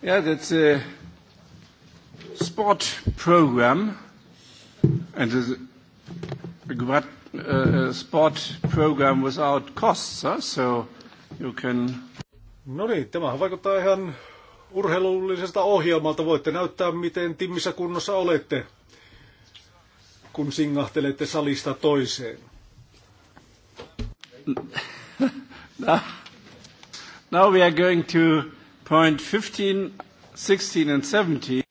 Yeah, that's a sport program and a, a a sport program without costs, huh? so you can... No niin, tämähän vaikuttaa ihan urheilullisesta ohjelmalta. Voitte näyttää, miten timmissä kunnossa olette, kun singahtelette salista toiseen. Now we are going to Point 15, 16 17.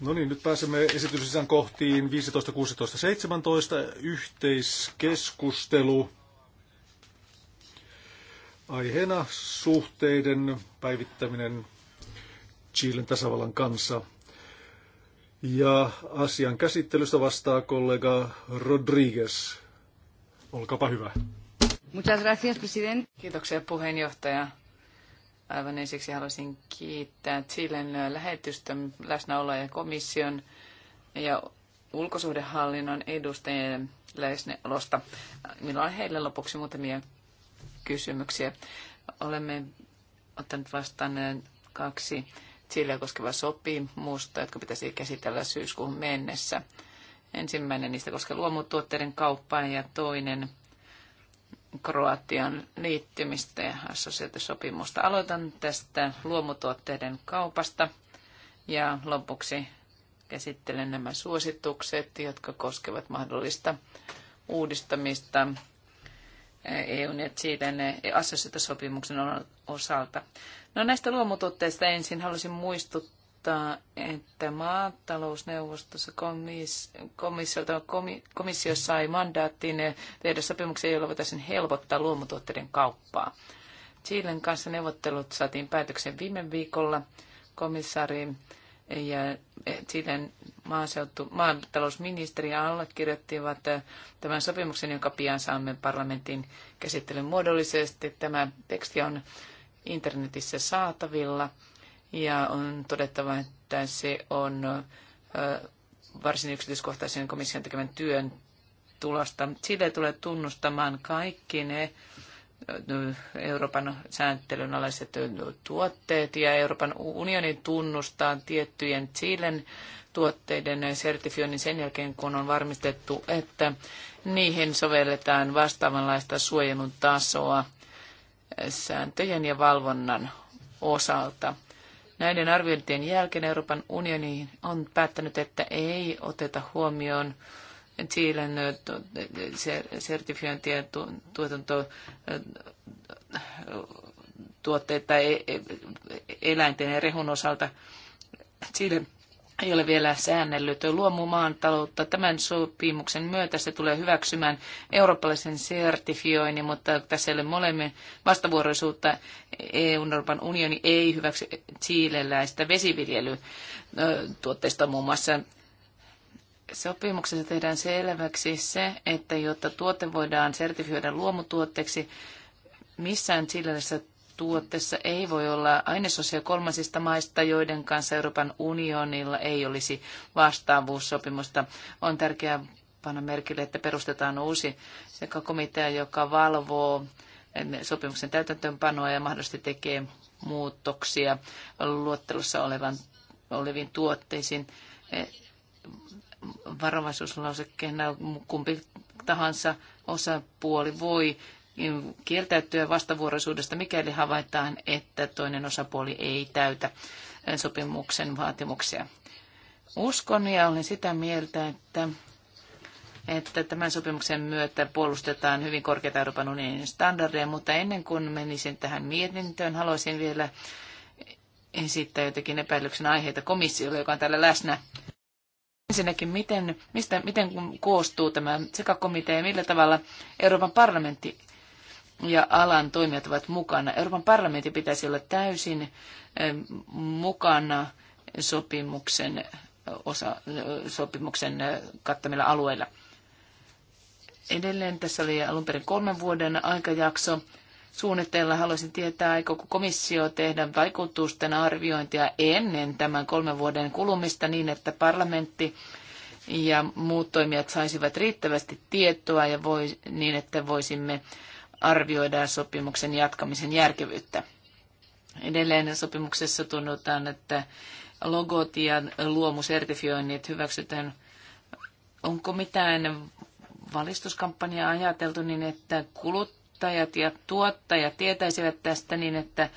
No niin, nyt pääsemme esitysisän kohtiin 15, 16, 17. Yhteiskeskustelu. Aiheena suhteiden päivittäminen Chilen tasavallan kanssa. Ja asian käsittelystä vastaa kollega Rodriguez. Olkaapa hyvä. Muchas gracias, Kiitoksia puheenjohtaja. Aivan ensiksi haluaisin kiittää Chilen lähetystä läsnäoloa ja komission ja ulkosuhdehallinnon edustajien läsnäolosta. Minulla on heille lopuksi muutamia kysymyksiä. Olemme ottaneet vastaan kaksi Chileä koskevaa sopimusta, jotka pitäisi käsitellä syyskuun mennessä. Ensimmäinen niistä koskee luomutuotteiden kauppaa ja toinen Kroatian liittymistä ja assosiaatiosopimusta. Aloitan tästä luomutuotteiden kaupasta ja lopuksi käsittelen nämä suositukset, jotka koskevat mahdollista uudistamista EUn ja Chilen assosiaatiosopimuksen osalta. No näistä luomutuotteista ensin haluaisin muistuttaa, mutta että maatalousneuvostossa komis, komissiolta komi, komissio sai mandaattiin tehdä sopimuksia, joilla voitaisiin helpottaa luomutuotteiden kauppaa. Chilen kanssa neuvottelut saatiin päätöksen viime viikolla. Komissaari ja Chilen maaseutu, maatalousministeri allekirjoittivat tämän sopimuksen, jonka pian saamme parlamentin käsittelyn muodollisesti. Tämä teksti on internetissä saatavilla ja on todettava, että se on varsin yksityiskohtaisen komission tekemän työn tulosta. Sille tulee tunnustamaan kaikki ne Euroopan sääntelyn alaiset tuotteet ja Euroopan unionin tunnustaa tiettyjen Chilen tuotteiden sertifioinnin sen jälkeen, kun on varmistettu, että niihin sovelletaan vastaavanlaista suojelun tasoa sääntöjen ja valvonnan osalta. Näiden arviointien jälkeen Euroopan unioni on päättänyt, että ei oteta huomioon Chilen sertifiointia tuotanto tuotteita e-, e-, eläinten ja rehun osalta. Chile ei ole vielä säännellyt luomumaan taloutta. Tämän sopimuksen myötä se tulee hyväksymään eurooppalaisen sertifioinnin, mutta tässä ei ole molemmin vastavuoroisuutta. E Euroopan unioni ei hyväksy chileläistä vesiviljelytuotteista muun muassa. Sopimuksessa tehdään selväksi se, että jotta tuote voidaan sertifioida luomutuotteeksi, missään Chilessä tuotteessa ei voi olla ainesosia kolmansista maista, joiden kanssa Euroopan unionilla ei olisi vastaavuussopimusta. On tärkeää panna merkille, että perustetaan uusi sekä komitea, joka valvoo sopimuksen täytäntöönpanoa ja mahdollisesti tekee muutoksia luottelussa olevan, oleviin tuotteisiin. Varovaisuuslausekkeen kumpi tahansa osapuoli voi kieltäytyä vastavuoroisuudesta, mikäli havaitaan, että toinen osapuoli ei täytä sopimuksen vaatimuksia. Uskon ja olen sitä mieltä, että että tämän sopimuksen myötä puolustetaan hyvin korkeita Euroopan unionin standardeja, mutta ennen kuin menisin tähän mietintöön, haluaisin vielä esittää jotakin epäilyksen aiheita komissiolle, joka on täällä läsnä. Ensinnäkin, miten, mistä, miten koostuu tämä sekakomitea ja millä tavalla Euroopan parlamentti ja alan toimijat ovat mukana. Euroopan parlamentti pitäisi olla täysin mukana sopimuksen, osa, sopimuksen kattamilla alueilla. Edelleen tässä oli alun perin kolmen vuoden aikajakso. Suunnitteilla haluaisin tietää, aikooko komissio tehdä vaikutusten arviointia ennen tämän kolmen vuoden kulumista niin, että parlamentti ja muut toimijat saisivat riittävästi tietoa ja voi, niin, että voisimme arvioidaan sopimuksen jatkamisen järkevyyttä. Edelleen sopimuksessa tunnutaan, että logot ja luomusertifioinnit hyväksytään. Onko mitään valistuskampanjaa ajateltu niin, että kuluttajat ja tuottajat tietäisivät tästä niin, että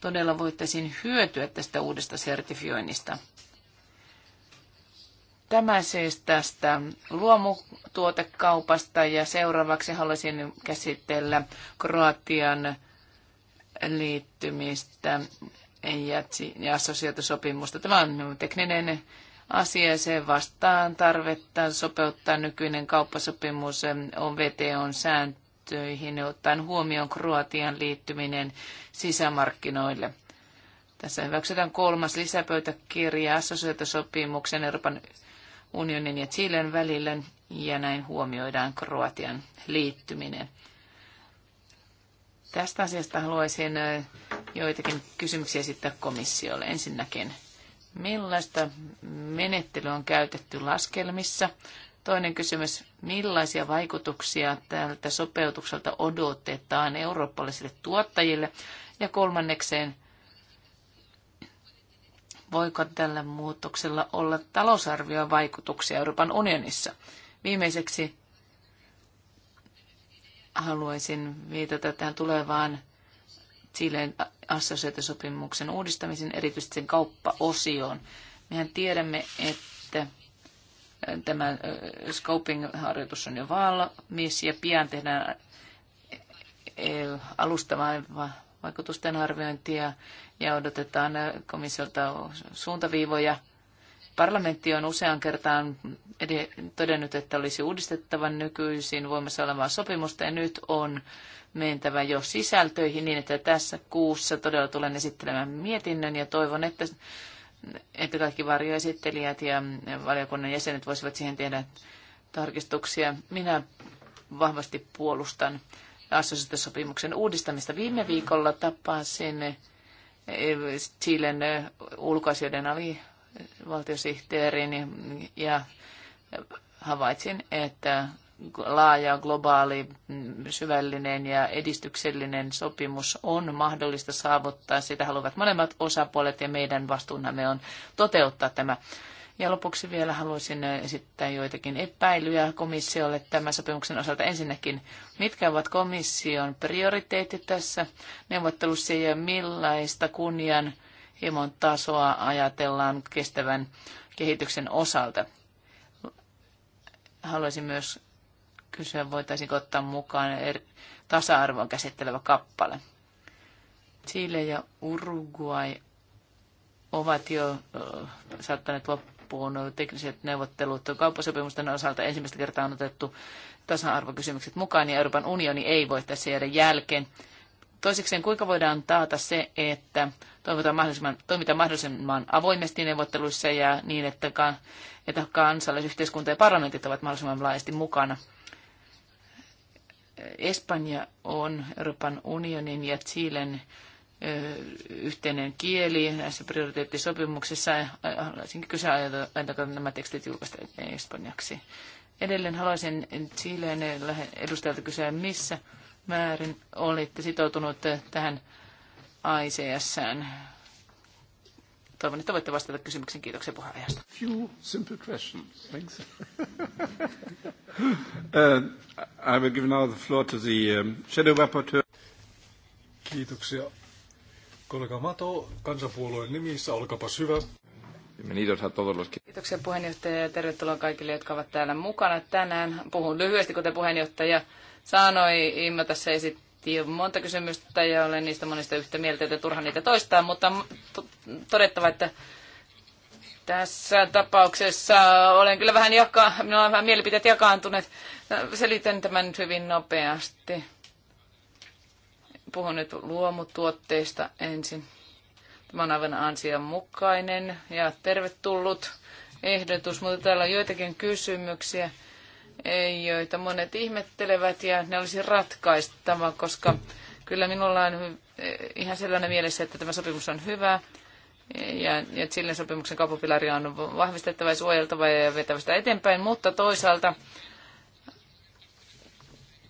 todella voitaisiin hyötyä tästä uudesta sertifioinnista? Tämä siis tästä luomutuotekaupasta ja seuraavaksi haluaisin käsitellä Kroatian liittymistä ja assosiaatiosopimusta. Tämä on tekninen asia, se vastaan tarvetta sopeuttaa nykyinen kauppasopimus on VTOn sääntöihin, ottaen huomioon Kroatian liittyminen sisämarkkinoille. Tässä hyväksytään kolmas lisäpöytäkirja assosiaatiosopimuksen Euroopan unionin ja Chilen välillä ja näin huomioidaan Kroatian liittyminen. Tästä asiasta haluaisin joitakin kysymyksiä esittää komissiolle. Ensinnäkin, millaista menettelyä on käytetty laskelmissa? Toinen kysymys, millaisia vaikutuksia tältä sopeutukselta odotetaan eurooppalaisille tuottajille? Ja kolmannekseen, voiko tällä muutoksella olla talousarviovaikutuksia Euroopan unionissa. Viimeiseksi haluaisin viitata tähän tulevaan Chilen assosiaatiosopimuksen uudistamisen, erityisesti sen kauppaosioon. Mehän tiedämme, että tämä scoping-harjoitus on jo valmis ja pian tehdään alustavaa vaikutusten arviointia ja odotetaan komissiolta suuntaviivoja. Parlamentti on usean kertaan todennut, että olisi uudistettava nykyisin voimassa olevaa sopimusta ja nyt on mentävä jo sisältöihin niin, että tässä kuussa todella tulen esittelemään mietinnön ja toivon, että, että kaikki varjoesittelijät ja valiokunnan jäsenet voisivat siihen tehdä tarkistuksia. Minä vahvasti puolustan assosiaatiosopimuksen uudistamista. Viime viikolla tapasin eh, Chilen eh, ulkoasioiden alivaltiosihteerin ja havaitsin, että laaja, globaali, mm, syvällinen ja edistyksellinen sopimus on mahdollista saavuttaa. Sitä haluavat molemmat osapuolet ja meidän vastuunamme on toteuttaa tämä ja lopuksi vielä haluaisin esittää joitakin epäilyjä komissiolle tämän sopimuksen osalta. Ensinnäkin, mitkä ovat komission prioriteetit tässä neuvottelussa ja millaista kunnian himon tasoa ajatellaan kestävän kehityksen osalta? Haluaisin myös kysyä, voitaisiinko ottaa mukaan tasa-arvoa käsittelevä kappale. Chile ja Uruguay ovat jo saattaneet loppua puhunut, tekniset neuvottelut kauppasopimusten osalta ensimmäistä kertaa on otettu tasa-arvokysymykset mukaan, niin Euroopan unioni ei voi tässä jäädä jälkeen. Toisekseen, kuinka voidaan taata se, että toimitaan mahdollisimman, toimitaan mahdollisimman avoimesti neuvotteluissa ja niin, että, ka, että kansalaisyhteiskunta ja parlamentit ovat mahdollisimman laajasti mukana. Espanja on Euroopan unionin ja Chilen yhteinen kieli näissä prioriteettisopimuksissa. Haluaisinkin kysyä, aiotaanko nämä tekstit julkaista espanjaksi. Edelleen haluaisin Chileen edustajalta kysyä, missä määrin olitte sitoutunut tähän ICSään. Toivon, että voitte vastata kysymyksiin. Kiitoksia puheenjohtajasta. Few simple questions. Thanks. uh, I will give now the floor to the um, shadow rapporteur. Kiitoksia Kollega Mato, kansanpuolueen nimissä, olkapas hyvä. Kiitoksia puheenjohtaja ja tervetuloa kaikille, jotka ovat täällä mukana tänään. Puhun lyhyesti, kuten puheenjohtaja sanoi. Imma tässä esitti jo monta kysymystä ja olen niistä monista yhtä mieltä, että turha niitä toistaa, mutta todettava, että tässä tapauksessa olen kyllä vähän, jaka- minulla no, on vähän mielipiteet jakaantuneet. No, selitän tämän nyt hyvin nopeasti Puhun nyt luomutuotteista ensin. Tämä on aivan ansianmukainen ja tervetullut ehdotus, mutta täällä on joitakin kysymyksiä, joita monet ihmettelevät ja ne olisi ratkaistava, koska kyllä minulla on ihan sellainen mielessä, että tämä sopimus on hyvä ja, ja sillä sopimuksen kaupunkilari on vahvistettava ja suojeltava ja vetävä sitä eteenpäin, mutta toisaalta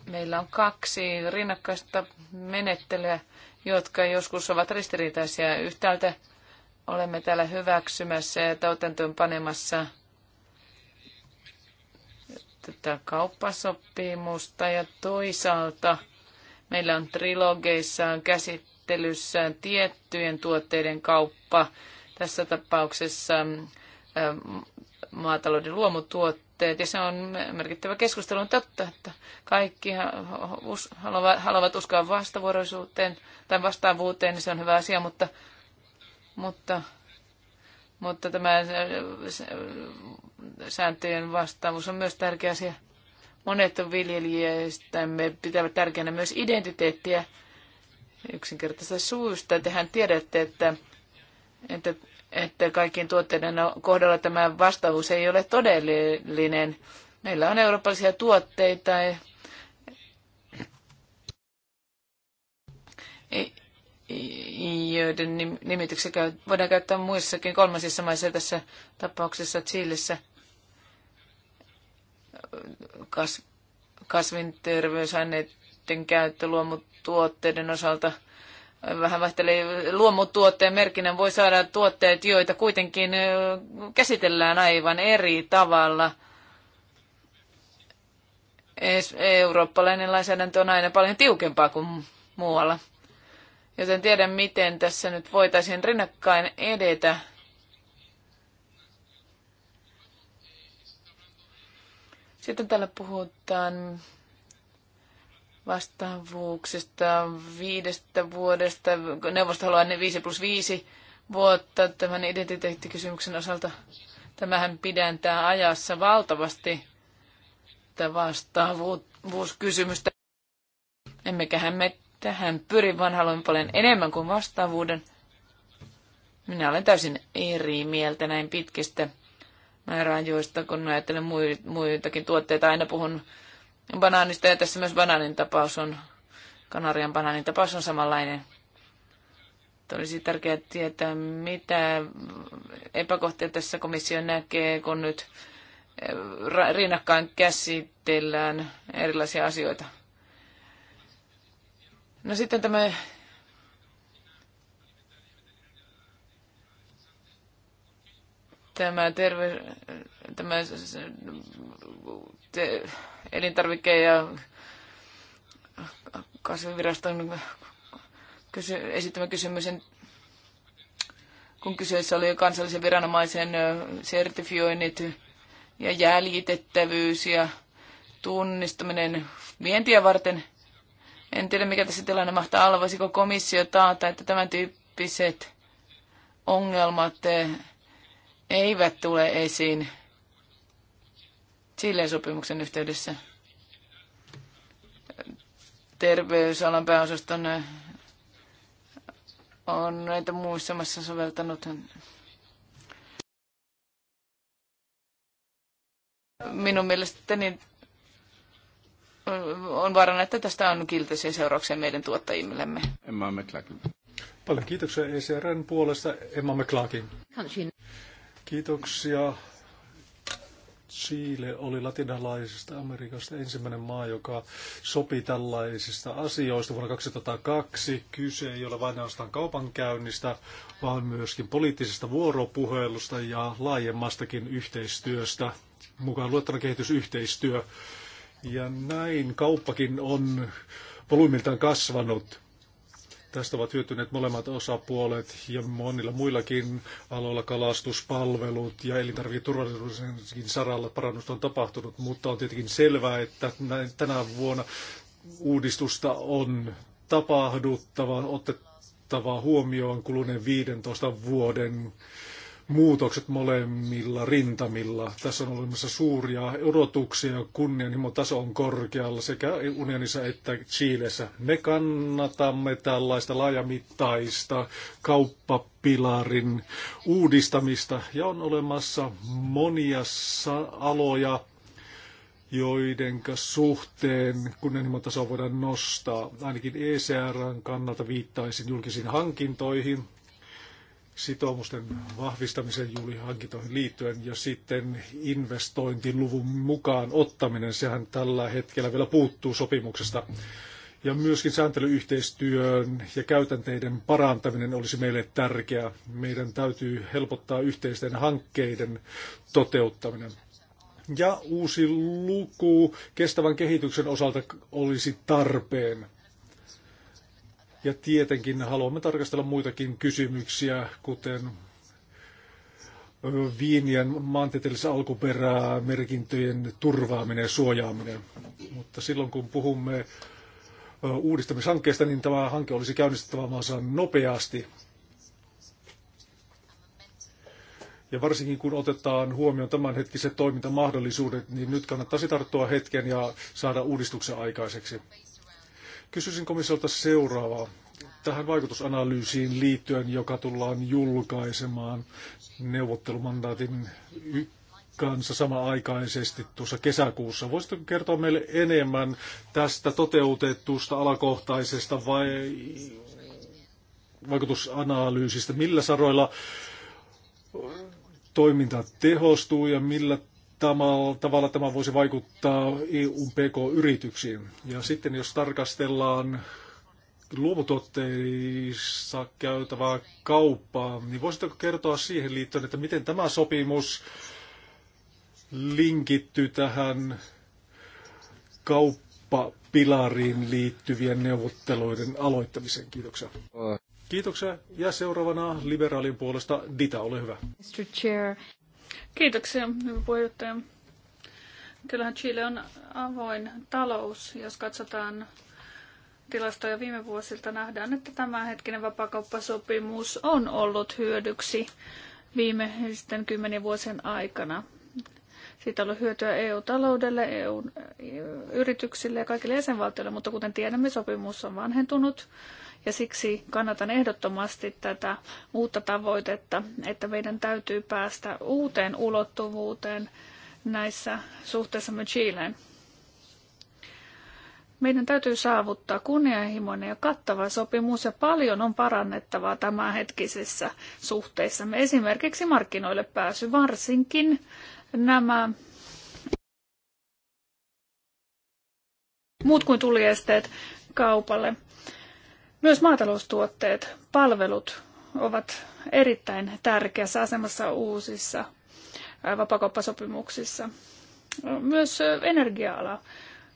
meillä on kaksi rinnakkaista menettelyä, jotka joskus ovat ristiriitaisia. Yhtäältä olemme täällä hyväksymässä ja täytäntöön panemassa tätä kauppasopimusta ja toisaalta meillä on trilogeissaan käsittelyssä tiettyjen tuotteiden kauppa, tässä tapauksessa maatalouden luomutuotteet puutteet, ja se on merkittävä keskustelu. On totta, että kaikki haluavat uskoa vastavuoroisuuteen tai vastaavuuteen, niin se on hyvä asia, mutta, mutta, mutta tämä äh, äh, sääntöjen vastaavuus on myös tärkeä asia. Monet me pitävät tärkeänä myös identiteettiä yksinkertaisesta suusta Tehän tiedätte, että, että että kaikkien tuotteiden kohdalla tämä vastaus ei ole todellinen. Meillä on eurooppalaisia tuotteita, e- joiden nimityksiä voidaan käyttää muissakin kolmansissa maissa, tässä tapauksessa Chilissä kas, kasvinterveysaineiden käyttö luomutuotteiden osalta – vähän vaihteli luomutuotteen merkinnän, voi saada tuotteet, joita kuitenkin käsitellään aivan eri tavalla. Eurooppalainen lainsäädäntö on aina paljon tiukempaa kuin muualla. Joten tiedän, miten tässä nyt voitaisiin rinnakkain edetä. Sitten täällä puhutaan vastaavuuksista viidestä vuodesta. Neuvosto haluaa ne 5 plus 5 vuotta tämän identiteettikysymyksen osalta. Tämähän pidentää ajassa valtavasti tätä vastaavuuskysymystä. Emmeköhän me tähän pyri, vaan haluamme paljon enemmän kuin vastaavuuden. Minä olen täysin eri mieltä näin pitkistä määräajoista, kun ajattelen muitakin tuotteita. Aina puhun banaanista, ja tässä myös banaanin tapaus on, Kanarian banaanin tapaus on samanlainen. Olisi tärkeää tietää, mitä epäkohtia tässä komissio näkee, kun nyt eh, rinnakkain käsitellään erilaisia asioita. No sitten tämä tämä, terve, tämä elintarvike- ja kasviviraston kysy, esittämä kysymys, kun kyseessä oli kansallisen viranomaisen sertifioinnit ja jäljitettävyys ja tunnistaminen vientiä varten. En tiedä, mikä tässä tilanne mahtaa olla. Voisiko komissio taata, että tämän tyyppiset ongelmat eivät tule esiin Chilen sopimuksen yhteydessä terveysalan pääosaston eh, on näitä muissa maissa soveltanut. Minun mielestäni eh, on vaarana, että tästä on kiltaisia seurauksia meidän tuottajimmillemme. Emma McLaughlin. Paljon kiitoksia ECRN puolesta Emma McLaughlin. Kiitoksia Chile oli latinalaisesta Amerikasta ensimmäinen maa, joka sopi tällaisista asioista vuonna 2002. Kyse ei ole vain ainoastaan kaupankäynnistä, vaan myöskin poliittisesta vuoropuhelusta ja laajemmastakin yhteistyöstä, mukaan luettuna kehitysyhteistyö. Ja näin kauppakin on volyymiltaan kasvanut. Tästä ovat hyötyneet molemmat osapuolet ja monilla muillakin aloilla kalastuspalvelut ja elintarviketurvallisuuden saralla parannusta on tapahtunut, mutta on tietenkin selvää, että tänä vuonna uudistusta on tapahduttava, otettava huomioon kuluneen 15 vuoden muutokset molemmilla rintamilla. Tässä on olemassa suuria odotuksia ja kunnianhimotaso on korkealla sekä unionissa että Chiilessä. Me kannatamme tällaista laajamittaista kauppapilarin uudistamista ja on olemassa monia aloja, joiden suhteen kunnianhimotasoa voidaan nostaa. Ainakin ECRn kannalta viittaisin julkisiin hankintoihin, sitoumusten vahvistamisen julihankintoihin liittyen ja sitten investointiluvun mukaan ottaminen, sehän tällä hetkellä vielä puuttuu sopimuksesta. Ja myöskin sääntelyyhteistyön ja käytänteiden parantaminen olisi meille tärkeää. Meidän täytyy helpottaa yhteisten hankkeiden toteuttaminen. Ja uusi luku kestävän kehityksen osalta olisi tarpeen. Ja tietenkin haluamme tarkastella muitakin kysymyksiä, kuten viinien maantieteellisen alkuperää, merkintöjen turvaaminen ja suojaaminen. Mutta silloin kun puhumme uudistamishankkeesta, niin tämä hanke olisi käynnistettävä maassa nopeasti. Ja varsinkin kun otetaan huomioon tämänhetkiset toimintamahdollisuudet, niin nyt kannattaisi tarttua hetken ja saada uudistuksen aikaiseksi. Kysyisin komissiolta seuraavaa. Tähän vaikutusanalyysiin liittyen, joka tullaan julkaisemaan neuvottelumandaatin kanssa samaaikaisesti tuossa kesäkuussa. Voisitko kertoa meille enemmän tästä toteutetusta alakohtaisesta vai vaikutusanalyysistä, millä saroilla toiminta tehostuu ja millä tavalla, tavalla tämä voisi vaikuttaa EUn PK-yrityksiin. Ja sitten jos tarkastellaan luomutuotteissa käytävää kauppaa, niin voisitteko kertoa siihen liittyen, että miten tämä sopimus linkittyy tähän kauppapilariin liittyvien neuvotteluiden aloittamiseen? Kiitoksia. Kiitoksia. Ja seuraavana liberaalin puolesta Dita, ole hyvä. Mr. Chair. Kiitoksia, hyvä puheenjohtaja. Kyllähän Chile on avoin talous. Jos katsotaan tilastoja viime vuosilta, nähdään, että tämänhetkinen vapakauppasopimus on ollut hyödyksi viimeisten kymmenen vuosien aikana. Siitä on ollut hyötyä EU-taloudelle, EU-yrityksille ja kaikille jäsenvaltioille, mutta kuten tiedämme, sopimus on vanhentunut ja siksi kannatan ehdottomasti tätä uutta tavoitetta, että meidän täytyy päästä uuteen ulottuvuuteen näissä suhteissamme Chileen. Meidän täytyy saavuttaa kunnianhimoinen ja kattava sopimus ja paljon on parannettavaa tämänhetkisissä suhteissamme. Esimerkiksi markkinoille pääsy, varsinkin nämä muut kuin tuliesteet kaupalle. Myös maataloustuotteet, palvelut ovat erittäin tärkeässä asemassa uusissa äh, vapakauppasopimuksissa. Myös äh, energia-ala.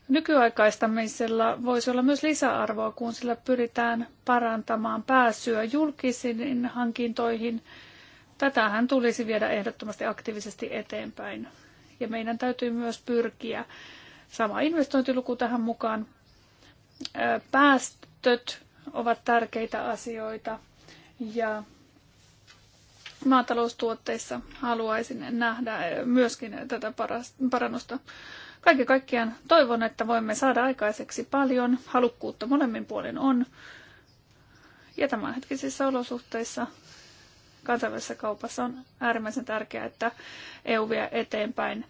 Nykyaikaistamisella voisi olla myös lisäarvoa, kun sillä pyritään parantamaan pääsyä julkisiin hankintoihin. Tätähän tulisi viedä ehdottomasti aktiivisesti eteenpäin. Ja meidän täytyy myös pyrkiä sama investointiluku tähän mukaan. Äh, päästöt ovat tärkeitä asioita ja maataloustuotteissa haluaisin nähdä myöskin tätä parannusta. Kaiken kaikkiaan toivon, että voimme saada aikaiseksi paljon. Halukkuutta molemmin puolin on. Ja tämänhetkisissä olosuhteissa kansainvälisessä kaupassa on äärimmäisen tärkeää, että EU vie eteenpäin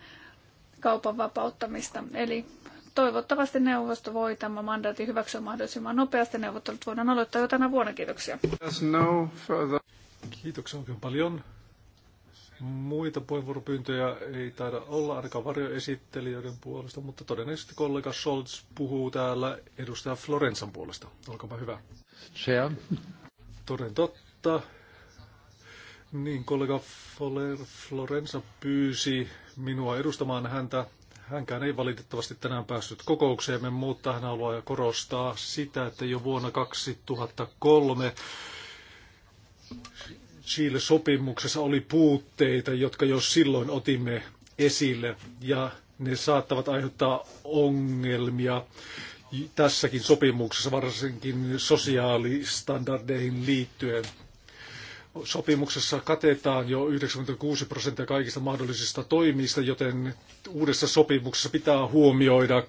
kaupan vapauttamista. Eli Toivottavasti neuvosto voi tämän mandaatin hyväksyä mahdollisimman nopeasti. Neuvottelut voidaan aloittaa jo tänä vuonna. Kiitoksia. No Kiitoksia oikein paljon. Muita puheenvuoropyyntöjä ei taida olla ainakaan varjoesittelijöiden puolesta, mutta todennäköisesti kollega Scholz puhuu täällä edustaja Florensan puolesta. Olkaapa hyvä. on. Toden totta. Niin, kollega Florensa pyysi minua edustamaan häntä Hänkään ei valitettavasti tänään päässyt kokoukseemme, mutta hän haluaa korostaa sitä, että jo vuonna 2003 Chile-sopimuksessa oli puutteita, jotka jo silloin otimme esille, ja ne saattavat aiheuttaa ongelmia tässäkin sopimuksessa, varsinkin sosiaalistandardeihin liittyen sopimuksessa katetaan jo 96 prosenttia kaikista mahdollisista toimista, joten uudessa sopimuksessa pitää huomioida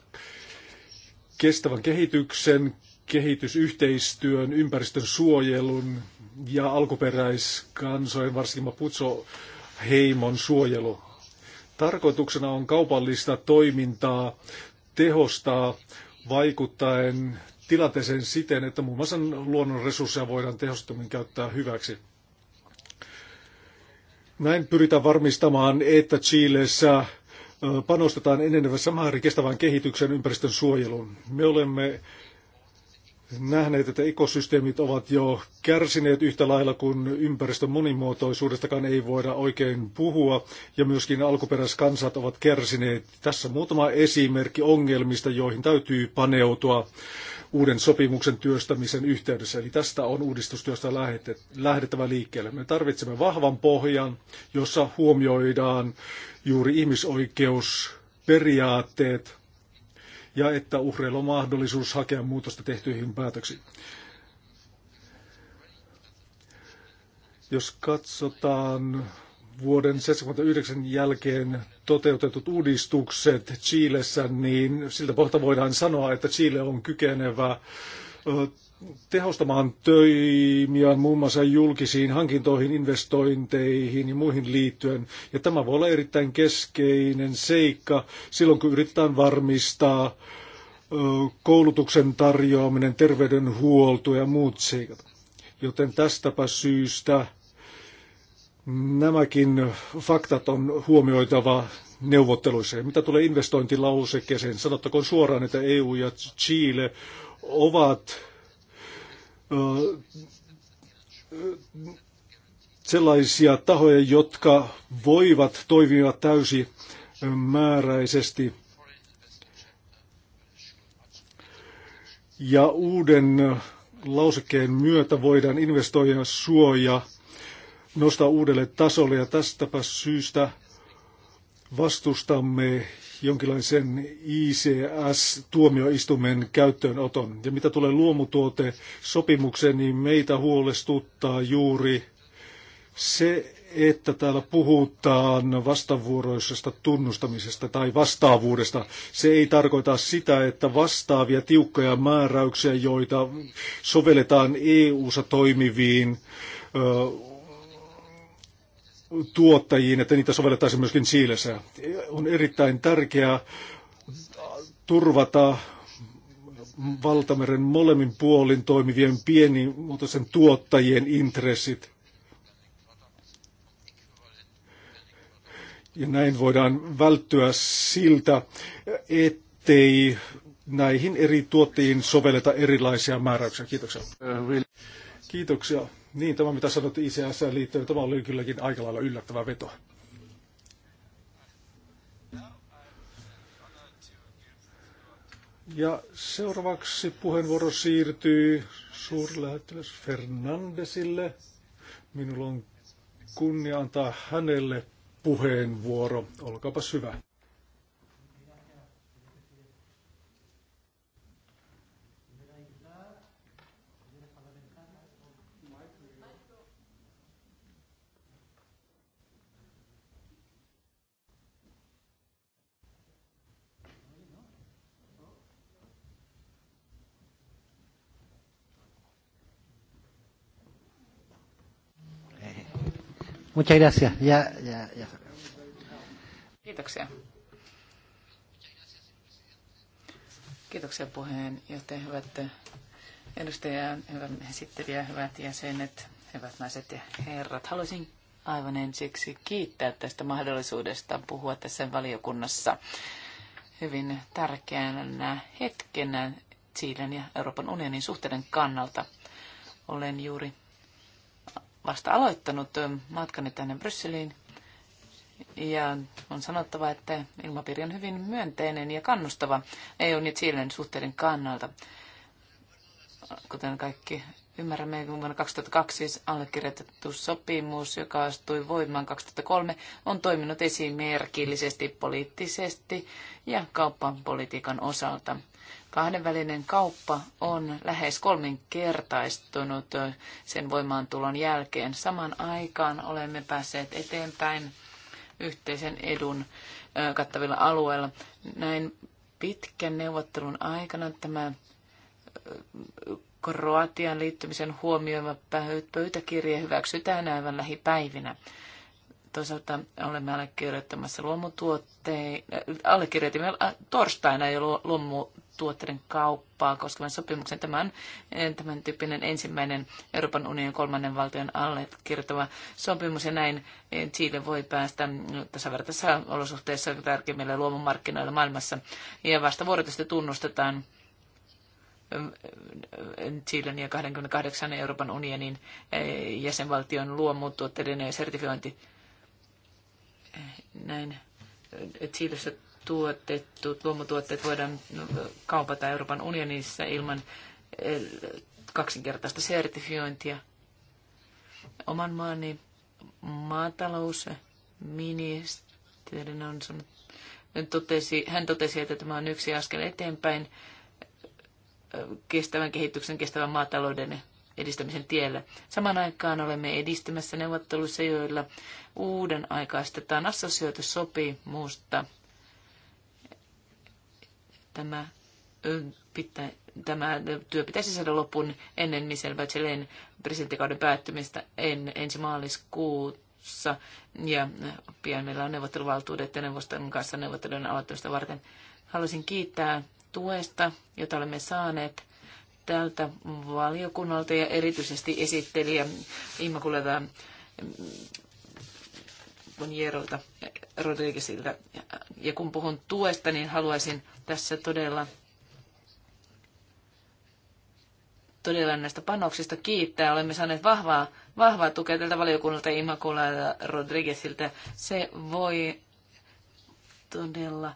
kestävän kehityksen, kehitysyhteistyön, ympäristön suojelun ja alkuperäiskansojen, varsinkin Maputso heimon suojelu. Tarkoituksena on kaupallista toimintaa tehostaa vaikuttaen tilanteeseen siten, että muun muassa luonnonresursseja voidaan tehostammin käyttää hyväksi. Näin pyritään varmistamaan, että Chiilessä panostetaan enenevässä määrin kestävään kehityksen ympäristön suojeluun. Me olemme nähneet, että ekosysteemit ovat jo kärsineet yhtä lailla kuin ympäristön monimuotoisuudestakaan ei voida oikein puhua, ja myöskin alkuperäiskansat ovat kärsineet. Tässä muutama esimerkki ongelmista, joihin täytyy paneutua uuden sopimuksen työstämisen yhteydessä. Eli tästä on uudistustyöstä lähdettävä liikkeelle. Me tarvitsemme vahvan pohjan, jossa huomioidaan juuri ihmisoikeusperiaatteet ja että uhreilla on mahdollisuus hakea muutosta tehtyihin päätöksiin. Jos katsotaan vuoden 79 jälkeen toteutetut uudistukset Chiilessä, niin siltä pohjalta voidaan sanoa, että Chile on kykenevä tehostamaan toimia muun muassa julkisiin hankintoihin, investointeihin ja muihin liittyen. Ja tämä voi olla erittäin keskeinen seikka silloin, kun yritetään varmistaa koulutuksen tarjoaminen, terveydenhuolto ja muut seikat. Joten tästäpä syystä Nämäkin faktat on huomioitava neuvotteluissa. Mitä tulee investointilausekkeeseen, sanottakoon suoraan, että EU ja Chile ovat sellaisia tahoja, jotka voivat toimia määräisesti Ja uuden lausekkeen myötä voidaan investoida suoja nostaa uudelle tasolle ja tästäpä syystä vastustamme jonkinlaisen ics tuomioistumen käyttöönoton. Ja mitä tulee luomutuote sopimukseen, niin meitä huolestuttaa juuri se, että täällä puhutaan vastavuoroisesta tunnustamisesta tai vastaavuudesta. Se ei tarkoita sitä, että vastaavia tiukkoja määräyksiä, joita sovelletaan eu sa toimiviin tuottajiin, että niitä sovellettaisiin myöskin Chiilessä. On erittäin tärkeää turvata valtameren molemmin puolin toimivien pienimuotoisen tuottajien intressit. Ja näin voidaan välttyä siltä, ettei näihin eri tuottajiin sovelleta erilaisia määräyksiä. Kiitoksia. Äh, Kiitoksia. Niin, tämä mitä sanot ICS liittyen, tämä oli kylläkin aika lailla yllättävä veto. Ja seuraavaksi puheenvuoro siirtyy suurlähettiläs Fernandesille. Minulla on kunnia antaa hänelle puheenvuoro. Olkaapa hyvä. Muchas gracias. Ya, ya, ya. Kiitoksia. Kiitoksia puheenjohtaja, hyvät edustaja, hyvä esittelijä, hyvät jäsenet, hyvät naiset ja herrat. Haluaisin aivan ensiksi kiittää tästä mahdollisuudesta puhua tässä valiokunnassa hyvin tärkeänä hetkenä Chilen ja Euroopan unionin suhteiden kannalta. Olen juuri vasta aloittanut matkani tänne Brysseliin. Ja on sanottava, että ilmapiiri on hyvin myönteinen ja kannustava EU- ja Chilen suhteiden kannalta. Kuten kaikki ymmärrämme, vuonna 2002 siis allekirjoitettu sopimus, joka astui voimaan 2003, on toiminut esimerkillisesti poliittisesti ja kauppapolitiikan osalta. Kahdenvälinen kauppa on lähes kolminkertaistunut sen voimaantulon jälkeen. Saman aikaan olemme päässeet eteenpäin yhteisen edun kattavilla alueilla. Näin pitkän neuvottelun aikana tämä Kroatian liittymisen huomioiva pöytäkirja hyväksytään aivan lähipäivinä. Toisaalta olemme allekirjoittamassa luomutuotteita, allekirjoitimme torstaina jo luomu tuotteiden kauppaa koskevan sopimuksen. Tämä on eh, tämän tyyppinen ensimmäinen Euroopan unionin kolmannen valtion alle kirjoittava sopimus, ja näin eh, Chile voi päästä tasavertaisissa olosuhteissa tärkeimmillä luomumarkkinoilla maailmassa. Ja vasta vuorotusti tunnustetaan eh, Chilen ja 28 Euroopan unionin jäsenvaltion luomutuotteiden sertifiointi. Näin Chilessä tuotettu, luomutuotteet voidaan no, kaupata Euroopan unionissa ilman eh, kaksinkertaista sertifiointia. Oman maani maatalousministeri sanonut, totesi, hän totesi, että tämä on yksi askel eteenpäin eh, kestävän kehityksen, kestävän maatalouden edistämisen tiellä. Samaan aikaan olemme edistämässä neuvotteluissa, joilla uuden aikaistetaan sopimusta. Tämä, pitä, tämä työ pitäisi saada loppuun ennen Michel Bachelet'n presidenttikauden päättymistä en, ensi maaliskuussa. Ja pian meillä on neuvotteluvaltuudet ja neuvoston kanssa neuvottelujen aloittamista varten. Haluaisin kiittää tuesta, jota olemme saaneet tältä valiokunnalta ja erityisesti esittelijä Immakuleta Bonierolta. Rodriguezilta. Ja kun puhun tuesta, niin haluaisin tässä todella, todella näistä panoksista kiittää. Olemme saaneet vahvaa, vahvaa tukea tältä valiokunnalta Imakula ja Rodriguezilta. Se voi todella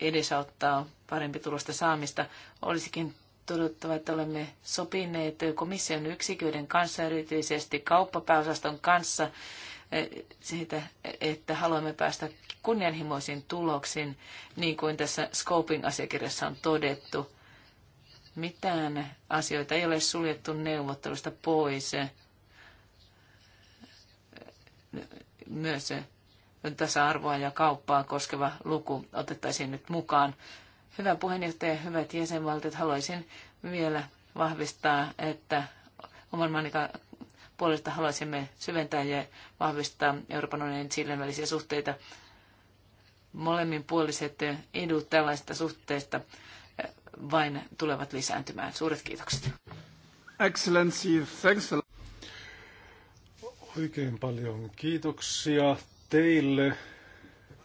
edesauttaa parempi tulosta saamista. Olisikin todettava, että olemme sopineet komission yksiköiden kanssa, erityisesti kauppapääosaston kanssa, siitä, että haluamme päästä kunnianhimoisiin tuloksiin, niin kuin tässä scoping-asiakirjassa on todettu. Mitään asioita ei ole suljettu neuvottelusta pois. Myös tasa-arvoa ja kauppaa koskeva luku otettaisiin nyt mukaan. Hyvä puheenjohtaja, hyvät jäsenvaltiot, haluaisin vielä vahvistaa, että oman maani puolesta haluaisimme syventää ja vahvistaa Euroopan unionin Chilen välisiä suhteita. Molemminpuoliset edut tällaista suhteesta eh, vain tulevat lisääntymään. Suuret kiitokset. Excellency, thanks a lot. Oikein paljon kiitoksia teille.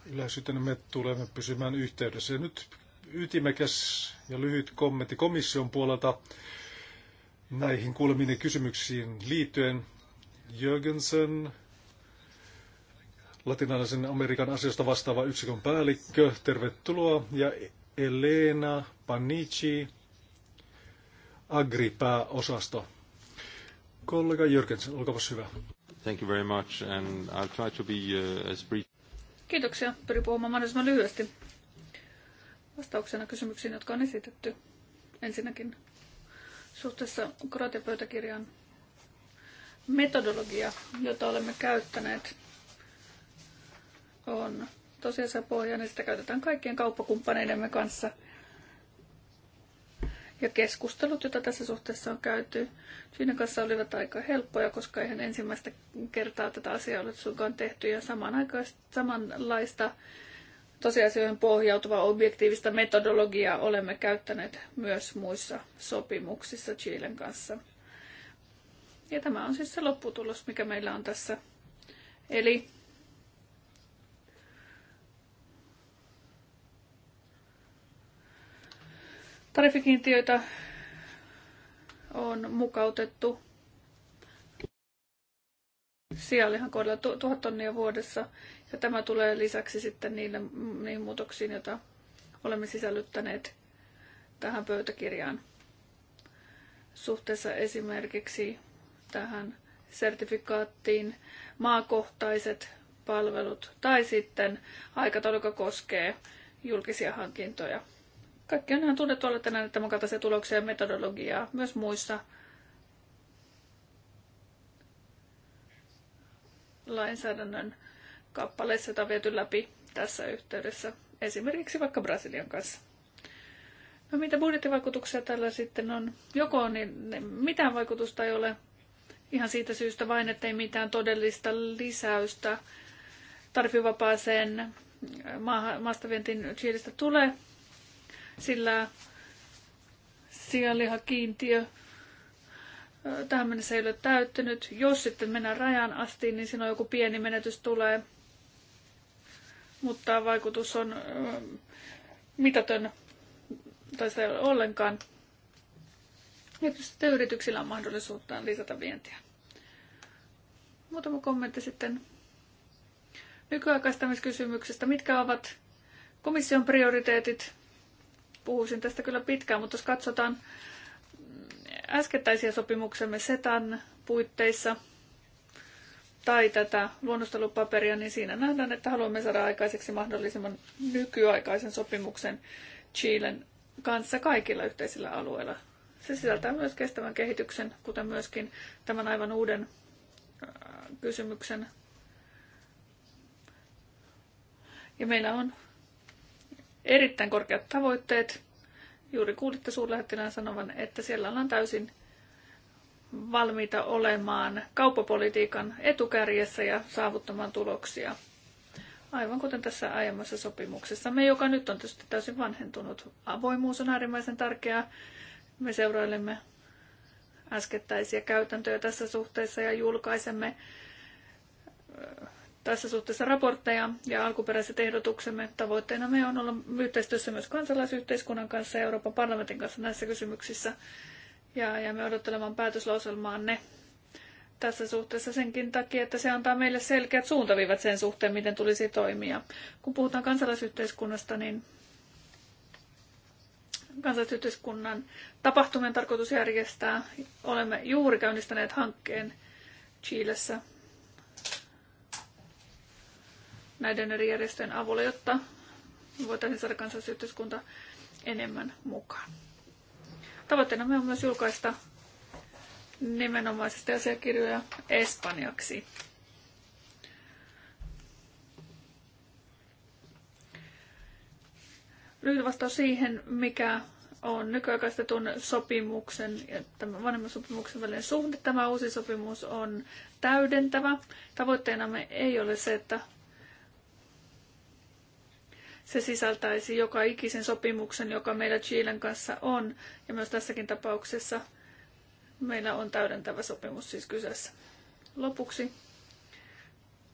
yleisyyteen, me tulemme pysymään yhteydessä. Ja nyt ytimekäs ja lyhyt kommentti komission puolelta näihin kuulemiin kysymyksiin liittyen. Jörgensen, latinalaisen Amerikan asioista vastaava yksikön päällikkö, tervetuloa. Ja Elena Panici, Agri-pääosasto. Kollega Jörgensen, olkaa hyvä. Thank you very much and I'll try to be uh, as brief. Kiitoksia. Pyrin puhumaan mahdollisimman lyhyesti vastauksena kysymyksiin, jotka on esitetty. Ensinnäkin suhteessa Kroatian metodologia, jota olemme käyttäneet, on tosiasiassa pohjainen. Sitä käytetään kaikkien kauppakumppaneidemme kanssa. Ja keskustelut, joita tässä suhteessa on käyty, siinä kanssa olivat aika helppoja, koska eihän ensimmäistä kertaa tätä asiaa ole suinkaan tehty. Ja samanlaista tosiasioihin pohjautuvaa objektiivista metodologiaa olemme käyttäneet myös muissa sopimuksissa Chilen kanssa. Ja tämä on siis se lopputulos, mikä meillä on tässä. Eli tarifikiintiöitä on mukautettu sianlihan kohdalla tuhat tonnia vuodessa ja tämä tulee lisäksi sitten niille, niihin muutoksiin, joita olemme sisällyttäneet tähän pöytäkirjaan suhteessa esimerkiksi tähän sertifikaattiin maakohtaiset palvelut tai sitten aikataulu, joka koskee julkisia hankintoja. Kaikki on ihan tunnettu olla tänään tämän kaltaisia tuloksia ja metodologiaa myös muissa lainsäädännön kappaleissa, jota on viety läpi tässä yhteydessä, esimerkiksi vaikka Brasilian kanssa. No mitä budjettivaikutuksia tällä sitten on? Joko niin mitään vaikutusta ei ole ihan siitä syystä vain, ettei mitään todellista lisäystä tarvivapaaseen äh, maastavientin Chilistä tule, sillä kiintiö äh, tähän mennessä ei ole täyttynyt. Jos sitten mennään rajan asti, niin siinä on joku pieni menetys tulee – mutta vaikutus on mitätön tai se ei ole ollenkaan. Ja sitten yrityksillä on mahdollisuutta lisätä vientiä. Muutama kommentti sitten nykyaikaistamiskysymyksestä. Mitkä ovat komission prioriteetit? Puhuisin tästä kyllä pitkään, mutta jos katsotaan mm, äskettäisiä sopimuksemme SETAn puitteissa – tai tätä luonnostelupaperia, niin siinä nähdään, että haluamme saada aikaiseksi mahdollisimman nykyaikaisen sopimuksen Chilen kanssa kaikilla yhteisillä alueilla. Se sisältää myös kestävän kehityksen, kuten myöskin tämän aivan uuden äh, kysymyksen. Ja meillä on erittäin korkeat tavoitteet. Juuri kuulitte suurlähettilään sanovan, että siellä ollaan täysin valmiita olemaan kauppapolitiikan etukärjessä ja saavuttamaan tuloksia. Aivan kuten tässä aiemmassa sopimuksessa, me joka nyt on tietysti täysin vanhentunut. Avoimuus on äärimmäisen tärkeää. Me seurailemme äskettäisiä käytäntöjä tässä suhteessa ja julkaisemme tässä suhteessa raportteja ja alkuperäiset ehdotuksemme. Tavoitteena me on olla yhteistyössä myös kansalaisyhteiskunnan kanssa ja Euroopan parlamentin kanssa näissä kysymyksissä ja jäämme odottelemaan päätöslauselmaanne tässä suhteessa senkin takia, että se antaa meille selkeät suuntaviivat sen suhteen, miten tulisi toimia. Kun puhutaan kansalaisyhteiskunnasta, niin kansalaisyhteiskunnan tapahtumien tarkoitus järjestää. Olemme juuri käynnistäneet hankkeen Chiilessä näiden eri järjestöjen avulla, jotta voitaisiin saada kansalaisyhteiskunta enemmän mukaan. Tavoitteena on myös julkaista nimenomaisesti asiakirjoja espanjaksi. Lyhyt vastaus siihen, mikä on nykyaikaistetun sopimuksen ja tämän vanhemman sopimuksen välinen suhde. Tämä uusi sopimus on täydentävä. Tavoitteenamme ei ole se, että se sisältäisi joka ikisen sopimuksen, joka meillä Chilen kanssa on. Ja myös tässäkin tapauksessa meillä on täydentävä sopimus siis kyseessä. Lopuksi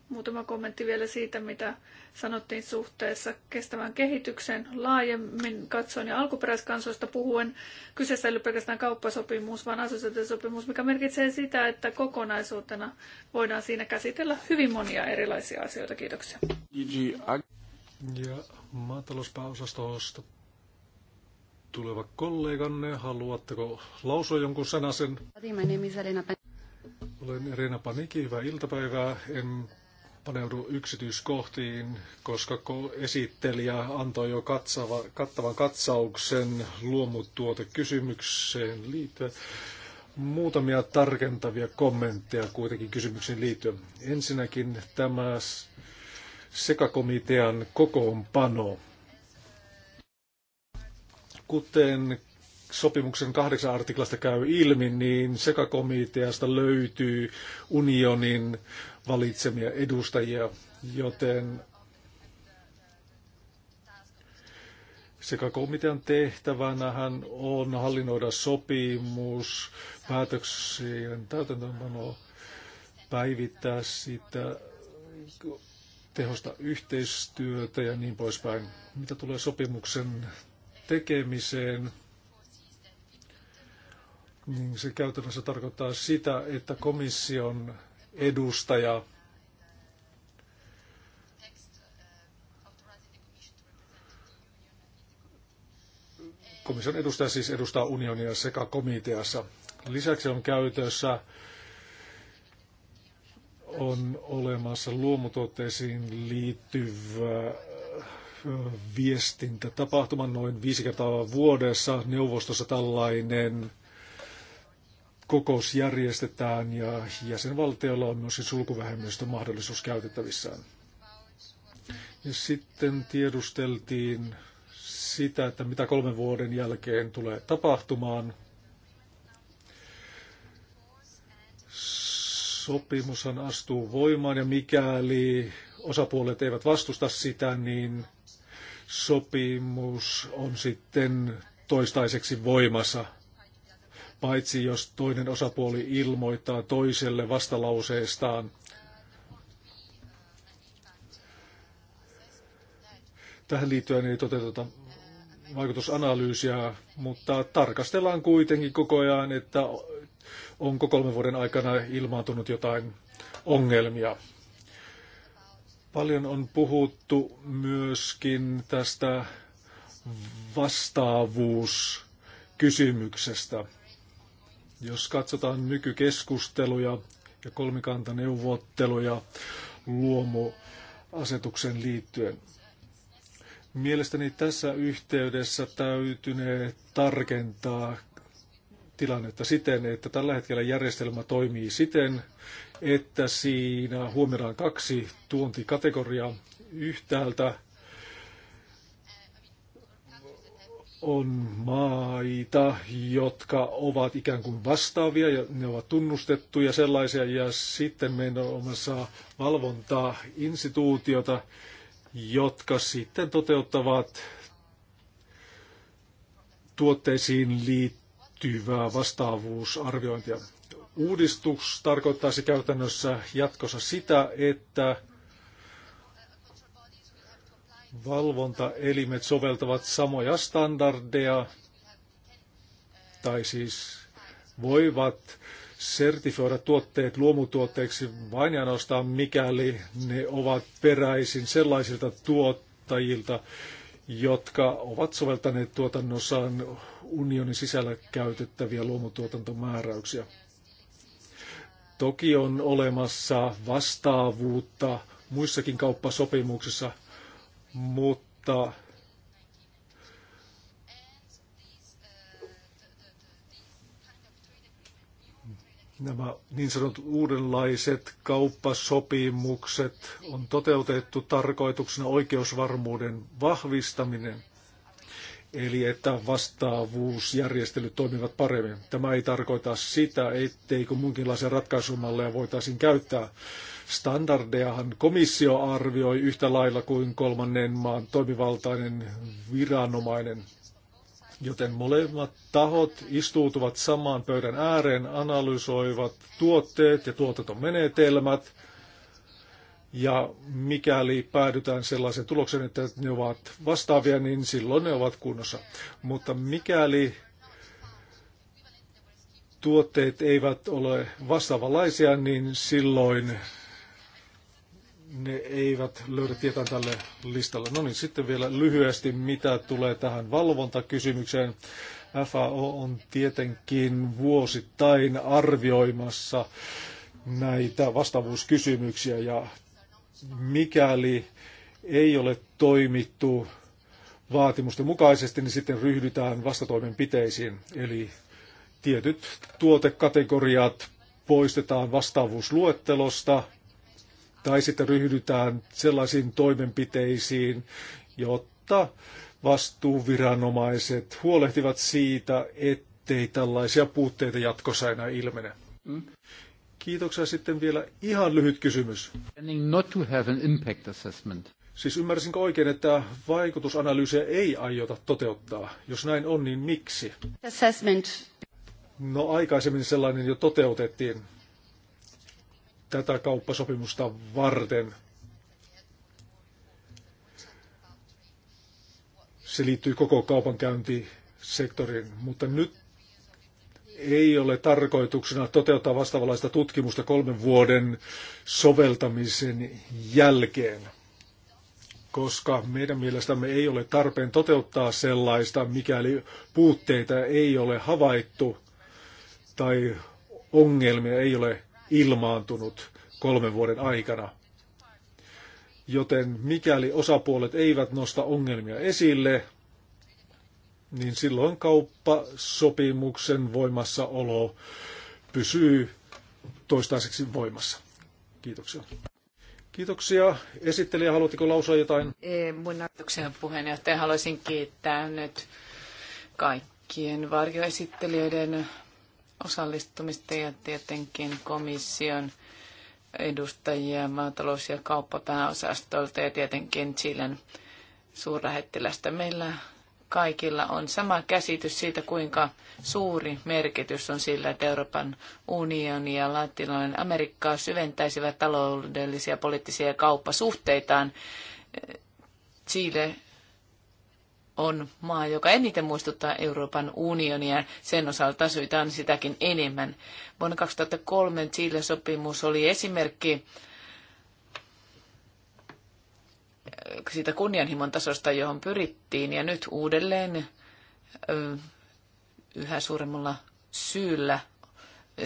muutama kommentti vielä siitä, mitä sanottiin suhteessa kestävään kehitykseen laajemmin katsoen ja alkuperäiskansoista puhuen. Kyseessä ei ole pelkästään kauppasopimus, vaan assosiaatiosopimus, mikä merkitsee sitä, että kokonaisuutena voidaan siinä käsitellä hyvin monia erilaisia asioita. Kiitoksia. Ja maatalouspääosastosta tuleva kolleganne, haluatteko lausua jonkun sanasen? Olen Reena Paniki, hyvää iltapäivää. En paneudu yksityiskohtiin, koska esittelijä antoi jo katsava, kattavan katsauksen luomutuotekysymykseen liittyen. Muutamia tarkentavia kommentteja kuitenkin kysymyksiin liittyen. Ensinnäkin tämä sekakomitean kokoonpano. Kuten sopimuksen kahdeksan artiklasta käy ilmi, niin sekakomiteasta löytyy unionin valitsemia edustajia, joten sekakomitean tehtävänähän on hallinnoida sopimus, päätöksien täytäntöönpano, päivittää sitä tehosta yhteistyötä ja niin poispäin. Mitä tulee sopimuksen tekemiseen, niin se käytännössä tarkoittaa sitä, että komission edustaja komission edustaja siis edustaa unionia sekä komiteassa. Lisäksi on käytössä on olemassa luomutuotteisiin liittyvä äh, viestintätapahtuma noin viisi kertaa vuodessa. Neuvostossa tällainen kokous järjestetään ja jäsenvaltioilla on myös sulkuvähemmistön mahdollisuus käytettävissään. Ja sitten tiedusteltiin sitä, että mitä kolmen vuoden jälkeen tulee tapahtumaan – sopimushan astuu voimaan ja mikäli osapuolet eivät vastusta sitä, niin sopimus on sitten toistaiseksi voimassa. Paitsi jos toinen osapuoli ilmoittaa toiselle vastalauseestaan. Tähän liittyen ei toteuteta vaikutusanalyysiä, mutta tarkastellaan kuitenkin koko ajan, että onko kolmen vuoden aikana ilmaantunut jotain ongelmia. Paljon on puhuttu myöskin tästä vastaavuuskysymyksestä. Jos katsotaan nykykeskusteluja ja kolmikantaneuvotteluja luomuasetuksen liittyen, Mielestäni tässä yhteydessä täytynee tarkentaa tilannetta siten, että tällä hetkellä järjestelmä toimii siten, että siinä huomioidaan kaksi tuontikategoriaa. Yhtäältä on maita, jotka ovat ikään kuin vastaavia ja ne ovat tunnustettuja sellaisia ja sitten meillä on olemassa valvontaa instituutiota, jotka sitten toteuttavat tuotteisiin liittyviä liittyvää vastaavuusarviointia. Uudistus tarkoittaisi käytännössä jatkossa sitä, että valvontaelimet soveltavat samoja standardeja, tai siis voivat sertifioida tuotteet luomutuotteiksi vain ja ainoastaan, mikäli ne ovat peräisin sellaisilta tuottajilta, jotka ovat soveltaneet tuotannossaan unionin sisällä käytettäviä luomutuotantomääräyksiä. Toki on olemassa vastaavuutta muissakin kauppasopimuksissa, mutta Nämä niin sanotut uudenlaiset kauppasopimukset niin. on toteutettu tarkoituksena oikeusvarmuuden vahvistaminen, eli että vastaavuusjärjestelyt toimivat paremmin. Tämä ei tarkoita sitä, etteikö muunkinlaisia ratkaisumalleja voitaisiin käyttää. Standardejahan komissio arvioi yhtä lailla kuin kolmannen maan toimivaltainen viranomainen – Joten molemmat tahot istuutuvat samaan pöydän ääreen, analysoivat tuotteet ja tuotantomenetelmät. Ja mikäli päädytään sellaisen tuloksen, että ne ovat vastaavia, niin silloin ne ovat kunnossa. Mutta mikäli tuotteet eivät ole vastaavanlaisia, niin silloin ne eivät löydä tietään tälle listalle. No niin, sitten vielä lyhyesti, mitä tulee tähän valvontakysymykseen. FAO on tietenkin vuosittain arvioimassa näitä vastaavuuskysymyksiä ja mikäli ei ole toimittu vaatimusten mukaisesti, niin sitten ryhdytään vastatoimenpiteisiin. Eli tietyt tuotekategoriat poistetaan vastaavuusluettelosta, tai sitten ryhdytään sellaisiin toimenpiteisiin, jotta vastuuviranomaiset huolehtivat siitä, ettei tällaisia puutteita jatkossa enää ilmene. Hmm? Kiitoksia sitten vielä ihan lyhyt kysymys. Not to have an impact assessment. Siis ymmärsinkö oikein, että vaikutusanalyysiä ei aiota toteuttaa? Jos näin on, niin miksi? Assessment. No aikaisemmin sellainen jo toteutettiin tätä kauppasopimusta varten. Se liittyy koko kaupankäyntisektoriin, mutta nyt ei ole tarkoituksena toteuttaa vastaavanlaista tutkimusta kolmen vuoden soveltamisen jälkeen, koska meidän mielestämme ei ole tarpeen toteuttaa sellaista, mikäli puutteita ei ole havaittu tai ongelmia ei ole ilmaantunut kolmen vuoden aikana. Joten mikäli osapuolet eivät nosta ongelmia esille, niin silloin kauppasopimuksen voimassaolo pysyy toistaiseksi voimassa. Kiitoksia. Kiitoksia. Esittelijä, haluatteko lausua jotain? Mun näytöksen puheenjohtaja haluaisin kiittää nyt kaikkien varjoesittelijöiden osallistumista ja tietenkin komission edustajia maatalous- ja kauppapääosastolta ja tietenkin Chilen suurlähettilästä. Meillä kaikilla on sama käsitys siitä, kuinka suuri merkitys on sillä, että Euroopan unioni ja latinalainen Amerikka syventäisivät taloudellisia, poliittisia ja kauppasuhteitaan. Chile on maa, joka eniten muistuttaa Euroopan unionia. Sen osalta syitä on sitäkin enemmän. Vuonna 2003 Chile-sopimus oli esimerkki siitä kunnianhimon tasosta, johon pyrittiin, ja nyt uudelleen yhä suuremmalla syyllä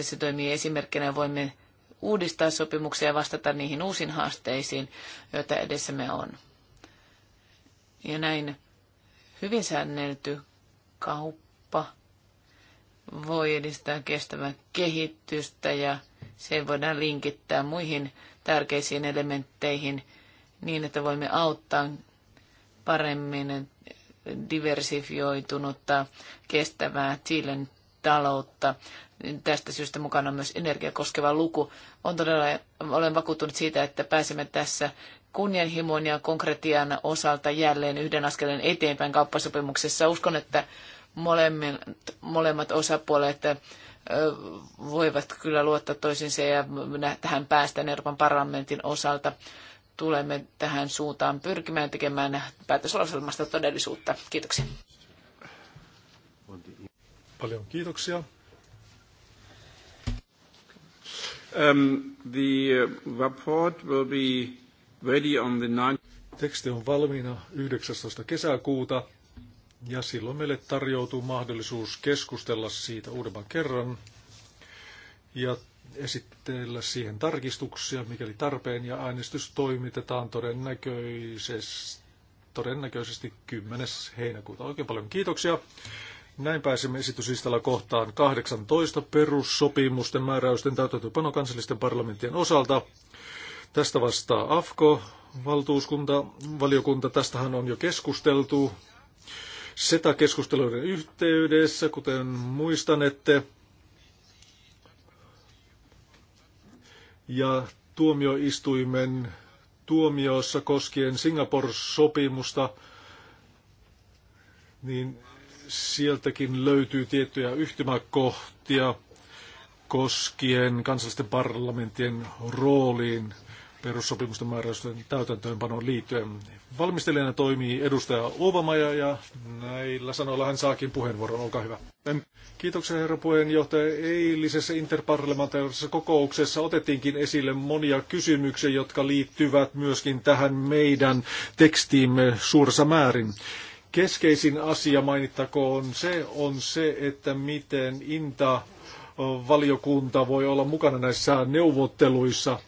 se toimii esimerkkinä. Voimme uudistaa sopimuksia ja vastata niihin uusiin haasteisiin, joita edessämme on. Ja näin Hyvin säännelty kauppa voi edistää kestävää kehitystä ja se voidaan linkittää muihin tärkeisiin elementteihin niin, että voimme auttaa paremmin diversifioitunutta, kestävää Chilen taloutta. Tästä syystä mukana on myös energia koskeva luku. On todella, olen vakuuttunut siitä, että pääsemme tässä kunnianhimon ja konkretian osalta jälleen yhden askeleen eteenpäin kauppasopimuksessa. Uskon, että molemmat, molemmat osapuolet voivat kyllä luottaa toisiinsa ja tähän päästään Euroopan parlamentin osalta. Tulemme tähän suuntaan pyrkimään tekemään päätöslauselmasta todellisuutta. Kiitoksia. Paljon kiitoksia. Um, the uh, report will be ready on the nine... Teksti on valmiina 19. kesäkuuta ja silloin meille tarjoutuu mahdollisuus keskustella siitä uudemman kerran ja esitellä siihen tarkistuksia, mikäli tarpeen, ja äänestys toimitetaan todennäköisesti, todennäköisesti 10. heinäkuuta. Oikein paljon kiitoksia. Näin pääsemme esityslistalla kohtaan 18 perussopimusten määräysten täytäntöönpano kansallisten parlamenttien osalta. Tästä vastaa AFKO, valtuuskunta, valiokunta, tästähän on jo keskusteltu. Seta keskusteluiden yhteydessä, kuten muistanette, ja tuomioistuimen tuomiossa koskien Singapore-sopimusta, niin sieltäkin löytyy tiettyjä yhtymäkohtia koskien kansallisten parlamenttien rooliin perussopimusten määräysten täytäntöönpanoon liittyen. Valmistelijana toimii edustaja Uovamaja ja näillä sanoilla hän saakin puheenvuoron. Olkaa hyvä. Kiitoksia herra puheenjohtaja. Eilisessä interparlamentaarisessa kokouksessa otettiinkin esille monia kysymyksiä, jotka liittyvät myöskin tähän meidän tekstiimme suuressa määrin. Keskeisin asia mainittakoon se, on se, että miten Inta valiokunta voi olla mukana näissä neuvotteluissa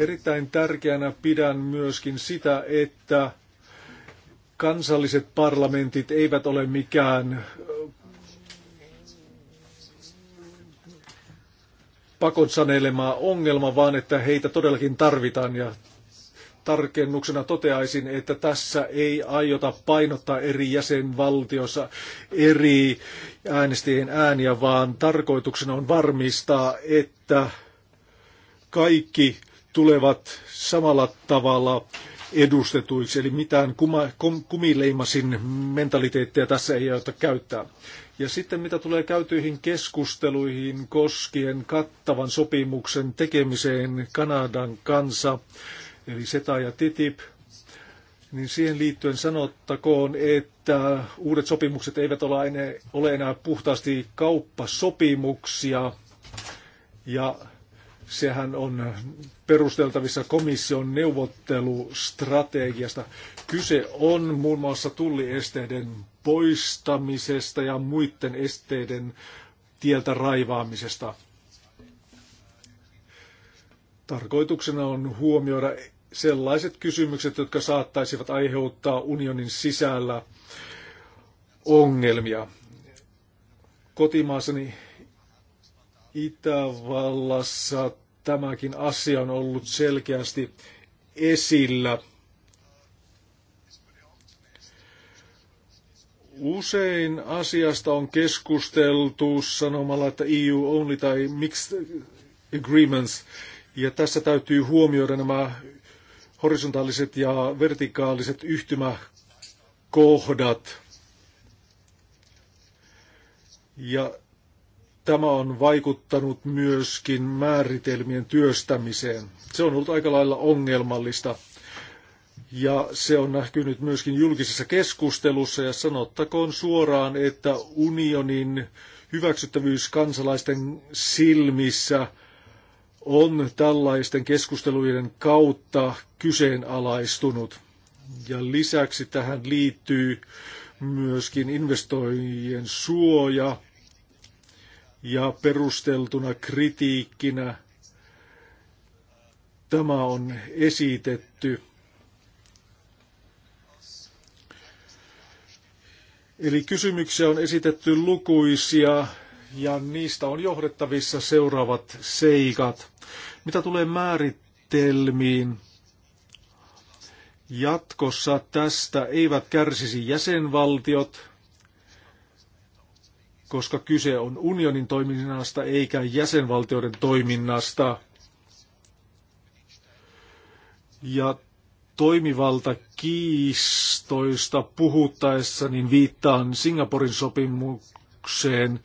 Erittäin tärkeänä pidän myöskin sitä, että kansalliset parlamentit eivät ole mikään pakon sanelema ongelma, vaan että heitä todellakin tarvitaan. Ja tarkennuksena toteaisin, että tässä ei aiota painottaa eri jäsenvaltiossa eri äänestäjien ääniä, vaan tarkoituksena on varmistaa, että kaikki tulevat samalla tavalla edustetuiksi, eli mitään kuma, kum, kumileimasin mentaliteettia tässä ei aiota käyttää. Ja sitten mitä tulee käytyihin keskusteluihin koskien kattavan sopimuksen tekemiseen Kanadan kanssa, eli SETA ja TTIP, niin siihen liittyen sanottakoon, että uudet sopimukset eivät ole enää, ole enää puhtaasti kauppasopimuksia, ja Sehän on perusteltavissa komission neuvottelustrategiasta. Kyse on muun muassa tulliesteiden poistamisesta ja muiden esteiden tieltä raivaamisesta. Tarkoituksena on huomioida sellaiset kysymykset, jotka saattaisivat aiheuttaa unionin sisällä ongelmia. Kotimaassani Itävallassa tämäkin asia on ollut selkeästi esillä. Usein asiasta on keskusteltu sanomalla, että EU only tai mixed agreements. Ja tässä täytyy huomioida nämä horisontaaliset ja vertikaaliset yhtymäkohdat. Ja tämä on vaikuttanut myöskin määritelmien työstämiseen. Se on ollut aika lailla ongelmallista. Ja se on näkynyt myöskin julkisessa keskustelussa ja sanottakoon suoraan, että unionin hyväksyttävyys kansalaisten silmissä on tällaisten keskustelujen kautta kyseenalaistunut. Ja lisäksi tähän liittyy myöskin investoijien suoja ja perusteltuna kritiikkinä tämä on esitetty. Eli kysymyksiä on esitetty lukuisia ja niistä on johdettavissa seuraavat seikat. Mitä tulee määritelmiin, jatkossa tästä eivät kärsisi jäsenvaltiot, koska kyse on unionin toiminnasta eikä jäsenvaltioiden toiminnasta. Ja toimivalta kiistoista puhuttaessa, niin viittaan Singaporin sopimukseen,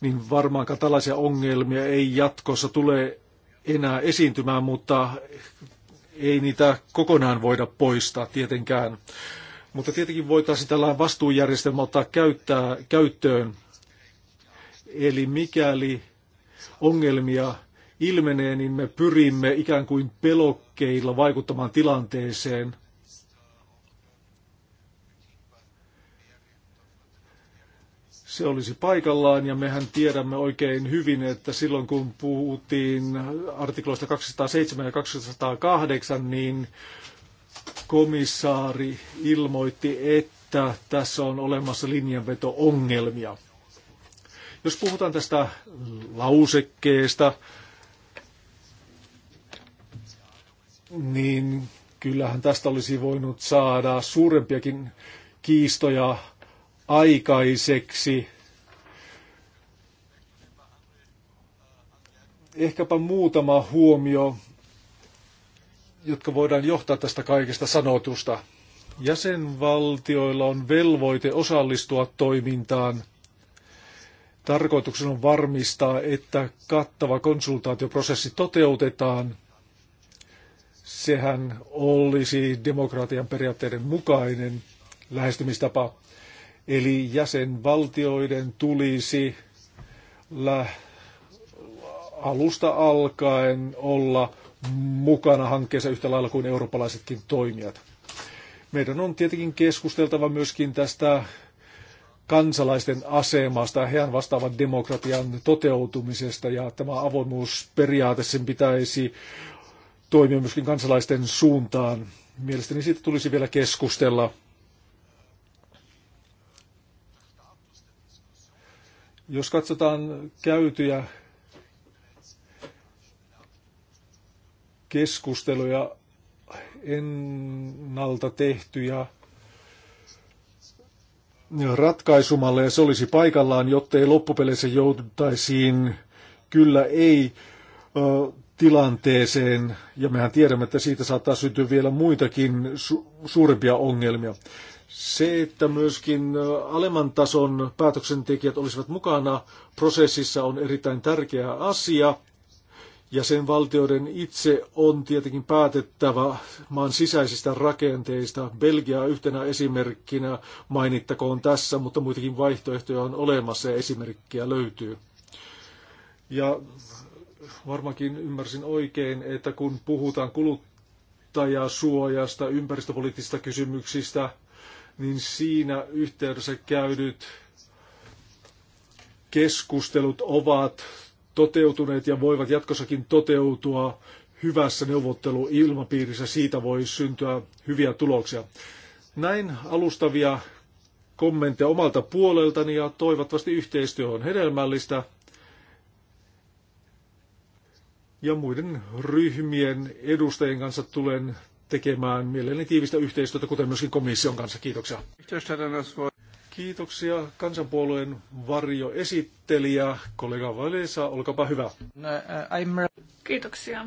niin varmaankaan tällaisia ongelmia ei jatkossa tule enää esiintymään, mutta ei niitä kokonaan voida poistaa tietenkään. Mutta tietenkin voitaisiin tällainen vastuujärjestelmä ottaa käyttää, käyttöön Eli mikäli ongelmia ilmenee, niin me pyrimme ikään kuin pelokkeilla vaikuttamaan tilanteeseen. Se olisi paikallaan ja mehän tiedämme oikein hyvin, että silloin kun puhuttiin artikloista 207 ja 208, niin komissaari ilmoitti, että tässä on olemassa linjanveto-ongelmia. Jos puhutaan tästä lausekkeesta, niin kyllähän tästä olisi voinut saada suurempiakin kiistoja aikaiseksi. Ehkäpä muutama huomio, jotka voidaan johtaa tästä kaikesta sanotusta. Jäsenvaltioilla on velvoite osallistua toimintaan – Tarkoituksena on varmistaa, että kattava konsultaatioprosessi toteutetaan. Sehän olisi demokratian periaatteiden mukainen lähestymistapa. Eli jäsenvaltioiden tulisi alusta alkaen olla mukana hankkeessa yhtä lailla kuin eurooppalaisetkin toimijat. Meidän on tietenkin keskusteltava myöskin tästä kansalaisten asemasta, heidän vastaavat demokratian toteutumisesta ja tämä avoimuusperiaate sen pitäisi toimia myöskin kansalaisten suuntaan. Mielestäni siitä tulisi vielä keskustella. Jos katsotaan käytyjä keskusteluja ennalta tehtyjä ratkaisumalle ja se olisi paikallaan, jottei loppupeleissä jouduttaisiin kyllä ei tilanteeseen, ja mehän tiedämme, että siitä saattaa syntyä vielä muitakin su- suurempia ongelmia. Se, että myöskin alemman tason päätöksentekijät olisivat mukana prosessissa, on erittäin tärkeä asia. Jäsenvaltioiden itse on tietenkin päätettävä maan sisäisistä rakenteista. Belgia yhtenä esimerkkinä mainittakoon tässä, mutta muitakin vaihtoehtoja on olemassa ja esimerkkiä löytyy. Ja varmaankin ymmärsin oikein, että kun puhutaan kuluttajasuojasta, ympäristöpoliittisista kysymyksistä, niin siinä yhteydessä käydyt keskustelut ovat toteutuneet ja voivat jatkossakin toteutua hyvässä neuvotteluilmapiirissä. Siitä voi syntyä hyviä tuloksia. Näin alustavia kommentteja omalta puoleltani ja toivottavasti yhteistyö on hedelmällistä. Ja muiden ryhmien edustajien kanssa tulen tekemään mielelläni tiivistä yhteistyötä, kuten myöskin komission kanssa. Kiitoksia. Kiitoksia kansanpuolueen varjoesittelijä, kollega Valesa, olkapa hyvä. No, uh, Kiitoksia.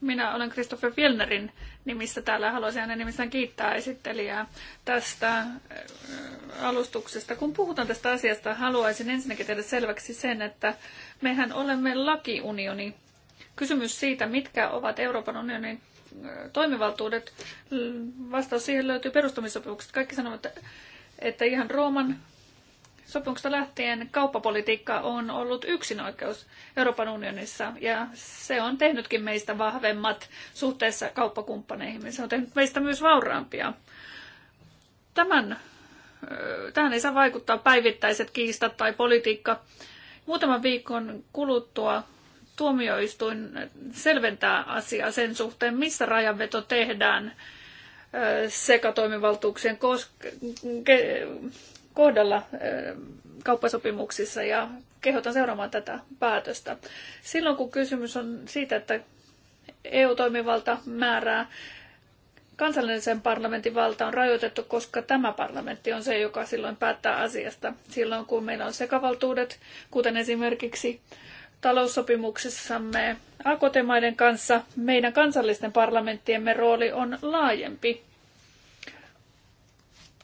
Minä olen Kristoffer Fjellnerin nimissä täällä. Haluaisin hänen nimissään kiittää esittelijää tästä äh, alustuksesta. Kun puhutaan tästä asiasta, haluaisin ensinnäkin tehdä selväksi sen, että mehän olemme lakiunioni. Kysymys siitä, mitkä ovat Euroopan unionin äh, toimivaltuudet, vastaus siihen löytyy perustamissopimukset. Kaikki sanovat, että että ihan Rooman sopimuksesta lähtien kauppapolitiikka on ollut yksinoikeus Euroopan unionissa ja se on tehnytkin meistä vahvemmat suhteessa kauppakumppaneihin. Se on tehnyt meistä myös vauraampia. Tämän, tähän ei saa vaikuttaa päivittäiset kiistat tai politiikka. Muutaman viikon kuluttua tuomioistuin selventää asiaa sen suhteen, missä rajanveto tehdään – sekatoimivaltuuksien kohdalla kauppasopimuksissa ja kehotan seuraamaan tätä päätöstä. Silloin kun kysymys on siitä, että EU-toimivalta määrää kansallisen parlamentin valta on rajoitettu, koska tämä parlamentti on se, joka silloin päättää asiasta. Silloin kun meillä on sekavaltuudet, kuten esimerkiksi taloussopimuksessamme AKT-maiden kanssa meidän kansallisten parlamenttiemme rooli on laajempi.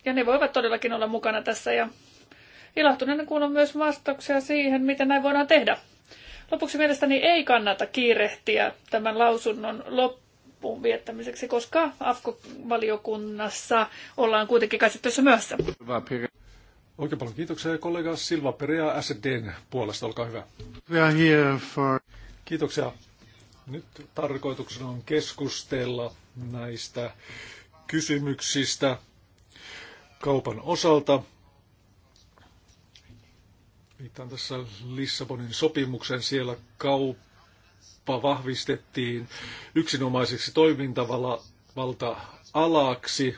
Ja ne voivat todellakin olla mukana tässä ja ilahtuneena kuulun myös vastauksia siihen, miten näin voidaan tehdä. Lopuksi mielestäni ei kannata kiirehtiä tämän lausunnon loppuun viettämiseksi, koska AFKO-valiokunnassa ollaan kuitenkin käsittelyssä myöhässä. Oikein paljon kiitoksia kollega Silva Perea SDn puolesta, olkaa hyvä. We are here for... Kiitoksia. Nyt tarkoituksena on keskustella näistä kysymyksistä kaupan osalta. Viittaan tässä Lissabonin sopimuksen siellä kauppa vahvistettiin yksinomaiseksi toimintavalta alaksi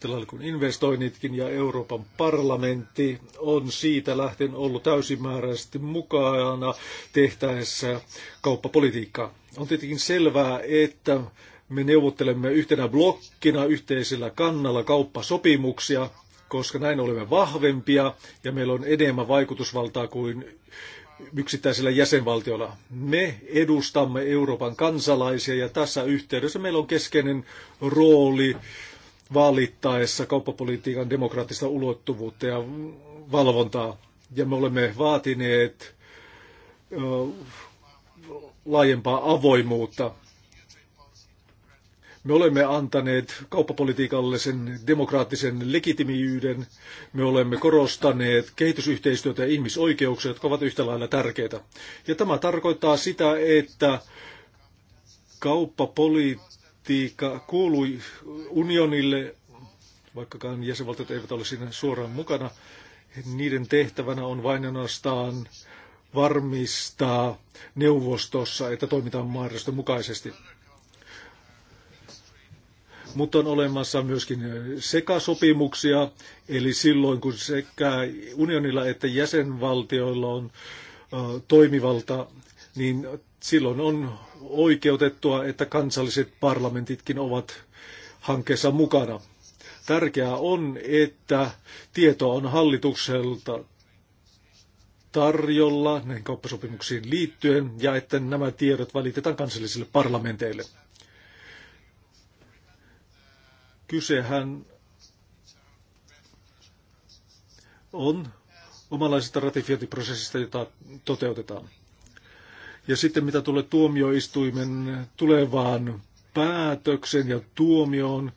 tällä kuin investoinnitkin ja Euroopan parlamentti on siitä lähtien ollut täysimääräisesti mukana tehtäessä kauppapolitiikkaa. On tietenkin selvää, että me neuvottelemme yhtenä blokkina yhteisellä kannalla kauppasopimuksia, koska näin olemme vahvempia ja meillä on enemmän vaikutusvaltaa kuin yksittäisellä jäsenvaltiolla. Me edustamme Euroopan kansalaisia ja tässä yhteydessä meillä on keskeinen rooli vaalittaessa kauppapolitiikan demokraattista ulottuvuutta ja valvontaa. Ja me olemme vaatineet laajempaa avoimuutta. Me olemme antaneet kauppapolitiikalle sen demokraattisen legitimiyden. Me olemme korostaneet kehitysyhteistyötä ja ihmisoikeuksia, jotka ovat yhtä lailla tärkeitä. Ja tämä tarkoittaa sitä, että kauppapolitiikka politiikka kuului unionille, vaikkakaan jäsenvaltiot eivät ole siinä suoraan mukana. Niiden tehtävänä on vain ainoastaan varmistaa neuvostossa, että toimitaan mahdollisten mukaisesti. Mutta on olemassa myöskin sekasopimuksia, eli silloin kun sekä unionilla että jäsenvaltioilla on toimivalta, niin silloin on oikeutettua, että kansalliset parlamentitkin ovat hankkeessa mukana. Tärkeää on, että tietoa on hallitukselta tarjolla näihin kauppasopimuksiin liittyen ja että nämä tiedot välitetään kansallisille parlamenteille. Kysehän on omanlaisesta ratifiointiprosessista, jota toteutetaan. Ja sitten mitä tulee tuomioistuimen tulevaan päätöksen ja tuomioon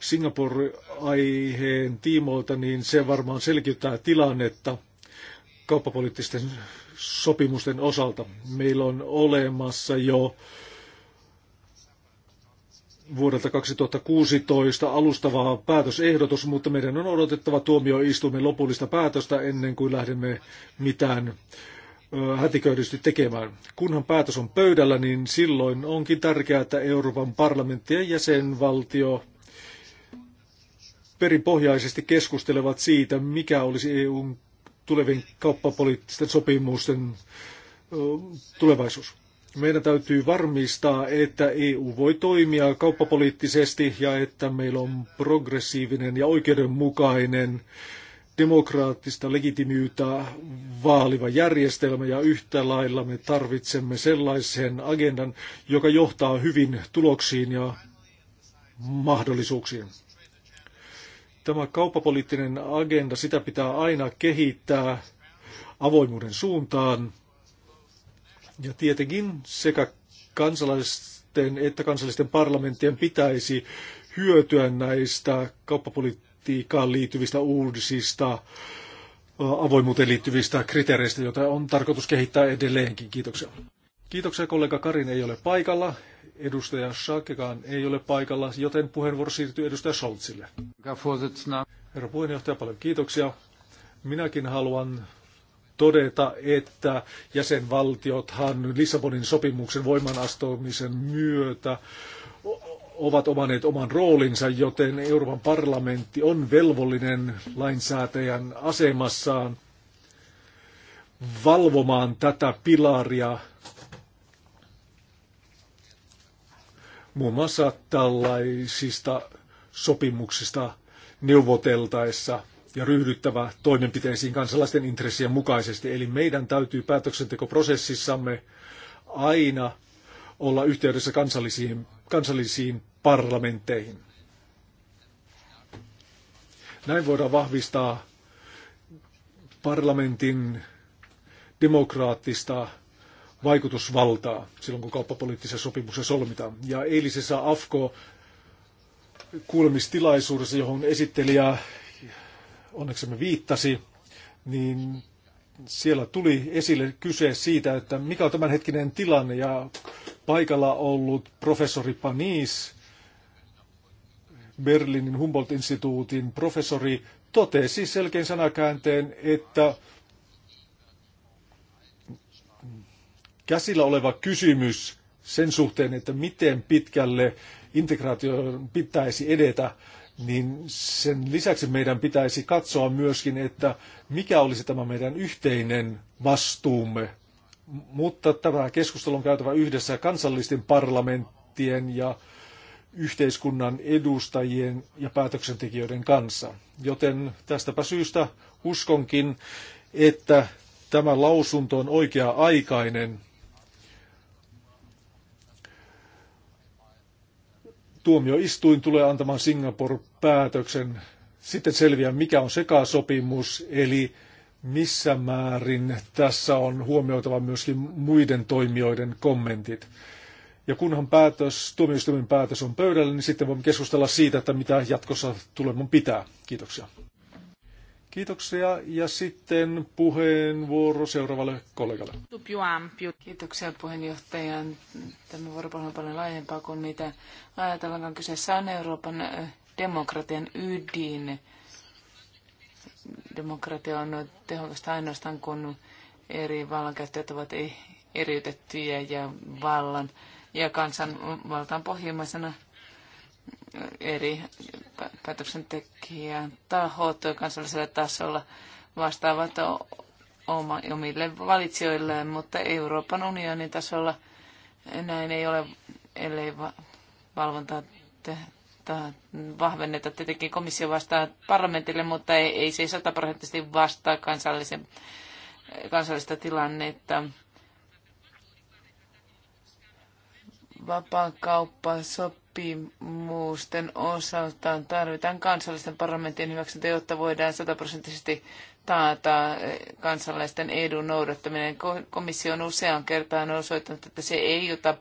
Singapore-aiheen tiimoilta, niin se varmaan selkiyttää tilannetta kauppapoliittisten sopimusten osalta. Meillä on olemassa jo vuodelta 2016 alustava päätösehdotus, mutta meidän on odotettava tuomioistuimen lopullista päätöstä ennen kuin lähdemme mitään hätiköidysti tekemään. Kunhan päätös on pöydällä, niin silloin onkin tärkeää, että Euroopan parlamentti ja jäsenvaltio perinpohjaisesti keskustelevat siitä, mikä olisi EUn tulevien kauppapoliittisten sopimusten tulevaisuus. Meidän täytyy varmistaa, että EU voi toimia kauppapoliittisesti ja että meillä on progressiivinen ja oikeudenmukainen äh, demokraattista legitimiyttä vaaliva järjestelmä ja yhtä lailla me tarvitsemme sellaisen agendan, joka johtaa hyvin tuloksiin ja mahdollisuuksiin. Tämä kauppapoliittinen agenda, sitä pitää aina kehittää avoimuuden suuntaan. Ja tietenkin sekä kansalaisten että kansallisten parlamenttien pitäisi hyötyä näistä kauppapoliittisista politiikkaan liittyvistä uudisista, avoimuuteen liittyvistä kriteereistä, joita on tarkoitus kehittää edelleenkin. Kiitoksia. Kiitoksia kollega Karin ei ole paikalla, edustaja Schakekaan ei ole paikalla, joten puheenvuoro siirtyy edustaja Scholzille. Herra puheenjohtaja, paljon kiitoksia. Minäkin haluan todeta, että jäsenvaltiothan Lissabonin sopimuksen voimanastumisen myötä ovat omaneet oman roolinsa, joten Euroopan parlamentti on velvollinen lainsäätäjän asemassaan valvomaan tätä pilaria muun muassa tällaisista sopimuksista neuvoteltaessa ja ryhdyttävä toimenpiteisiin kansalaisten intressien mukaisesti. Eli meidän täytyy päätöksentekoprosessissamme aina olla yhteydessä kansallisiin, kansallisiin parlamentteihin. Näin voidaan vahvistaa parlamentin demokraattista vaikutusvaltaa silloin, kun kauppapoliittisen sopimuksen solmitaan. Ja eilisessä AFKO kuulemistilaisuudessa, johon esittelijä onneksi me viittasi, niin siellä tuli esille kyse siitä, että mikä on tämänhetkinen tilanne ja paikalla ollut professori Panis Berliinin Humboldt-instituutin professori totesi selkein sanakäänteen, että käsillä oleva kysymys sen suhteen, että miten pitkälle integraation pitäisi edetä, niin sen lisäksi meidän pitäisi katsoa myöskin, että mikä olisi tämä meidän yhteinen vastuumme. Mutta tämä keskustelu on käytävä yhdessä kansallisten parlamenttien ja yhteiskunnan edustajien ja päätöksentekijöiden kanssa. Joten tästäpä syystä uskonkin, että tämä lausunto on oikea-aikainen tuomioistuin tulee antamaan Singapore-päätöksen. Sitten selviää, mikä on sekasopimus, eli missä määrin tässä on huomioitava myöskin muiden toimijoiden kommentit. Ja kunhan päätös, tuomioistuimen päätös on pöydällä, niin sitten voimme keskustella siitä, että mitä jatkossa tuleman pitää. Kiitoksia. Kiitoksia ja sitten puheenvuoro seuraavalle kollegalle. Kiitoksia puheenjohtajan. Tämä vuoropuhelu on paljon laajempaa kuin mitä ajatellaan. Kyseessä on Euroopan demokratian ydin. Demokratia on tehokasta ainoastaan, kun eri vallankäyttäjät ovat e-, eriytettyjä ja vallan ja kansanvaltaan pohjimmaisena eri päätöksentekijän tahot kansallisella tasolla vastaavat oma, omille valitsijoilleen, mutta Euroopan unionin tasolla näin ei ole, ellei va- valvontaa te- ta- vahvenneta. Tietenkin komissio vastaa parlamentille, mutta ei, ei se sataprosenttisesti vastaa kansallisen, kansallista tilannetta. vapaakauppasopimusten osaltaan tarvitaan kansallisten parlamenttien hyväksyntä, jotta voidaan sataprosenttisesti taata eh, kansalaisten edun noudattaminen. Komissio on useaan kertaan osoittanut, että se ei ota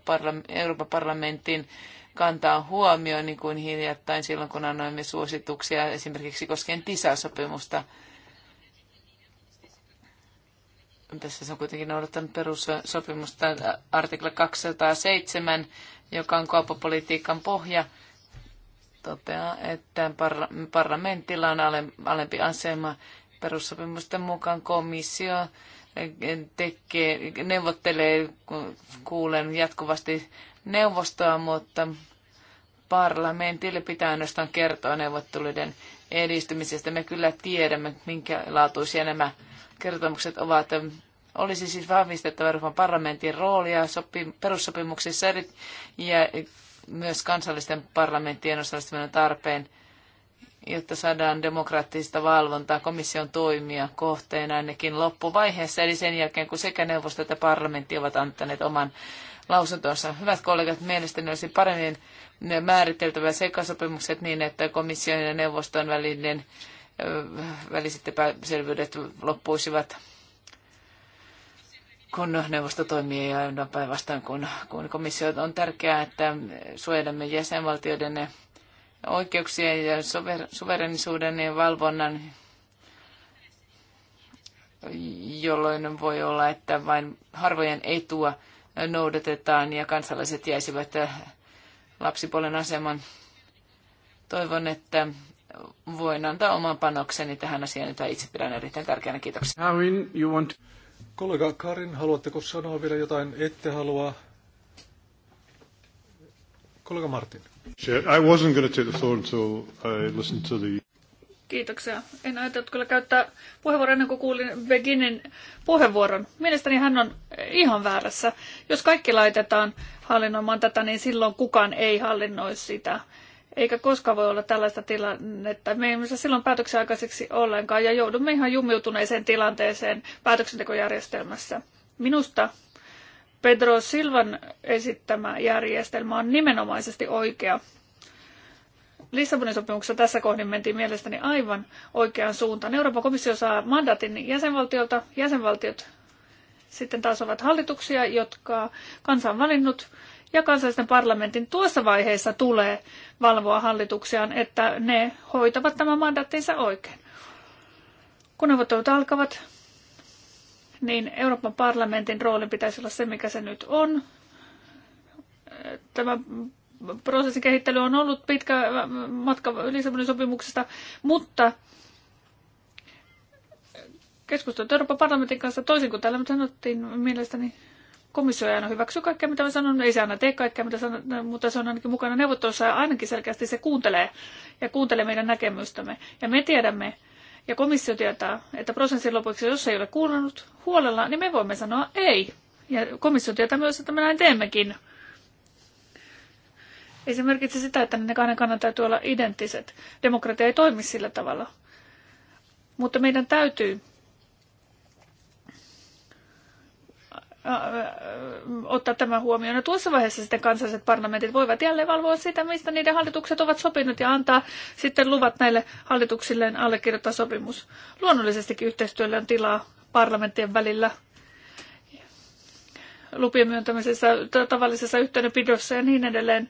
Euroopan parlamentin kantaa huomioon, niin kuin hiljattain silloin, kun annoimme suosituksia esimerkiksi koskien TISA-sopimusta. Tässä se on kuitenkin noudattanut perussopimusta artikla 207, joka on kauppapolitiikan pohja toteaa, että parlamentilla on alempi asema perussopimusten mukaan komissio eh, tekee, neuvottelee, kuulen jatkuvasti neuvostoa, mutta parlamentille pitää ainoastaan kertoa neuvotteluiden edistymisestä. Me kyllä tiedämme, minkä laatuisia nämä kertomukset ovat. Olisi siis vahvistettava Euroopan parlamentin roolia sopi, perussopimuksissa ja myös kansallisten parlamenttien osallistuminen tarpeen, jotta saadaan demokraattista valvontaa komission toimia kohteena ainakin loppuvaiheessa, eli sen jälkeen kun sekä neuvosto että parlamentti ovat antaneet oman lausuntonsa. Hyvät kollegat, mielestäni olisi paremmin määriteltävä sekasopimukset niin, että komission ja neuvoston välinen väliset epäselvyydet loppuisivat, kun neuvosto toimii ja päinvastoin kun, kun komissio on tärkeää, että suojelemme jäsenvaltioiden oikeuksien ja sover, suverenisuuden ja valvonnan, jolloin voi olla, että vain harvojen etua noudatetaan ja kansalaiset jäisivät lapsipuolen aseman. Toivon, että voin antaa oman panokseni tähän asiaan, jota itse pidän erittäin tärkeänä. Kiitoksia. Karin, you want... Kollega Karin, haluatteko sanoa vielä jotain? Ette halua. Kollega Martin. I wasn't going to take the floor until I listened to the... Kiitoksia. En ajatellut kyllä käyttää puheenvuoron ennen kuin kuulin Beginin puheenvuoron. Mielestäni hän on ihan väärässä. Jos kaikki laitetaan hallinnoimaan tätä, niin silloin kukaan ei hallinnoi sitä. Eikä koskaan voi olla tällaista tilannetta. Me emme saa silloin päätöksiä aikaiseksi ollenkaan ja joudumme ihan jumiutuneeseen tilanteeseen päätöksentekojärjestelmässä. Minusta Pedro Silvan esittämä järjestelmä on nimenomaisesti oikea. Lissabonin sopimuksessa tässä kohdin mentiin mielestäni aivan oikeaan suuntaan. Euroopan komissio saa mandatin jäsenvaltiolta. Jäsenvaltiot sitten taas ovat hallituksia, jotka kansa on valinnut ja kansallisten parlamentin tuossa vaiheessa tulee valvoa hallituksiaan, että ne hoitavat tämän mandaattinsa oikein. Kun neuvottelut alkavat, niin Euroopan parlamentin rooli pitäisi olla se, mikä se nyt on. Tämä prosessin kehittely on ollut pitkä matka Lissabonin sopimuksesta, mutta keskustelut Euroopan parlamentin kanssa, toisin kuin täällä sanottiin, mielestäni Komissio ei aina hyväksy kaikkea, mitä mä sanon, ei se aina tee kaikkea, mitä sanon, mutta se on ainakin mukana neuvottelussa ja ainakin selkeästi se kuuntelee ja kuuntelee meidän näkemystämme. Ja me tiedämme, ja komissio tietää, että prosessin lopuksi, jos ei ole kuunnellut huolella, niin me voimme sanoa ei. Ja komissio tietää myös, että me näin teemmekin. Ei se merkitse sitä, että ne kahden kannan täytyy olla identtiset. Demokratia ei toimi sillä tavalla. Mutta meidän täytyy ottaa tämä huomioon. Ja no, tuossa vaiheessa sitten kansalliset parlamentit voivat jälleen valvoa sitä, mistä niiden hallitukset ovat sopineet ja antaa sitten luvat näille hallituksilleen allekirjoittaa sopimus. Luonnollisestikin yhteistyölle on tilaa parlamenttien välillä lupien myöntämisessä, tavallisessa yhteydenpidossa ja niin edelleen.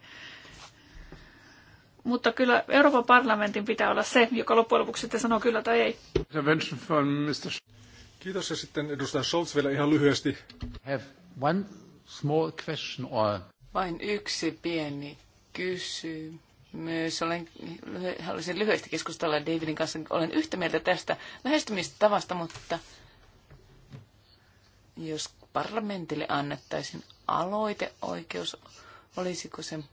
Mutta kyllä Euroopan parlamentin pitää olla se, joka loppujen lopuksi sitten sanoo kyllä tai ei. Kiitos ja sitten edustaja Scholz vielä ihan lyhyesti. Have one small question or... Vain yksi pieni kysymys. Olen, haluaisin lyhyesti keskustella Davidin kanssa. Olen yhtä mieltä tästä lähestymistavasta, mutta jos parlamentille annettaisiin aloiteoikeus, olisiko se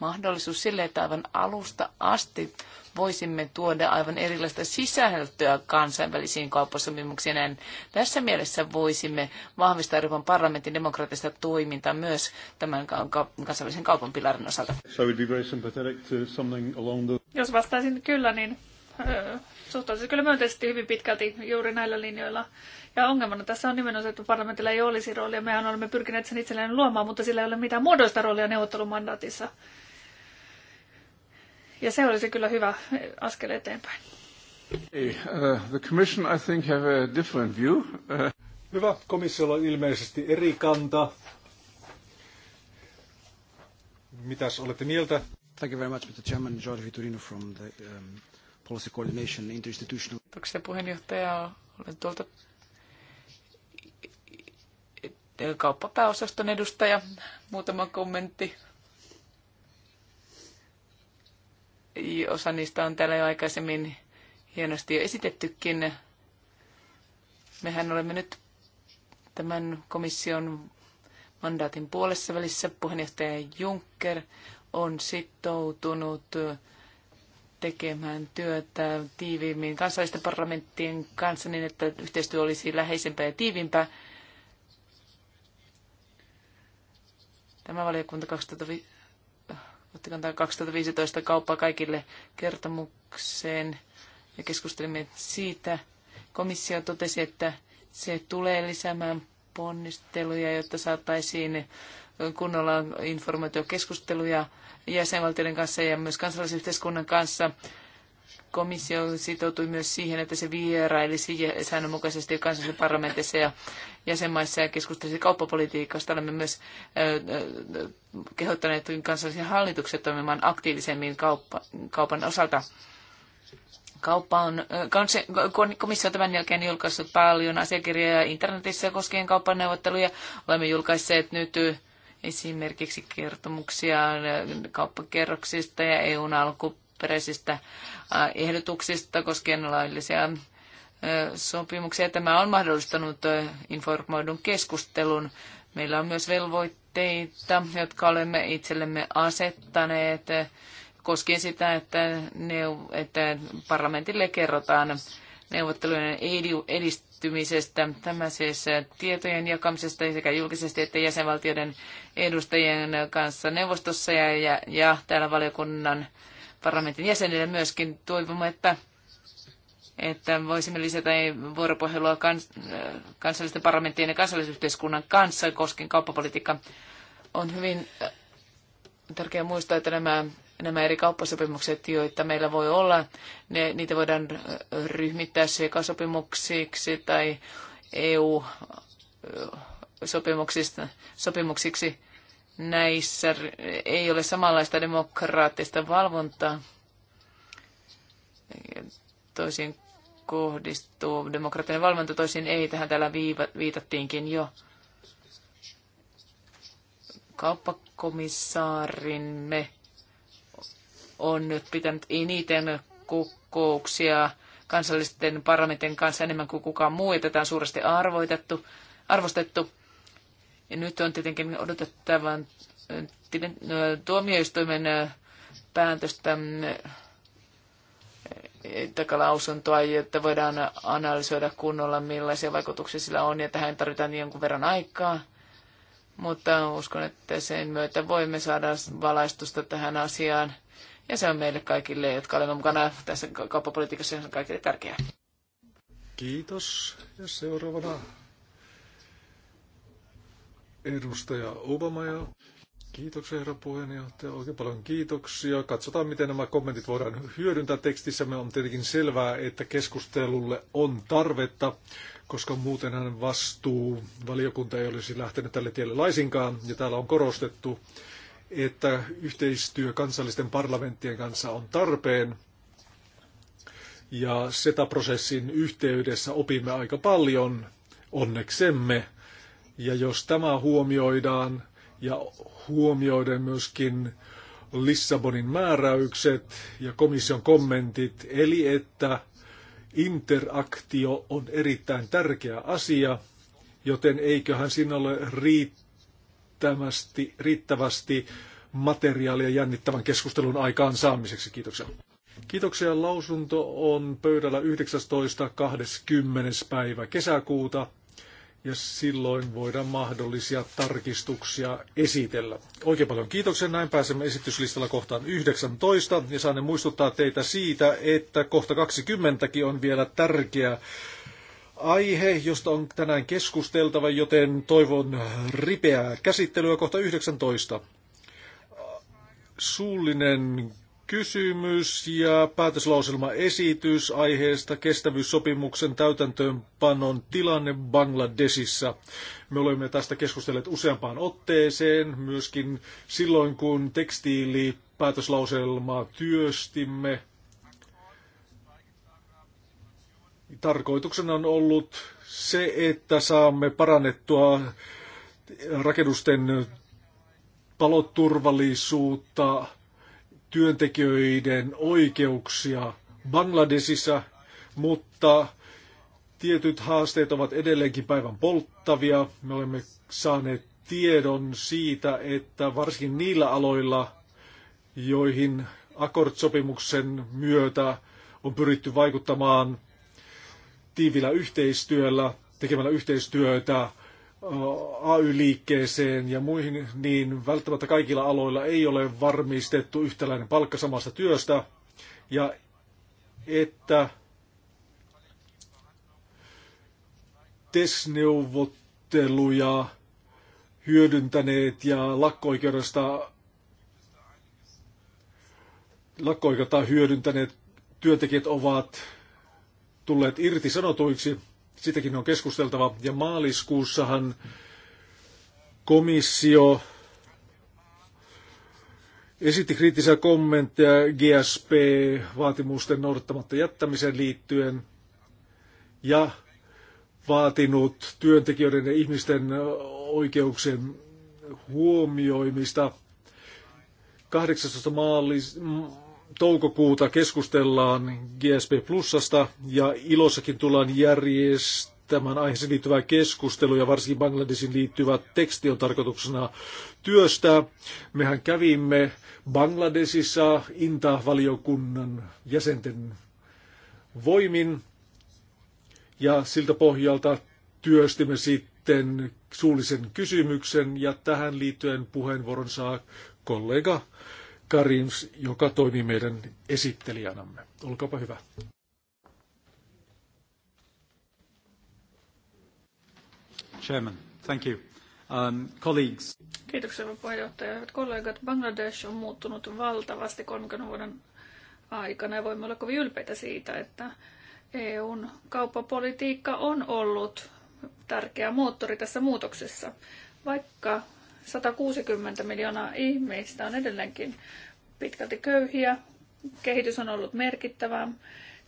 mahdollisuus sille, että aivan alusta asti voisimme tuoda aivan erilaista sisältöä kansainvälisiin kauppasopimuksiin. Näin tässä mielessä voisimme vahvistaa Euroopan parlamentin demokraattista toimintaa myös tämän kansainvälisen kaupan pilarin osalta. Jos vastaisin kyllä, niin suhtaisin kyllä myönteisesti hyvin pitkälti juuri näillä linjoilla. Ja ongelmana tässä on nimenomaan se, että parlamentilla ei olisi roolia. Mehän olemme pyrkineet sen itselleen luomaan, mutta sillä ei ole mitään muodoista roolia neuvottelumandaatissa. Ja se olisi kyllä hyvä askel eteenpäin. Hey, uh, the commission, I think, have a different view. Uh... Hyvä. Komissiolla on ilmeisesti eri kanta. Mitäs olette mieltä? Thank you very much, Mr. Chairman. George Vitorino from the um, Policy Coordination Interinstitutional. Kiitoksia puheenjohtaja. Olen tuolta kauppapääosaston edustaja. Muutama kommentti Osa niistä on täällä jo aikaisemmin hienosti jo esitettykin. Mehän olemme nyt tämän komission mandaatin puolessa välissä. Puheenjohtaja Juncker on sitoutunut tekemään työtä tiiviimmin kansallisten parlamenttien kanssa niin, että yhteistyö olisi läheisempää ja tiiviimpää. Tämä valiokunta 2005 otti kantaa 2015 kauppa kaikille kertomukseen ja keskustelimme siitä. Komissio totesi, että se tulee lisäämään ponnisteluja, jotta saataisiin kunnolla informaatiokeskusteluja jäsenvaltioiden kanssa ja myös kansalaisyhteiskunnan kanssa Komissio sitoutui myös siihen, että se vierailisi säännönmukaisesti kansallisissa parlamenteissa ja jäsenmaissa ja keskustelisi kauppapolitiikasta. Olemme myös kehottaneet kansallisia hallituksia toimimaan aktiivisemmin kaupan osalta kauppa on, komissio on tämän jälkeen julkaissut paljon asiakirjoja internetissä koskien kauppaneuvotteluja. Olemme julkaisseet nyt esimerkiksi kertomuksia kauppakerroksista ja EUn alku, alkuperäisistä ehdotuksista koskien laillisia sopimuksia. Tämä on mahdollistanut informoidun keskustelun. Meillä on myös velvoitteita, jotka olemme itsellemme asettaneet koskien sitä, että, neu, että parlamentille kerrotaan neuvottelujen edistymisestä. Tämä siis tietojen jakamisesta sekä julkisesti että jäsenvaltioiden edustajien kanssa neuvostossa ja, ja, ja täällä valiokunnan parlamentin jäsenille myöskin. Toivomme, että, että voisimme lisätä vuoropuhelua kans, kansallisten parlamenttien ja kansallisyhteiskunnan kanssa koskien kauppapolitiikkaa. On hyvin äh, tärkeää muistaa, että nämä, nämä eri kauppasopimukset, joita meillä voi olla, ne, niitä voidaan äh, ryhmittää sekasopimuksiksi tai EU-sopimuksiksi äh, näissä ei ole samanlaista demokraattista valvontaa. Toisin kohdistuu demokraattinen valvonta, toisin ei. Tähän täällä viitattiinkin jo kauppakomissaarimme on nyt pitänyt eniten kokouksia kansallisten parlamentin kanssa enemmän kuin kukaan muu, ja tätä on suuresti arvoitettu, arvostettu. Ja nyt on tietenkin odotettavan äh, tuomioistuimen äh, päätöstä äh, lausuntoa, jotta voidaan analysoida kunnolla, millaisia vaikutuksia sillä on, ja tähän tarvitaan jonkun verran aikaa. Mutta uskon, että sen myötä voimme saada valaistusta tähän asiaan. Ja se on meille kaikille, jotka olemme mukana tässä kauppapolitiikassa, kaikille tärkeää. Kiitos. Ja seuraavana Edustaja Obama ja kiitoksia herra puheenjohtaja. Oikein paljon kiitoksia. Katsotaan, miten nämä kommentit voidaan hyödyntää tekstissämme. On tietenkin selvää, että keskustelulle on tarvetta, koska muutenhan vastuu valiokunta ei olisi lähtenyt tälle tielle laisinkaan. Ja täällä on korostettu, että yhteistyö kansallisten parlamenttien kanssa on tarpeen. Ja SETA-prosessin yhteydessä opimme aika paljon, onneksemme. Ja jos tämä huomioidaan ja huomioiden myöskin Lissabonin määräykset ja komission kommentit, eli että interaktio on erittäin tärkeä asia, joten eiköhän siinä ole riittävästi, riittävästi materiaalia jännittävän keskustelun aikaan saamiseksi. Kiitoksia. Kiitoksia. Lausunto on pöydällä 19.20. päivä kesäkuuta ja silloin voidaan mahdollisia tarkistuksia esitellä. Oikein paljon kiitoksia. Näin pääsemme esityslistalla kohtaan 19 ja saan muistuttaa teitä siitä, että kohta 20 on vielä tärkeä aihe, josta on tänään keskusteltava, joten toivon ripeää käsittelyä kohta 19. Suullinen kysymys ja päätöslauselmaesitys aiheesta kestävyyssopimuksen täytäntöönpanon tilanne Bangladesissa. Me olemme tästä keskustelleet useampaan otteeseen, myöskin silloin kun tekstiili päätöslauselmaa työstimme. Tarkoituksena on ollut se, että saamme parannettua rakennusten paloturvallisuutta, työntekijöiden oikeuksia Bangladesissa, mutta tietyt haasteet ovat edelleenkin päivän polttavia. Me olemme saaneet tiedon siitä, että varsinkin niillä aloilla, joihin akkordsopimuksen myötä on pyritty vaikuttamaan tiivillä yhteistyöllä, tekemällä yhteistyötä AY-liikkeeseen ja muihin, niin välttämättä kaikilla aloilla ei ole varmistettu yhtäläinen palkka samasta työstä. Ja että TES-neuvotteluja hyödyntäneet ja lakkoikeudesta oikeudesta lakko hyödyntäneet työntekijät ovat tulleet irtisanotuiksi sitäkin on keskusteltava. Ja maaliskuussahan komissio esitti kriittisiä kommentteja GSP-vaatimusten noudattamatta jättämiseen liittyen ja vaatinut työntekijöiden ja ihmisten oikeuksien huomioimista. 18. Maalis- toukokuuta keskustellaan GSP Plusasta ja Ilossakin tullaan järjestämään aiheeseen liittyvää keskustelua ja varsinkin Bangladesin liittyvä teksti on tarkoituksena työstää. Mehän kävimme Bangladesissa Inta-valiokunnan jäsenten voimin ja siltä pohjalta työstimme sitten suullisen kysymyksen ja tähän liittyen puheenvuoron saa kollega Karims, joka toimi meidän esittelijänämme. Olkaapa hyvä. Chairman, thank you. Um, colleagues. Kiitoksia puheenjohtaja. Hyvät kollegat, Bangladesh on muuttunut valtavasti 30 vuoden aikana ja voimme olla kovin ylpeitä siitä, että EUn kauppapolitiikka on ollut tärkeä moottori tässä muutoksessa. Vaikka 160 miljoonaa ihmistä on edelleenkin pitkälti köyhiä. Kehitys on ollut merkittävää.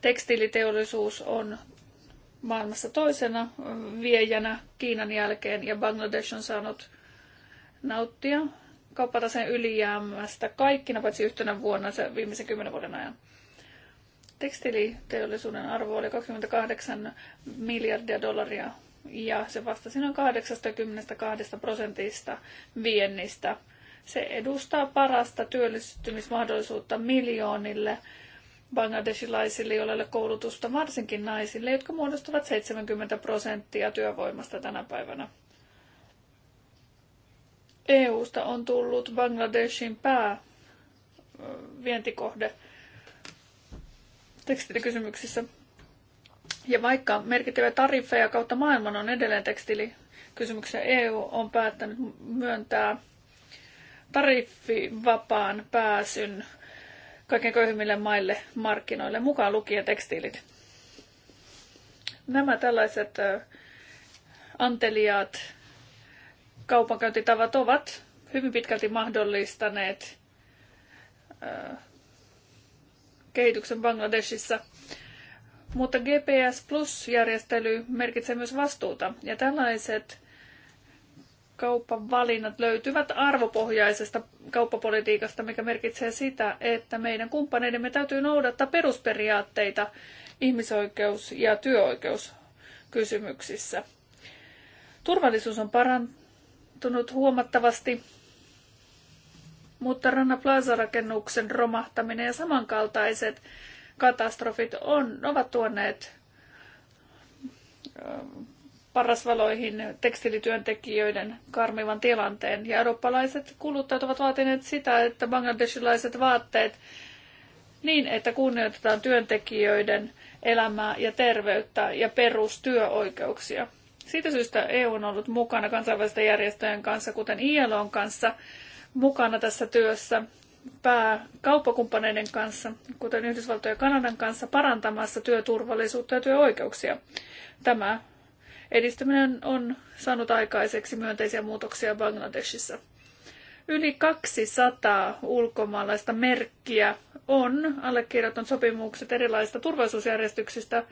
Tekstiiliteollisuus on maailmassa toisena viejänä Kiinan jälkeen ja Bangladesh on saanut nauttia kauppataseen ylijäämästä kaikkina paitsi yhtenä vuonna se viimeisen kymmenen vuoden ajan. Tekstiiliteollisuuden arvo oli 28 miljardia dollaria ja se vastasi noin 82 prosentista viennistä. Se edustaa parasta työllistymismahdollisuutta miljoonille bangladesilaisille, joilla ei ole koulutusta, varsinkin naisille, jotka muodostavat 70 prosenttia työvoimasta tänä päivänä. EUsta on tullut Bangladeshin pää vientikohde ja vaikka merkittäviä tariffeja kautta maailman on edelleen tekstiilikysymyksiä, EU on päättänyt myöntää tariffivapaan pääsyn kaiken köyhimmille maille markkinoille, mukaan lukien tekstiilit. Nämä tällaiset anteliaat kaupankäyntitavat ovat hyvin pitkälti mahdollistaneet kehityksen Bangladesissa – mutta GPS Plus-järjestely merkitsee myös vastuuta, ja tällaiset kaupan valinnat löytyvät arvopohjaisesta kauppapolitiikasta, mikä merkitsee sitä, että meidän kumppaneidemme täytyy noudattaa perusperiaatteita ihmisoikeus- ja työoikeuskysymyksissä. Turvallisuus on parantunut huomattavasti, mutta Rana Plaza-rakennuksen romahtaminen ja samankaltaiset katastrofit on, ovat tuoneet parasvaloihin tekstilityöntekijöiden karmivan tilanteen. Ja eurooppalaiset kuluttajat ovat vaatineet sitä, että bangladesilaiset vaatteet niin, että kunnioitetaan työntekijöiden elämää ja terveyttä ja perustyöoikeuksia. Siitä syystä EU on ollut mukana kansainvälisten järjestöjen kanssa, kuten ILOn kanssa, mukana tässä työssä pääkauppakumppaneiden kanssa, kuten Yhdysvaltojen ja Kanadan kanssa, parantamassa työturvallisuutta ja työoikeuksia. Tämä edistäminen on saanut aikaiseksi myönteisiä muutoksia Bangladeshissa. Yli 200 ulkomaalaista merkkiä on allekirjoittanut sopimukset erilaisista turvallisuusjärjestyksistä.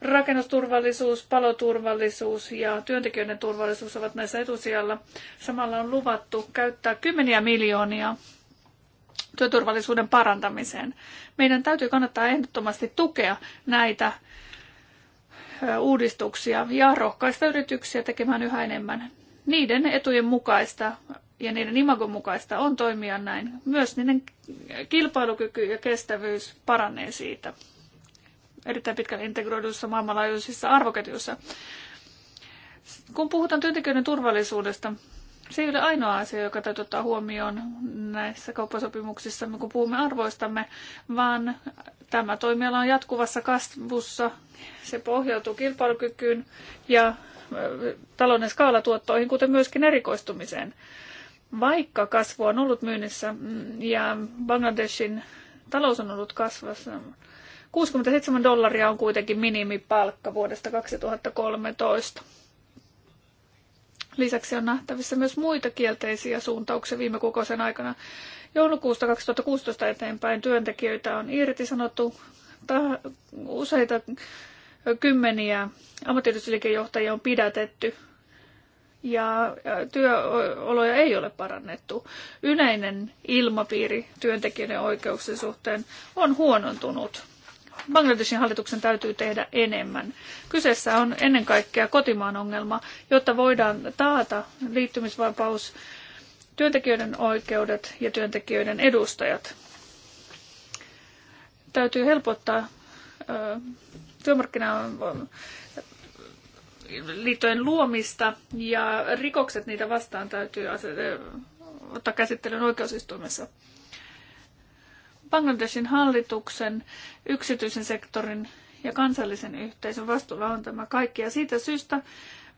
Rakennusturvallisuus, paloturvallisuus ja työntekijöiden turvallisuus ovat näissä etusijalla. Samalla on luvattu käyttää kymmeniä miljoonia työturvallisuuden parantamiseen. Meidän täytyy kannattaa ehdottomasti tukea näitä uudistuksia ja rohkaista yrityksiä tekemään yhä enemmän. Niiden etujen mukaista ja niiden imagon mukaista on toimia näin. Myös niiden kilpailukyky ja kestävyys paranee siitä erittäin pitkälle integroiduissa maailmanlaajuisissa arvoketjuissa. Kun puhutaan työntekijöiden turvallisuudesta, se ei ole ainoa asia, joka täytyy ottaa huomioon näissä kauppasopimuksissa, kun puhumme arvoistamme, vaan tämä toimiala on jatkuvassa kasvussa. Se pohjautuu kilpailukykyyn ja äh, talouden skaalatuottoihin, kuten myöskin erikoistumiseen. Vaikka kasvu on ollut myynnissä mm, ja Bangladeshin talous on ollut kasvassa, 67 dollaria on kuitenkin minimipalkka vuodesta 2013. Lisäksi on nähtävissä myös muita kielteisiä suuntauksia viime kuukausien aikana. Joulukuusta 2016 eteenpäin työntekijöitä on irtisanottu useita kymmeniä ammattiyhdistysliikejohtajia on pidätetty ja työoloja ei ole parannettu. Yleinen ilmapiiri työntekijöiden oikeuksien suhteen on huonontunut. Bangladeshin hallituksen täytyy tehdä enemmän. Kyseessä on ennen kaikkea kotimaan ongelma, jotta voidaan taata liittymisvapaus, työntekijöiden oikeudet ja työntekijöiden edustajat. Täytyy helpottaa työmarkkinaliittojen luomista ja rikokset niitä vastaan täytyy ottaa käsittelyyn oikeusistuimessa. Bangladeshin hallituksen, yksityisen sektorin ja kansallisen yhteisön vastuulla on tämä kaikki. Ja siitä syystä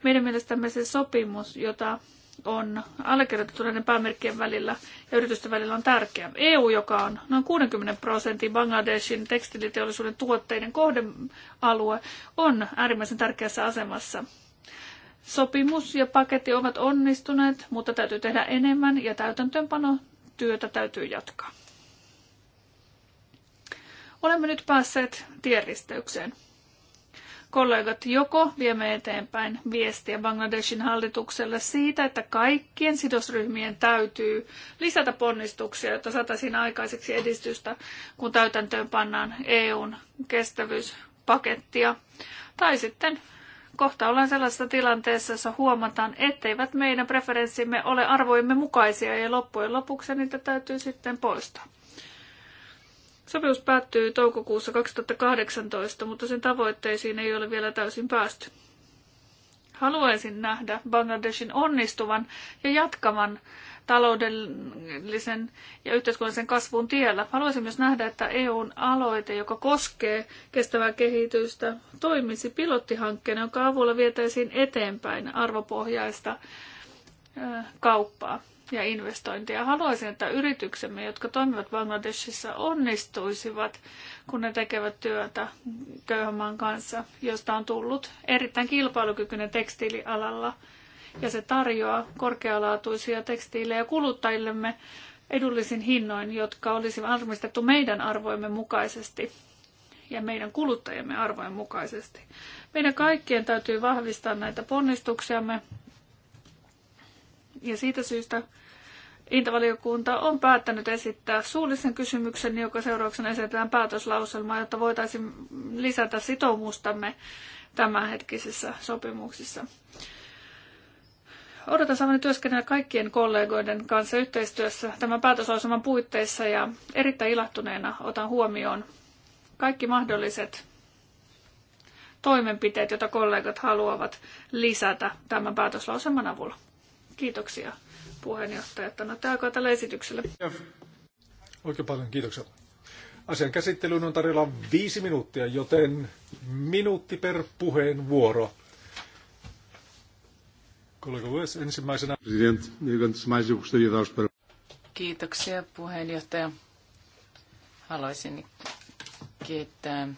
meidän mielestämme se sopimus, jota on allekirjoitettu näiden päämerkkien välillä ja yritysten välillä on tärkeä. EU, joka on noin 60 prosentin Bangladeshin tekstiiliteollisuuden tuotteiden kohdealue, on äärimmäisen tärkeässä asemassa. Sopimus ja paketti ovat onnistuneet, mutta täytyy tehdä enemmän ja täytäntöönpano työtä täytyy jatkaa. Olemme nyt päässeet tienristeykseen. Kollegat, joko viemme eteenpäin viestiä Bangladeshin hallitukselle siitä, että kaikkien sidosryhmien täytyy lisätä ponnistuksia, jotta saataisiin aikaiseksi edistystä, kun täytäntöön pannaan EUn kestävyyspakettia. Tai sitten kohta ollaan sellaisessa tilanteessa, jossa huomataan, etteivät meidän preferenssimme ole arvojemme mukaisia ja loppujen lopuksi niitä täytyy sitten poistaa. Sopimus päättyy toukokuussa 2018, mutta sen tavoitteisiin ei ole vielä täysin päästy. Haluaisin nähdä Bangladeshin onnistuvan ja jatkavan taloudellisen ja yhteiskunnallisen kasvun tiellä. Haluaisin myös nähdä, että EUn aloite, joka koskee kestävää kehitystä, toimisi pilottihankkeena, jonka avulla vietäisiin eteenpäin arvopohjaista kauppaa ja investointia Haluaisin, että yrityksemme, jotka toimivat Bangladesissa, onnistuisivat, kun ne tekevät työtä köyhän kanssa, josta on tullut erittäin kilpailukykyinen tekstiilialalla. Ja se tarjoaa korkealaatuisia tekstiilejä kuluttajillemme edullisin hinnoin, jotka olisi valmistettu meidän arvoimme mukaisesti ja meidän kuluttajamme arvojen mukaisesti. Meidän kaikkien täytyy vahvistaa näitä ponnistuksiamme ja siitä syystä Intavaliokunta on päättänyt esittää suullisen kysymyksen, joka seurauksena esitetään päätöslauselmaa, jotta voitaisiin lisätä sitoumustamme tämänhetkisissä sopimuksissa. Odotan saamani työskennellä kaikkien kollegoiden kanssa yhteistyössä tämän päätöslauselman puitteissa ja erittäin ilahtuneena otan huomioon kaikki mahdolliset toimenpiteet, joita kollegat haluavat lisätä tämän päätöslauselman avulla. Kiitoksia puheenjohtaja, että annatte tällä esityksellä. Ja, Oikein paljon kiitoksia. Asian käsittelyyn on tarjolla viisi minuuttia, joten minuutti per puheenvuoro. Kollega Wes ensimmäisenä. Kiitoksia puheenjohtaja. Haluaisin kiittää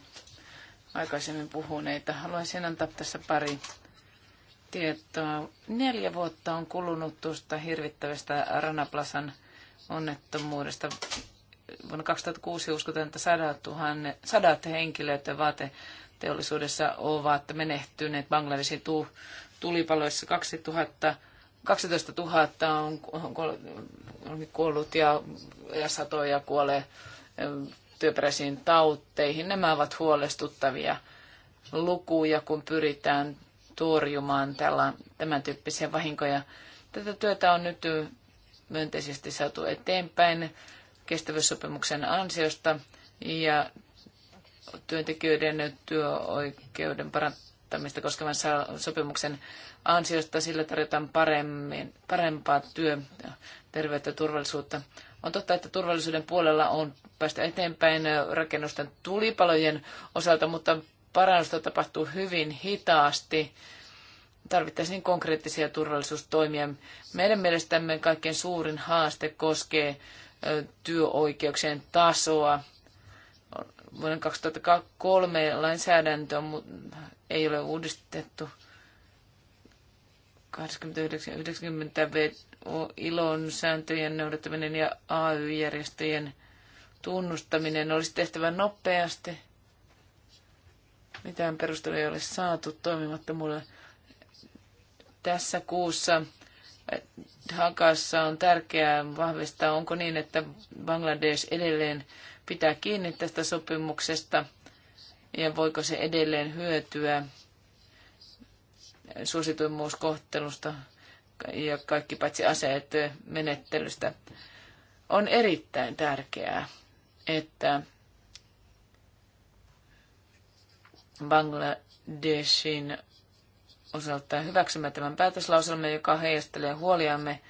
aikaisemmin puhuneita. Haluaisin antaa tässä pari tietoa. Neljä vuotta on kulunut tuosta hirvittävästä Ranaplasan onnettomuudesta. Vuonna 2006 uskotaan, että sadat, tuhanne, sadat henkilöt vaateteollisuudessa ovat menehtyneet Bangladesin tulipaloissa 2000 12 000 on, on kuollut ja, ja satoja kuolee työperäisiin tautteihin. Nämä ovat huolestuttavia lukuja, kun pyritään torjumaan tämän tyyppisiä vahinkoja. Tätä työtä on nyt myönteisesti saatu eteenpäin kestävyyssopimuksen ansiosta ja työntekijöiden työoikeuden parantamista koskevan sopimuksen ansiosta sillä tarjotaan paremmin, parempaa työ, terveyttä ja turvallisuutta. On totta, että turvallisuuden puolella on päästä eteenpäin rakennusten tulipalojen osalta, mutta parannusta tapahtuu hyvin hitaasti. Tarvittaisiin konkreettisia turvallisuustoimia. Meidän mielestämme kaikkein suurin haaste koskee työoikeuksien tasoa. Vuoden 2003 lainsäädäntö ei ole uudistettu. 89-90 ilon sääntöjen noudattaminen ja AY-järjestöjen tunnustaminen olisi tehtävä nopeasti – mitään perustelua ei ole saatu toimimattomuudelle. Tässä kuussa äh, Hakassa on tärkeää vahvistaa, onko niin, että Bangladesh edelleen pitää kiinni tästä sopimuksesta ja voiko se edelleen hyötyä suosituimmuuskohtelusta ja kaikki paitsi aseet menettelystä. On erittäin tärkeää, että Bangladeshin osalta hyväksymme tämän päätöslauselman, joka heijastelee huoliamme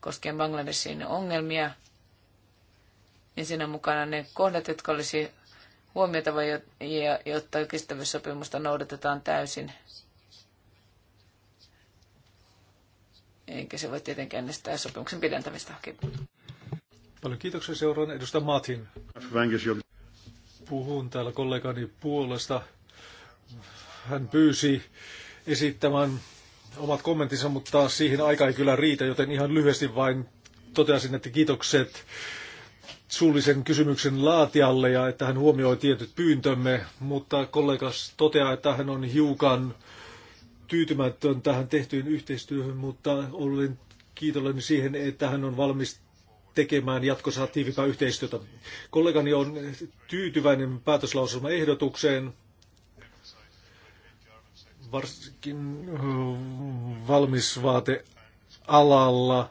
koskien Bangladeshin ongelmia. Ja siinä mukana ne kohdat, jotka olisi huomioitava, jotta kestävyyssopimusta noudatetaan täysin. Eikä se voi tietenkään estää sopimuksen pidentämistä. Paljon kiitoksia seuraan edustaja Martin puhun täällä kollegani puolesta. Hän pyysi esittämään omat kommenttinsa, mutta siihen aika ei kyllä riitä, joten ihan lyhyesti vain toteasin, että kiitokset suullisen kysymyksen laatijalle ja että hän huomioi tietyt pyyntömme, mutta kollegas toteaa, että hän on hiukan tyytymätön tähän tehtyyn yhteistyöhön, mutta olen kiitollinen siihen, että hän on valmis tekemään jatkossa tiivimpää yhteistyötä. Kollegani on tyytyväinen päätöslauselman ehdotukseen, varsinkin äh, valmisvaatealalla,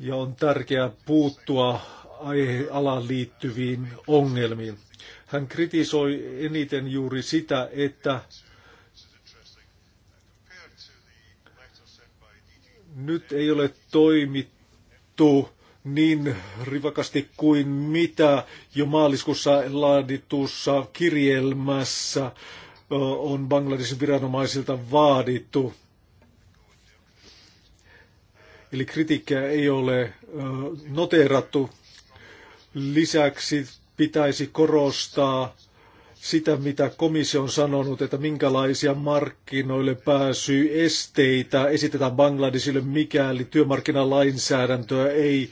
ja on tärkeää puuttua alaan liittyviin ongelmiin. Hän kritisoi eniten juuri sitä, että nyt ei ole toimittu niin rivakasti kuin mitä jo maaliskuussa laaditussa kirjelmässä on Bangladesin viranomaisilta vaadittu. Eli kritiikkiä ei ole noteerattu. Lisäksi pitäisi korostaa sitä, mitä komissio on sanonut, että minkälaisia markkinoille pääsyy esteitä esitetään Bangladesille, mikäli työmarkkinalainsäädäntöä ei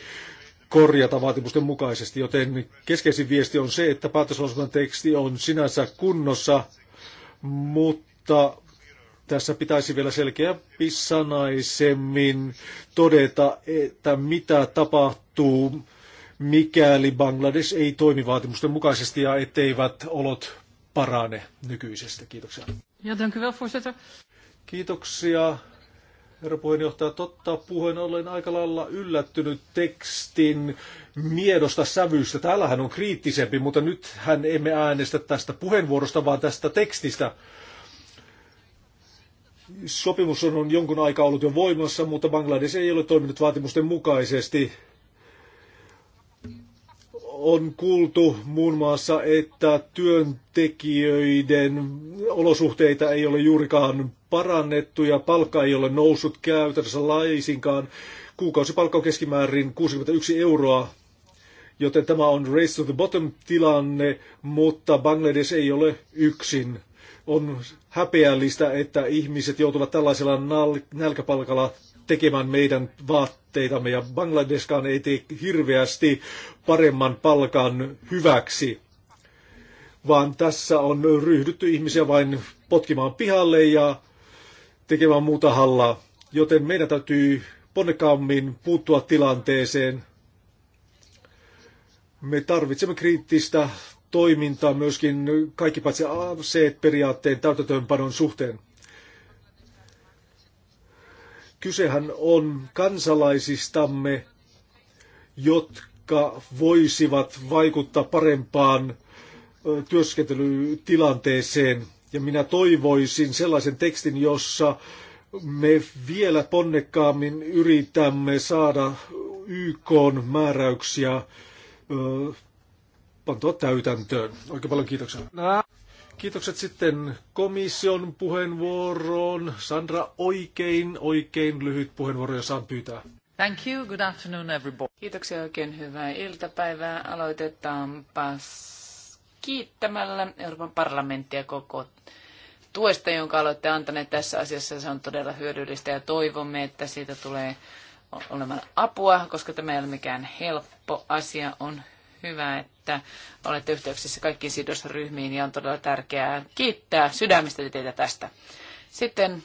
korjata vaatimusten mukaisesti. Joten keskeisin viesti on se, että päätöslauselman teksti on sinänsä kunnossa, mutta tässä pitäisi vielä selkeämpisanaisemmin todeta, että mitä tapahtuu mikäli Bangladesh ei toimi vaatimusten mukaisesti ja etteivät olot parane nykyisestä. Kiitoksia. Ja dank u wel, voorzitter. Kiitoksia, herra puheenjohtaja. Totta puheen ollen aika lailla yllättynyt tekstin miedosta sävyystä. Täällähän on kriittisempi, mutta nyt hän emme äänestä tästä puheenvuorosta, vaan tästä tekstistä. Sopimus on jonkun aikaa ollut jo voimassa, mutta Bangladesh ei ole toiminut vaatimusten mukaisesti on kuultu muun muassa, että työntekijöiden olosuhteita ei ole juurikaan parannettu ja palkka ei ole noussut käytännössä laisinkaan. Kuukausipalkka on keskimäärin 61 euroa, joten tämä on race to the bottom tilanne, mutta Bangladesh ei ole yksin. On häpeällistä, että ihmiset joutuvat tällaisella nälkäpalkalla tekemään meidän vaatteitamme ja Bangladeskaan ei tee hirveästi paremman palkan hyväksi, vaan tässä on ryhdytty ihmisiä vain potkimaan pihalle ja tekemään muuta hallaa. Joten meidän täytyy ponnekaammin puuttua tilanteeseen. Me tarvitsemme kriittistä toimintaa myöskin kaikki paitsi aseet periaatteen täytäntöönpanon suhteen. Kysehän on kansalaisistamme, jotka voisivat vaikuttaa parempaan työskentelytilanteeseen. Ja minä toivoisin sellaisen tekstin, jossa me vielä ponnekkaammin yritämme saada YK määräyksiä pantua täytäntöön. Oikein paljon kiitoksia. No. Kiitokset sitten komission puheenvuoroon. Sandra, oikein, oikein lyhyt puheenvuoro, jos saan pyytää. Thank you. Good afternoon, everybody. Kiitoksia oikein hyvää iltapäivää. Aloitetaanpa kiittämällä Euroopan parlamenttia koko tuesta, jonka olette antaneet tässä asiassa. Se on todella hyödyllistä ja toivomme, että siitä tulee olemaan apua, koska tämä ei ole mikään helppo asia. On hyvä, että että olette yhteyksissä kaikkiin sidosryhmiin ja on todella tärkeää kiittää sydämistä teitä tästä. Sitten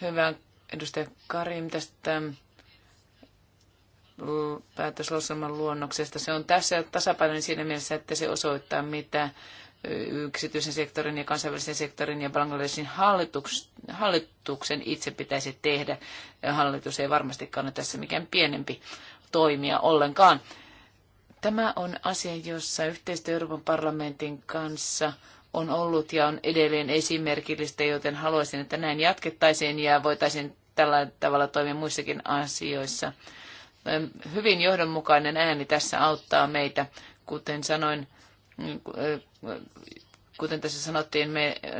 hyvä edustaja Karim tästä päätöslauselman luonnoksesta. Se on tässä tasapainoinen siinä mielessä, että se osoittaa, mitä yksityisen sektorin ja kansainvälisen sektorin ja Bangladesin hallituksen itse pitäisi tehdä. Hallitus ei varmastikaan ole tässä mikään pienempi toimija ollenkaan. Tämä on asia, jossa yhteistyö Euroopan parlamentin kanssa on ollut ja on edelleen esimerkillistä, joten haluaisin, että näin jatkettaisiin ja voitaisiin tällä tavalla toimia muissakin asioissa. Hyvin johdonmukainen ääni tässä auttaa meitä. Kuten sanoin, kuten tässä sanottiin,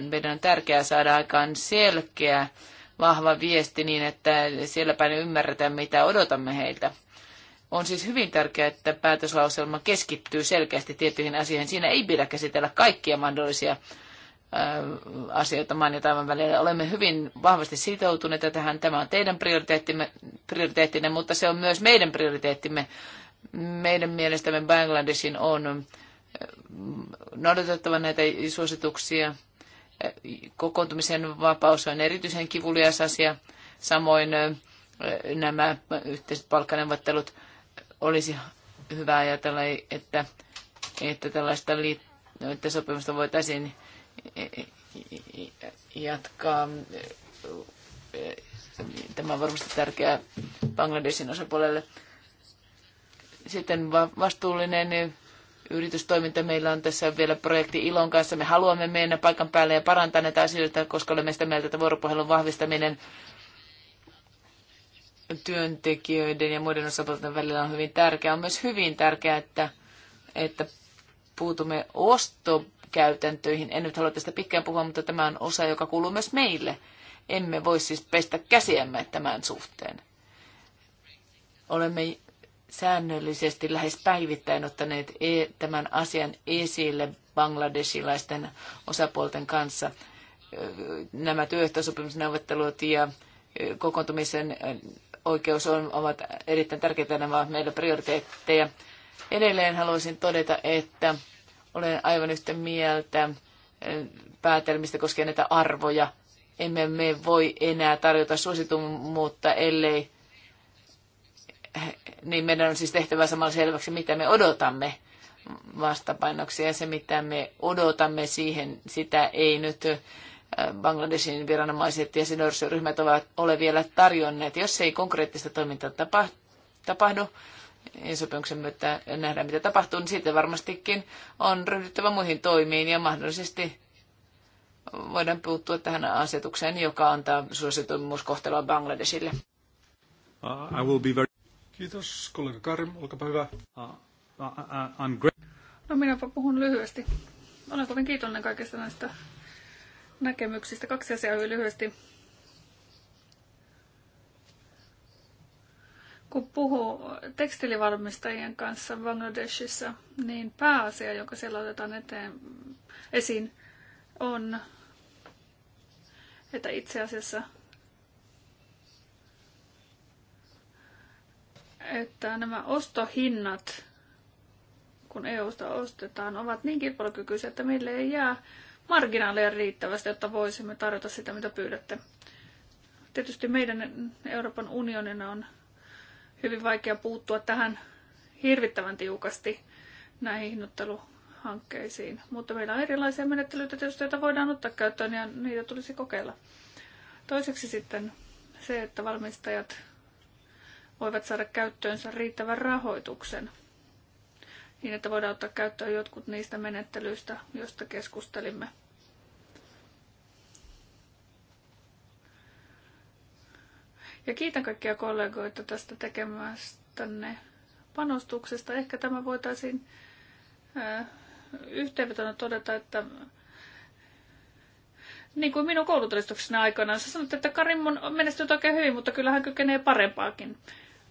meidän on tärkeää saada aikaan selkeä, vahva viesti niin, että sielläpäin ymmärretään, mitä odotamme heiltä. On siis hyvin tärkeää, että päätöslauselma keskittyy selkeästi tiettyihin asioihin. Siinä ei pidä käsitellä kaikkia mahdollisia asioita maan ja taivaan välillä. Olemme hyvin vahvasti sitoutuneita tähän. Tämä on teidän prioriteettinne, mutta se on myös meidän prioriteettimme. Meidän mielestämme Bangladeshin on noudatettava näitä suosituksia. Kokoontumisen vapaus on erityisen kivulias asia. Samoin nämä yhteiset palkkaneuvottelut – olisi hyvä ajatella, että, että tällaista että sopimusta voitaisiin jatkaa. Tämä on varmasti tärkeää Bangladesin osapuolelle. Sitten vastuullinen yritystoiminta. Meillä on tässä vielä projekti Ilon kanssa. Me haluamme mennä paikan päälle ja parantaa näitä asioita, koska olemme sitä mieltä, että vuoropuhelun vahvistaminen työntekijöiden ja muiden osapuolten välillä on hyvin tärkeää. On myös hyvin tärkeää, että, että puutumme ostokäytäntöihin. En nyt halua tästä pitkään puhua, mutta tämä on osa, joka kuuluu myös meille. Emme voi siis pestä käsiämme tämän suhteen. Olemme säännöllisesti lähes päivittäin ottaneet e- tämän asian esille bangladesilaisten osapuolten kanssa. Nämä työehtosopimusneuvottelut ja kokoontumisen oikeus on, ovat erittäin tärkeitä, nämä ovat meillä prioriteetteja. Edelleen haluaisin todeta, että olen aivan yhtä mieltä eh, päätelmistä koskien näitä arvoja. Emme me voi enää tarjota suositumuutta, ellei eh, niin meidän on siis tehtävä samalla selväksi, mitä me odotamme vastapainoksia ja se, mitä me odotamme siihen, sitä ei nyt eh, Bangladesin viranomaiset ja sidosryhmät ovat ole vielä tarjonneet. Jos ei konkreettista toimintaa tapahdu, ja niin sopimuksen myötä nähdään, mitä tapahtuu, niin sitten varmastikin on ryhdyttävä muihin toimiin ja mahdollisesti voidaan puuttua tähän asetukseen, joka antaa suosituimmuuskohtelua Bangladesille. Uh, I will be very... Kiitos, kollega Karim, olkaapa hyvä. Uh, uh, uh I'm great. No minäpä puhun lyhyesti. Olen kovin kiitollinen kaikista näistä näkemyksistä. Kaksi asiaa hyvin lyhyesti. Kun puhuu tekstilivalmistajien kanssa Bangladeshissa, niin pääasia, joka siellä otetaan eteen, esiin, on, että itse asiassa että nämä ostohinnat, kun EUsta ostetaan, ovat niin kilpailukykyisiä, että meille ei jää marginaaleja riittävästi, jotta voisimme tarjota sitä, mitä pyydätte. Tietysti meidän Euroopan unionina on hyvin vaikea puuttua tähän hirvittävän tiukasti näihin hinnoitteluhankkeisiin. Mutta meillä on erilaisia menettelyitä tietysti, joita voidaan ottaa käyttöön ja niitä tulisi kokeilla. Toiseksi sitten se, että valmistajat voivat saada käyttöönsä riittävän rahoituksen – niin että voidaan ottaa käyttöön jotkut niistä menettelyistä, joista keskustelimme. Ja kiitän kaikkia kollegoita tästä tekemästänne panostuksesta. Ehkä tämä voitaisiin yhteenvetona todeta, että niin kuin minun koulutodistuksena aikanaan, sä sanoit, että Karim on menestynyt oikein hyvin, mutta kyllähän kykenee parempaakin.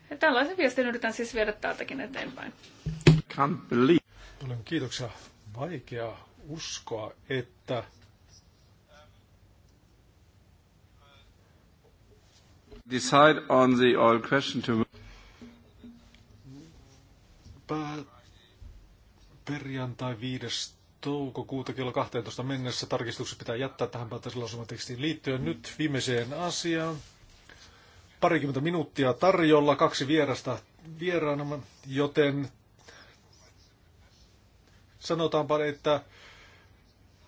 Ja tällaisen viestin yritän siis viedä täältäkin eteenpäin can't believe. Paljon kiitoksia. Vaikea uskoa, että decide on the oil question to Pää... perjantai 5 toukokuuta kello 12 mennessä tarkistukset pitää jättää tähän päätöslausumatekstiin liittyen. Nyt viimeiseen asiaan. Parikymmentä minuuttia tarjolla, kaksi vierasta vieraana, joten Sanotaanpa, että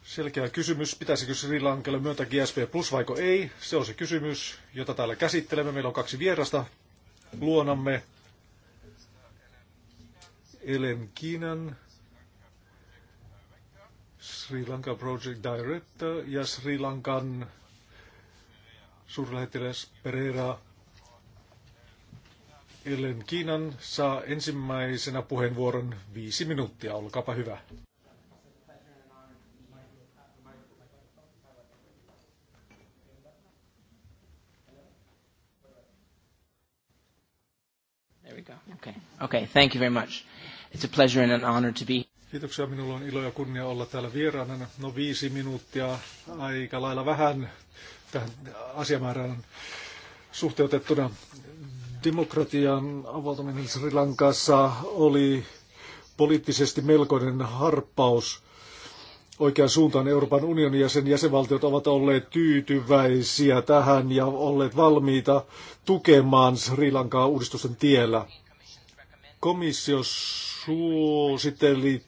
selkeä kysymys, pitäisikö Sri Lankalle myöntää GSP Plus vaiko ei? Se on se kysymys, jota täällä käsittelemme. Meillä on kaksi vierasta luonamme. Elen Kiinan Sri Lanka Project Director ja Sri Lankan suurlähettiläs Pereira Ellen Kiinan saa ensimmäisenä puheenvuoron viisi minuuttia. Olkaapa hyvä. Okay. Okay, thank you very much. It's a pleasure and an honor to be Kiitoksia, minulla on ilo ja kunnia olla täällä vieraana. No viisi minuuttia, aika lailla vähän tähän asiamäärään suhteutettuna demokratian avautuminen Sri Lankassa oli poliittisesti melkoinen harppaus oikeaan suuntaan Euroopan unionin ja sen jäsenvaltiot ovat olleet tyytyväisiä tähän ja olleet valmiita tukemaan Sri Lankaa uudistusten tiellä. Komissio suositteli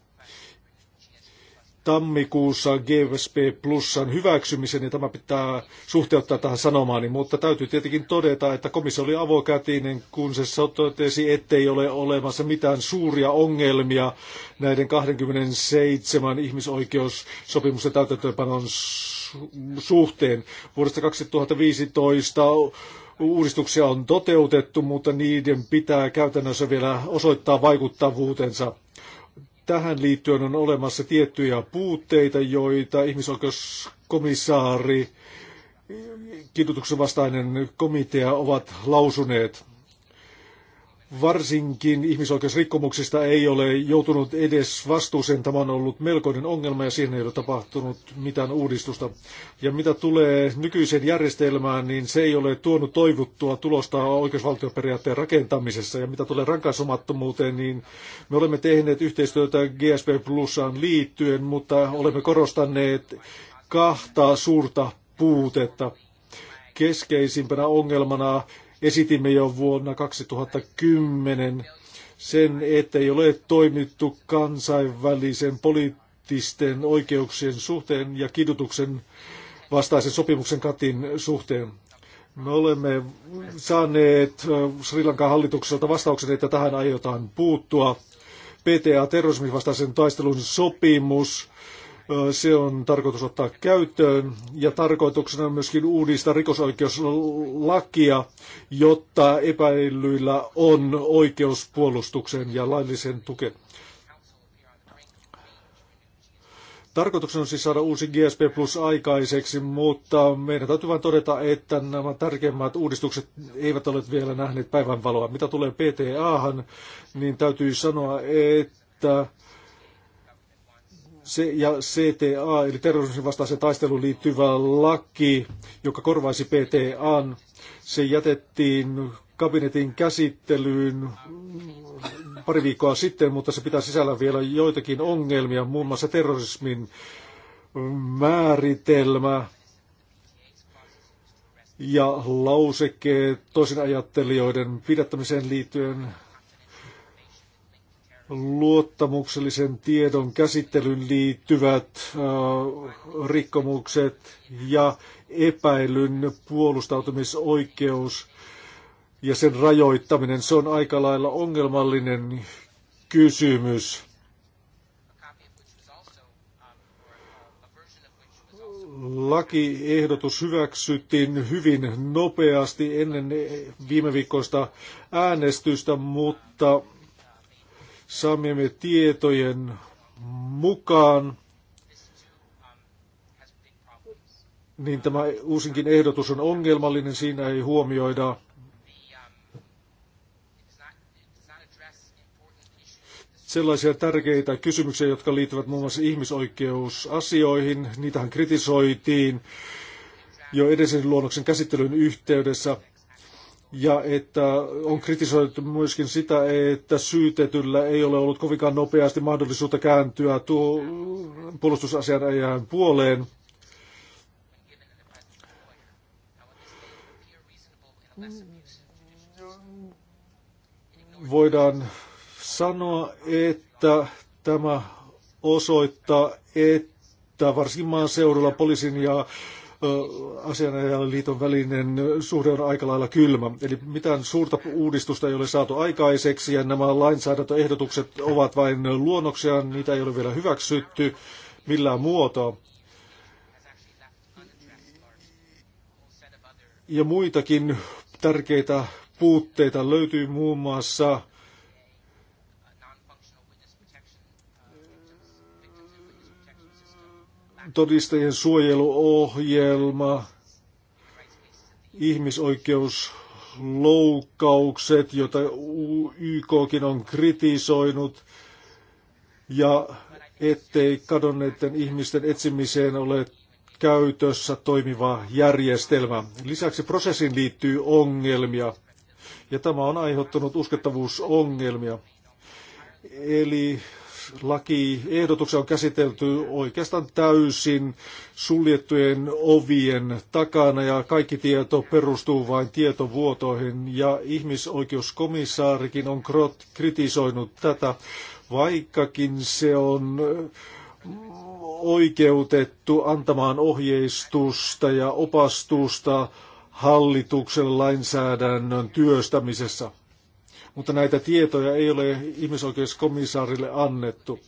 tammikuussa GSP Plusan hyväksymisen, ja tämä pitää suhteuttaa tähän sanomaani, mutta täytyy tietenkin todeta, että komissio oli avokätinen, kun se totesi, ettei ole olemassa mitään suuria ongelmia näiden 27 ihmisoikeussopimusten täytäntöönpanon suhteen. Vuodesta 2015 uudistuksia on toteutettu, mutta niiden pitää käytännössä vielä osoittaa vaikuttavuutensa. Tähän liittyen on olemassa tiettyjä puutteita, joita ihmisoikeuskomissaari, kidutuksen vastainen komitea ovat lausuneet varsinkin ihmisoikeusrikkomuksista ei ole joutunut edes vastuuseen. Tämä on ollut melkoinen ongelma ja siihen ei ole tapahtunut mitään uudistusta. Ja mitä tulee nykyiseen järjestelmään, niin se ei ole tuonut toivottua tulosta oikeusvaltioperiaatteen rakentamisessa. Ja mitä tulee rankaisemattomuuteen, niin me olemme tehneet yhteistyötä GSP Plusaan liittyen, mutta olemme korostaneet kahta suurta puutetta. Keskeisimpänä ongelmana esitimme jo vuonna 2010 sen, että ei ole toimittu kansainvälisen poliittisten oikeuksien suhteen ja kidutuksen vastaisen sopimuksen katin suhteen. Me olemme saaneet Sri Lankan hallitukselta vastauksen, että tähän aiotaan puuttua. PTA terrorismin vastaisen taistelun sopimus se on tarkoitus ottaa käyttöön ja tarkoituksena on myöskin uudistaa rikosoikeuslakia, jotta epäilyillä on oikeus puolustukseen ja lailliseen tukeen. Tarkoituksena on siis saada uusi GSP Plus aikaiseksi, mutta meidän täytyy vain todeta, että nämä tärkeimmät uudistukset eivät ole vielä nähneet päivänvaloa. Mitä tulee PTAhan, niin täytyy sanoa, että se, ja CTA, eli terrorismin vastaiseen taisteluun liittyvä laki, joka korvaisi PTAn, se jätettiin kabinetin käsittelyyn pari viikkoa sitten, mutta se pitää sisällä vielä joitakin ongelmia, muun muassa terrorismin määritelmä ja lausekkeet toisen ajattelijoiden pidättämiseen liittyen luottamuksellisen tiedon käsittelyn liittyvät äh, rikkomukset ja epäilyn puolustautumisoikeus ja sen rajoittaminen, se on aika lailla ongelmallinen kysymys. lakiehdotus hyväksyttiin hyvin nopeasti ennen viime viikkoista äänestystä, mutta saamiemme tietojen mukaan, niin tämä uusinkin ehdotus on ongelmallinen, siinä ei huomioida sellaisia tärkeitä kysymyksiä, jotka liittyvät muun muassa ihmisoikeusasioihin. Niitähän kritisoitiin jo edellisen luonnoksen käsittelyn yhteydessä. Ja että on kritisoitu myöskin sitä, että syytetyllä ei ole ollut kovinkaan nopeasti mahdollisuutta kääntyä tuo puolustusasianajajan puoleen. Voidaan sanoa, että tämä osoittaa, että varsinkin maaseudulla poliisin ja asianajajaliiton välinen suhde on aika lailla kylmä. Eli mitään suurta uudistusta ei ole saatu aikaiseksi ja nämä lainsäädäntöehdotukset ovat vain luonnoksia, niitä ei ole vielä hyväksytty millään muotoa. Ja muitakin tärkeitä puutteita löytyy muun muassa todistajien suojeluohjelma, ihmisoikeusloukkaukset, joita YKkin on kritisoinut, ja ettei kadonneiden ihmisten etsimiseen ole käytössä toimiva järjestelmä. Lisäksi prosessiin liittyy ongelmia, ja tämä on aiheuttanut uskottavuusongelmia. Eli lakiehdotuksia on käsitelty oikeastaan täysin suljettujen ovien takana ja kaikki tieto perustuu vain tietovuotoihin ja ihmisoikeuskomissaarikin on kritisoinut tätä, vaikkakin se on oikeutettu antamaan ohjeistusta ja opastusta hallituksen lainsäädännön työstämisessä mutta näitä tietoja ei ole ihmisoikeuskomissaarille annettu.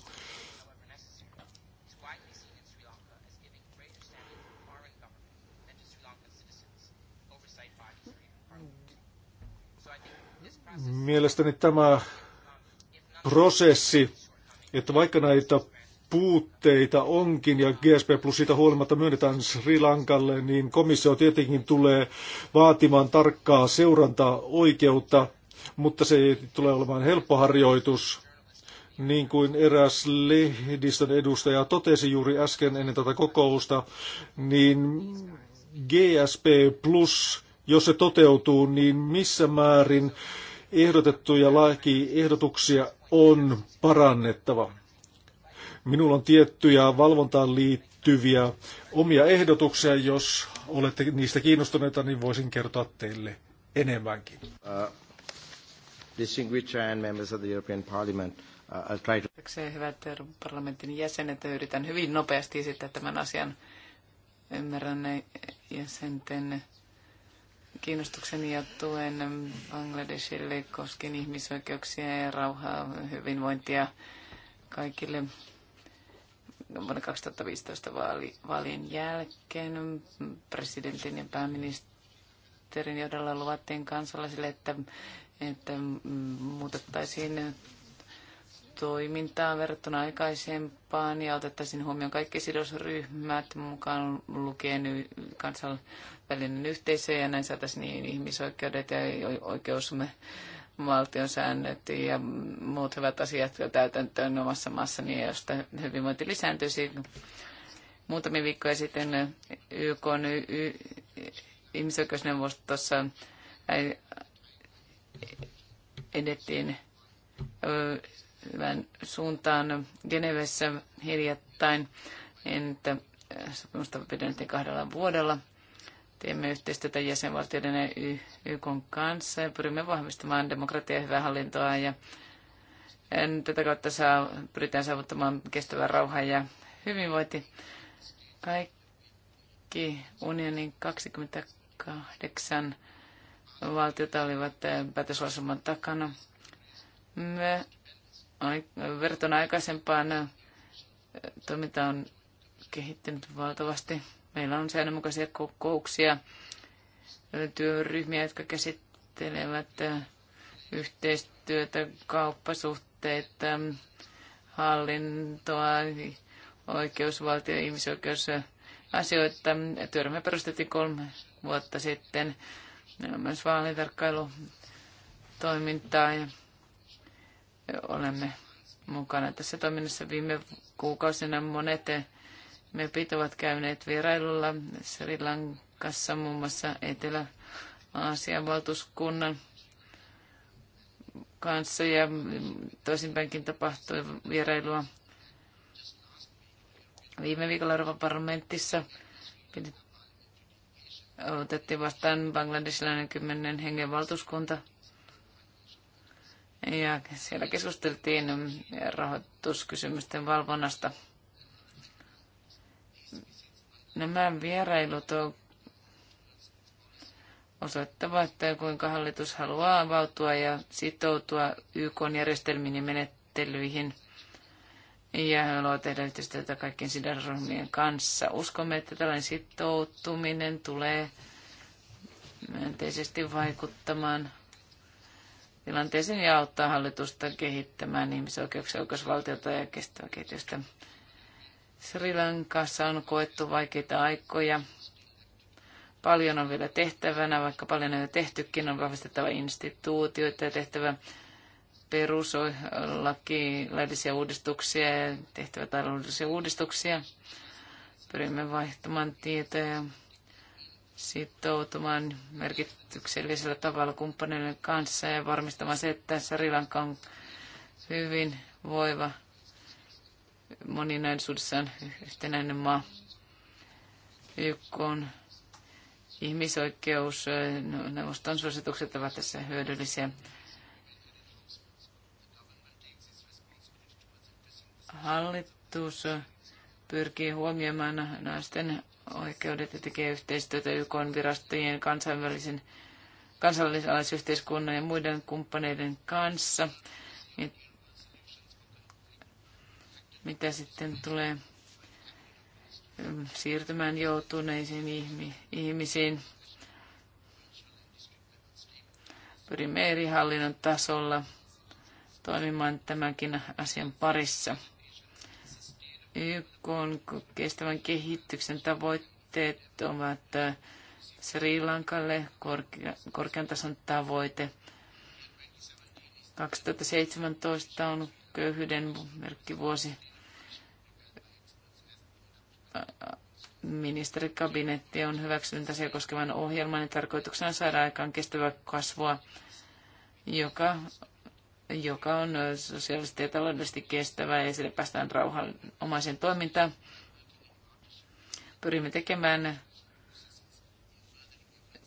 Mielestäni tämä prosessi, että vaikka näitä puutteita onkin ja GSP Plus siitä huolimatta myönnetään Sri Lankalle, niin komissio tietenkin tulee vaatimaan tarkkaa seurantaoikeutta mutta se ei tule olemaan helppo harjoitus. Niin kuin eräs lehdistön edustaja totesi juuri äsken ennen tätä kokousta, niin GSP Plus, jos se toteutuu, niin missä määrin ehdotettuja lakiehdotuksia on parannettava? Minulla on tiettyjä valvontaan liittyviä omia ehdotuksia. Jos olette niistä kiinnostuneita, niin voisin kertoa teille enemmänkin. Uh, distinguished chair and members of the European Parliament. Uh, I'll try to... Hyvät Euroopan parlamentin jäsenet, yritän hyvin nopeasti esittää tämän asian. Ymmärrän jäsenten kiinnostuksen ja tuen Bangladeshille koskien ihmisoikeuksia ja rauhaa, hyvinvointia kaikille vuonna 2015 vaali, vaalien jälkeen presidentin ja pääministerin johdolla luvattiin kansalaisille, että että muutettaisiin toimintaa verrattuna aikaisempaan ja otettaisiin huomioon kaikki sidosryhmät mukaan lukien kansainvälinen yhteisö ja näin saataisiin niin ihmisoikeudet ja oikeus valtion säännöt ja muut hyvät asiat täytäntöön omassa maassani, niin josta hyvinvointi lisääntyisi. Muutamia viikkoja sitten YK ihmisoikeusneuvostossa edettiin hyvän suuntaan Genevessä hiljattain, niin, että sopimusta pidennettiin kahdella vuodella. Teemme yhteistyötä jäsenvaltioiden ja YK kanssa ja pyrimme vahvistamaan demokratiaa ja hyvää hallintoa ja en tätä kautta saa, pyritään saavuttamaan kestävää rauhaa ja hyvinvointi. Kaikki unionin 28 valtiota olivat eh, päätöslauselman takana. Me verrattuna aikaisempaan eh, toiminta on kehittynyt valtavasti. Meillä on säännönmukaisia kokouksia, työryhmiä, jotka käsittelevät eh, yhteistyötä, kauppasuhteita, hallintoa, oikeusvaltio- ja ihmisoikeusasioita. Työryhmä perustettiin kolme vuotta sitten. Meillä on myös vaalitarkkailutoimintaa ja olemme mukana tässä toiminnassa viime kuukausina monet me ovat käyneet vierailulla Sri Lankassa, muun muassa Etelä-Aasian valtuuskunnan kanssa ja toisinpäinkin tapahtui vierailua viime viikolla Euroopan parlamentissa otettiin vastaan bangladesilainen kymmenen hengen valtuuskunta. Ja siellä keskusteltiin rahoituskysymysten valvonnasta. Nämä vierailut osoittavat, että kuinka hallitus haluaa avautua ja sitoutua YK järjestelmiin ja menettelyihin – ja haluaa tehdä yhteistyötä kaikkien sidosryhmien kanssa. Uskomme, että tällainen sitoutuminen tulee myönteisesti vaikuttamaan tilanteeseen ja auttaa hallitusta kehittämään ihmisoikeuksia, oikeusvaltiota ja kestävää kehitystä. Sri Lankassa on koettu vaikeita aikoja. Paljon on vielä tehtävänä, vaikka paljon on jo tehtykin, on vahvistettava instituutioita ja tehtävä laillisia uudistuksia ja tehtävä taloudellisia uudistuksia. Pyrimme vaihtamaan tietoja sitoutumaan merkityksellisellä tavalla kumppaneiden kanssa ja varmistamaan se, että Sri Lanka on hyvin voiva moninaisuudessaan yhtenäinen maa. YK on ihmisoikeus, neuvoston suositukset ovat tässä hyödyllisiä. Hallitus pyrkii huomioimaan naisten oikeudet ja tekee yhteistyötä YK virastojen kansainvälisen kansallisalaisyhteiskunnan ja muiden kumppaneiden kanssa. Mitä sitten tulee mm, siirtymään joutuneisiin ihmisiin? Pyrimme eri hallinnon tasolla toimimaan tämänkin asian parissa. YK on kestävän kehityksen tavoitteet ovat Sri Lankalle korkean tason tavoite. 2017 on köyhyyden merkkivuosi. Ministerikabinetti on hyväksynyt asia koskevan ohjelman ja tarkoituksena saada aikaan kestävää kasvua, joka joka on sosiaalisesti ja taloudellisesti kestävä ja sille päästään rauhanomaiseen toimintaan. Pyrimme tekemään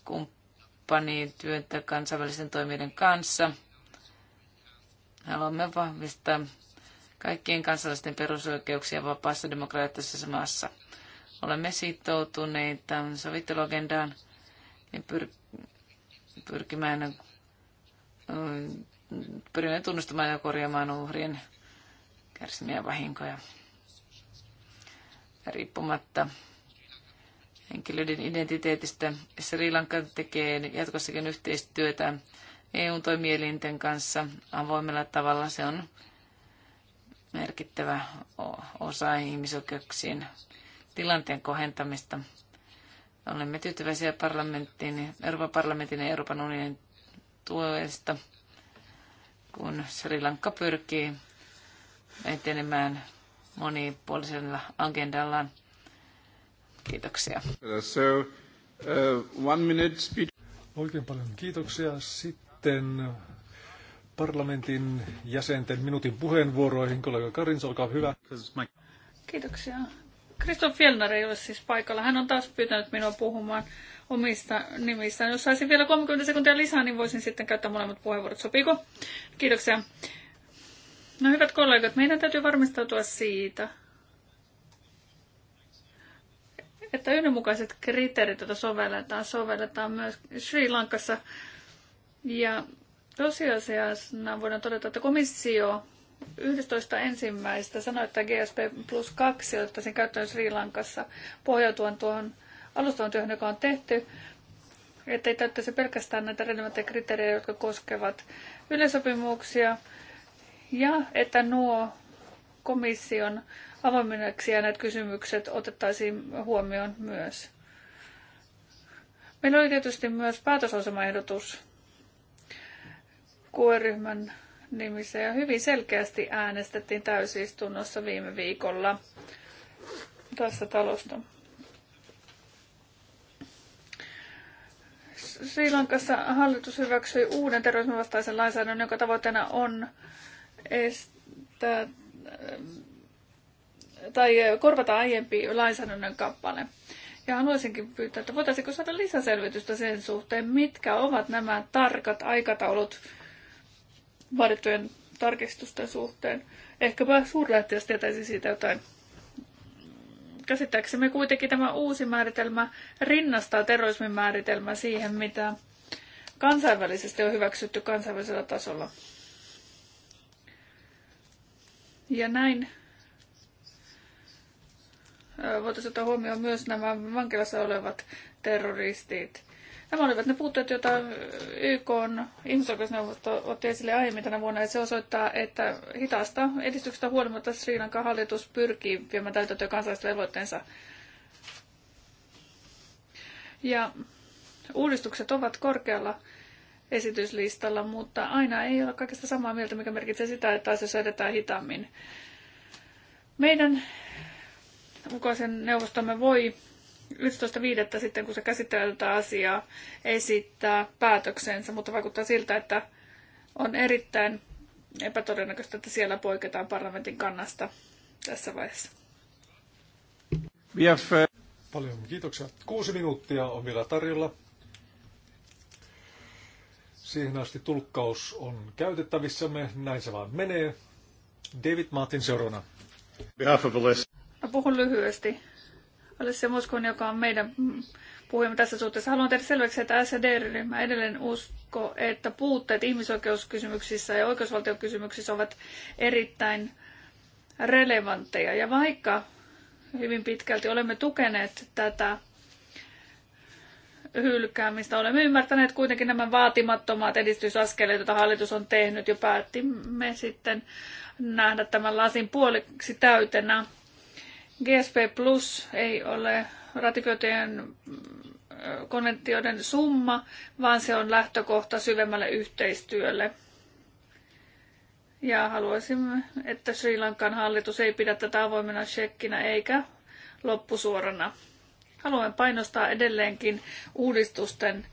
kumppanityötä kansainvälisten toimijoiden kanssa. Haluamme vahvistaa kaikkien kansalaisten perusoikeuksia vapaassa demokraattisessa maassa. Olemme sitoutuneita sovitteluagendaan ja pyr- pyrkimään pyrimme tunnustamaan ja korjaamaan uhrien kärsimiä vahinkoja riippumatta henkilöiden identiteetistä. Sri Lanka tekee jatkossakin yhteistyötä EU-toimielinten kanssa avoimella tavalla. Se on merkittävä osa ihmisoikeuksien tilanteen kohentamista. Olemme tyytyväisiä parlamenttiin, Euroopan parlamentin ja Euroopan unionin tuesta kun Sri Lanka pyrkii etenemään monipuolisella agendallaan. Kiitoksia. So, uh, one minute speech. Oikein paljon kiitoksia. Sitten parlamentin jäsenten minuutin puheenvuoroihin. Kollega Karins, olkaa hyvä. Kiitoksia. Kristof Fjellner ei ole siis paikalla. Hän on taas pyytänyt minua puhumaan omista nimistä, Jos saisin vielä 30 sekuntia lisää, niin voisin sitten käyttää molemmat puheenvuorot. Sopiiko? Kiitoksia. No hyvät kollegat, meidän täytyy varmistautua siitä, että yhdenmukaiset kriteerit, joita sovelletaan, sovelletaan myös Sri Lankassa. Ja tosiasiassa voidaan todeta, että komissio 11.1. sanoi, että GSP plus 2 ottaisiin käyttöön Sri Lankassa pohjautuen tuohon alustavan työhön, joka on tehty, ettei täyttäisi pelkästään näitä relevantteja kriteerejä, jotka koskevat yleisopimuksia, ja että nuo komission avoimeksi näitä kysymykset otettaisiin huomioon myös. Meillä oli tietysti myös päätösosamaehdotus QE-ryhmän nimissä ja hyvin selkeästi äänestettiin täysistunnossa viime viikolla tässä talosta. Sri Lankassa hallitus hyväksyi uuden terrorismin vastaisen lainsäädännön, jonka tavoitteena on estää ähm, tai korvata aiempi lainsäädännön kappale. Ja haluaisinkin pyytää, että voitaisiinko saada lisäselvitystä sen suhteen, mitkä ovat nämä tarkat aikataulut vaadittujen tarkistusten suhteen. Ehkäpä suurlähettiläs tietäisi siitä jotain. Käsittääksemme kuitenkin tämä uusi määritelmä rinnastaa terrorismin määritelmä siihen, mitä kansainvälisesti on hyväksytty kansainvälisellä tasolla. Ja näin voitaisiin ottaa huomioon myös nämä vankilassa olevat terroristit Nämä olivat ne puutteet, joita YK on ihmisoikeusneuvosto otti esille aiemmin tänä vuonna, ja se osoittaa, että hitaasta edistyksestä huolimatta Sri Lankan hallitus pyrkii viemään täytäntöön kansalliset velvoitteensa. Ja uudistukset ovat korkealla esityslistalla, mutta aina ei ole kaikesta samaa mieltä, mikä merkitsee sitä, että asioissa edetään hitaammin. Meidän ulkoisen neuvostomme voi 11.5. sitten, kun se käsittelee tätä asiaa, esittää päätöksensä, mutta vaikuttaa siltä, että on erittäin epätodennäköistä, että siellä poiketaan parlamentin kannasta tässä vaiheessa. Uh, Paljon kiitoksia. Kuusi minuuttia on vielä tarjolla. Siihen asti tulkkaus on käytettävissämme. Näin se vaan menee. David Martin seurana. No, puhun lyhyesti. Alessia Moskon, joka on meidän mm, puhujamme tässä suhteessa. Haluan tehdä selväksi, että SED-ryhmä edelleen usko, että puutteet ihmisoikeuskysymyksissä ja oikeusvaltiokysymyksissä ovat erittäin relevantteja. Ja vaikka hyvin pitkälti olemme tukeneet tätä hylkäämistä. Olemme ymmärtäneet kuitenkin nämä vaatimattomat edistysaskeleet, joita hallitus on tehnyt ja päättimme sitten nähdä tämän lasin puoliksi täytenä GSP Plus ei ole ratifioitujen konventioiden summa, vaan se on lähtökohta syvemmälle yhteistyölle. Ja haluaisimme, että Sri Lankan hallitus ei pidä tätä avoimena shekkinä eikä loppusuorana. Haluamme painostaa edelleenkin uudistusten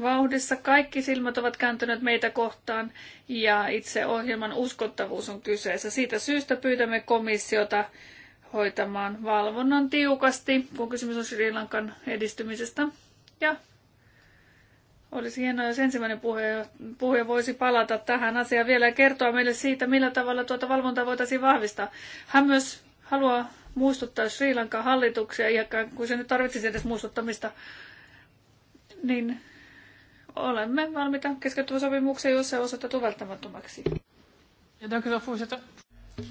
vauhdissa. Kaikki silmät ovat kääntyneet meitä kohtaan ja itse ohjelman uskottavuus on kyseessä. Siitä syystä pyydämme komissiota hoitamaan valvonnan tiukasti, kun kysymys on Sri Lankan edistymisestä. Ja olisi hienoa, jos ensimmäinen puhuja, voisi palata tähän asiaan vielä ja kertoa meille siitä, millä tavalla tuota valvontaa voitaisiin vahvistaa. Hän myös haluaa muistuttaa Sri Lankan hallituksia, ikään kuin se nyt tarvitsisi edes muistuttamista, niin olemme valmiita keskeyttämään sopimuksen jos se osoitettu välttämättömäksi. Ja dank u wel, voorzitter.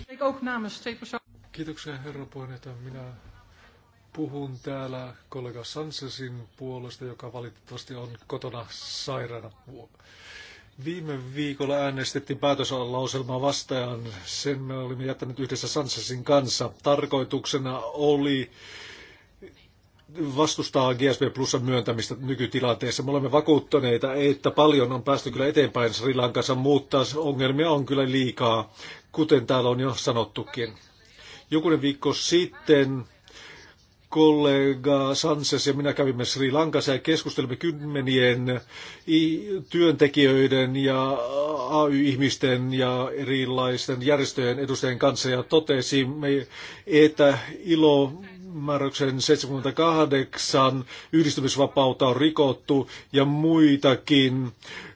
Ik ook namens twee personen. Kiitoksia herra puheenjohtaja. Minä puhun täällä kollega Sansesin puolesta, joka valitettavasti on kotona sairaana. Viime viikolla äänestettiin päätöslauselmaa vastaan. Sen me olimme jättäneet yhdessä Sansesin kanssa. Tarkoituksena oli vastustaa GSP Plusan myöntämistä nykytilanteessa. Me olemme vakuuttaneita, että paljon on päästy kyllä eteenpäin Sri Lankassa, mutta ongelmia on kyllä liikaa, kuten täällä on jo sanottukin. Jokunen viikko sitten kollega Sanchez ja minä kävimme Sri Lankassa ja keskustelimme kymmenien työntekijöiden ja AY-ihmisten ja erilaisten järjestöjen edustajien kanssa ja totesimme, että ilo määräyksen 78 yhdistymisvapautta on rikottu ja muitakin,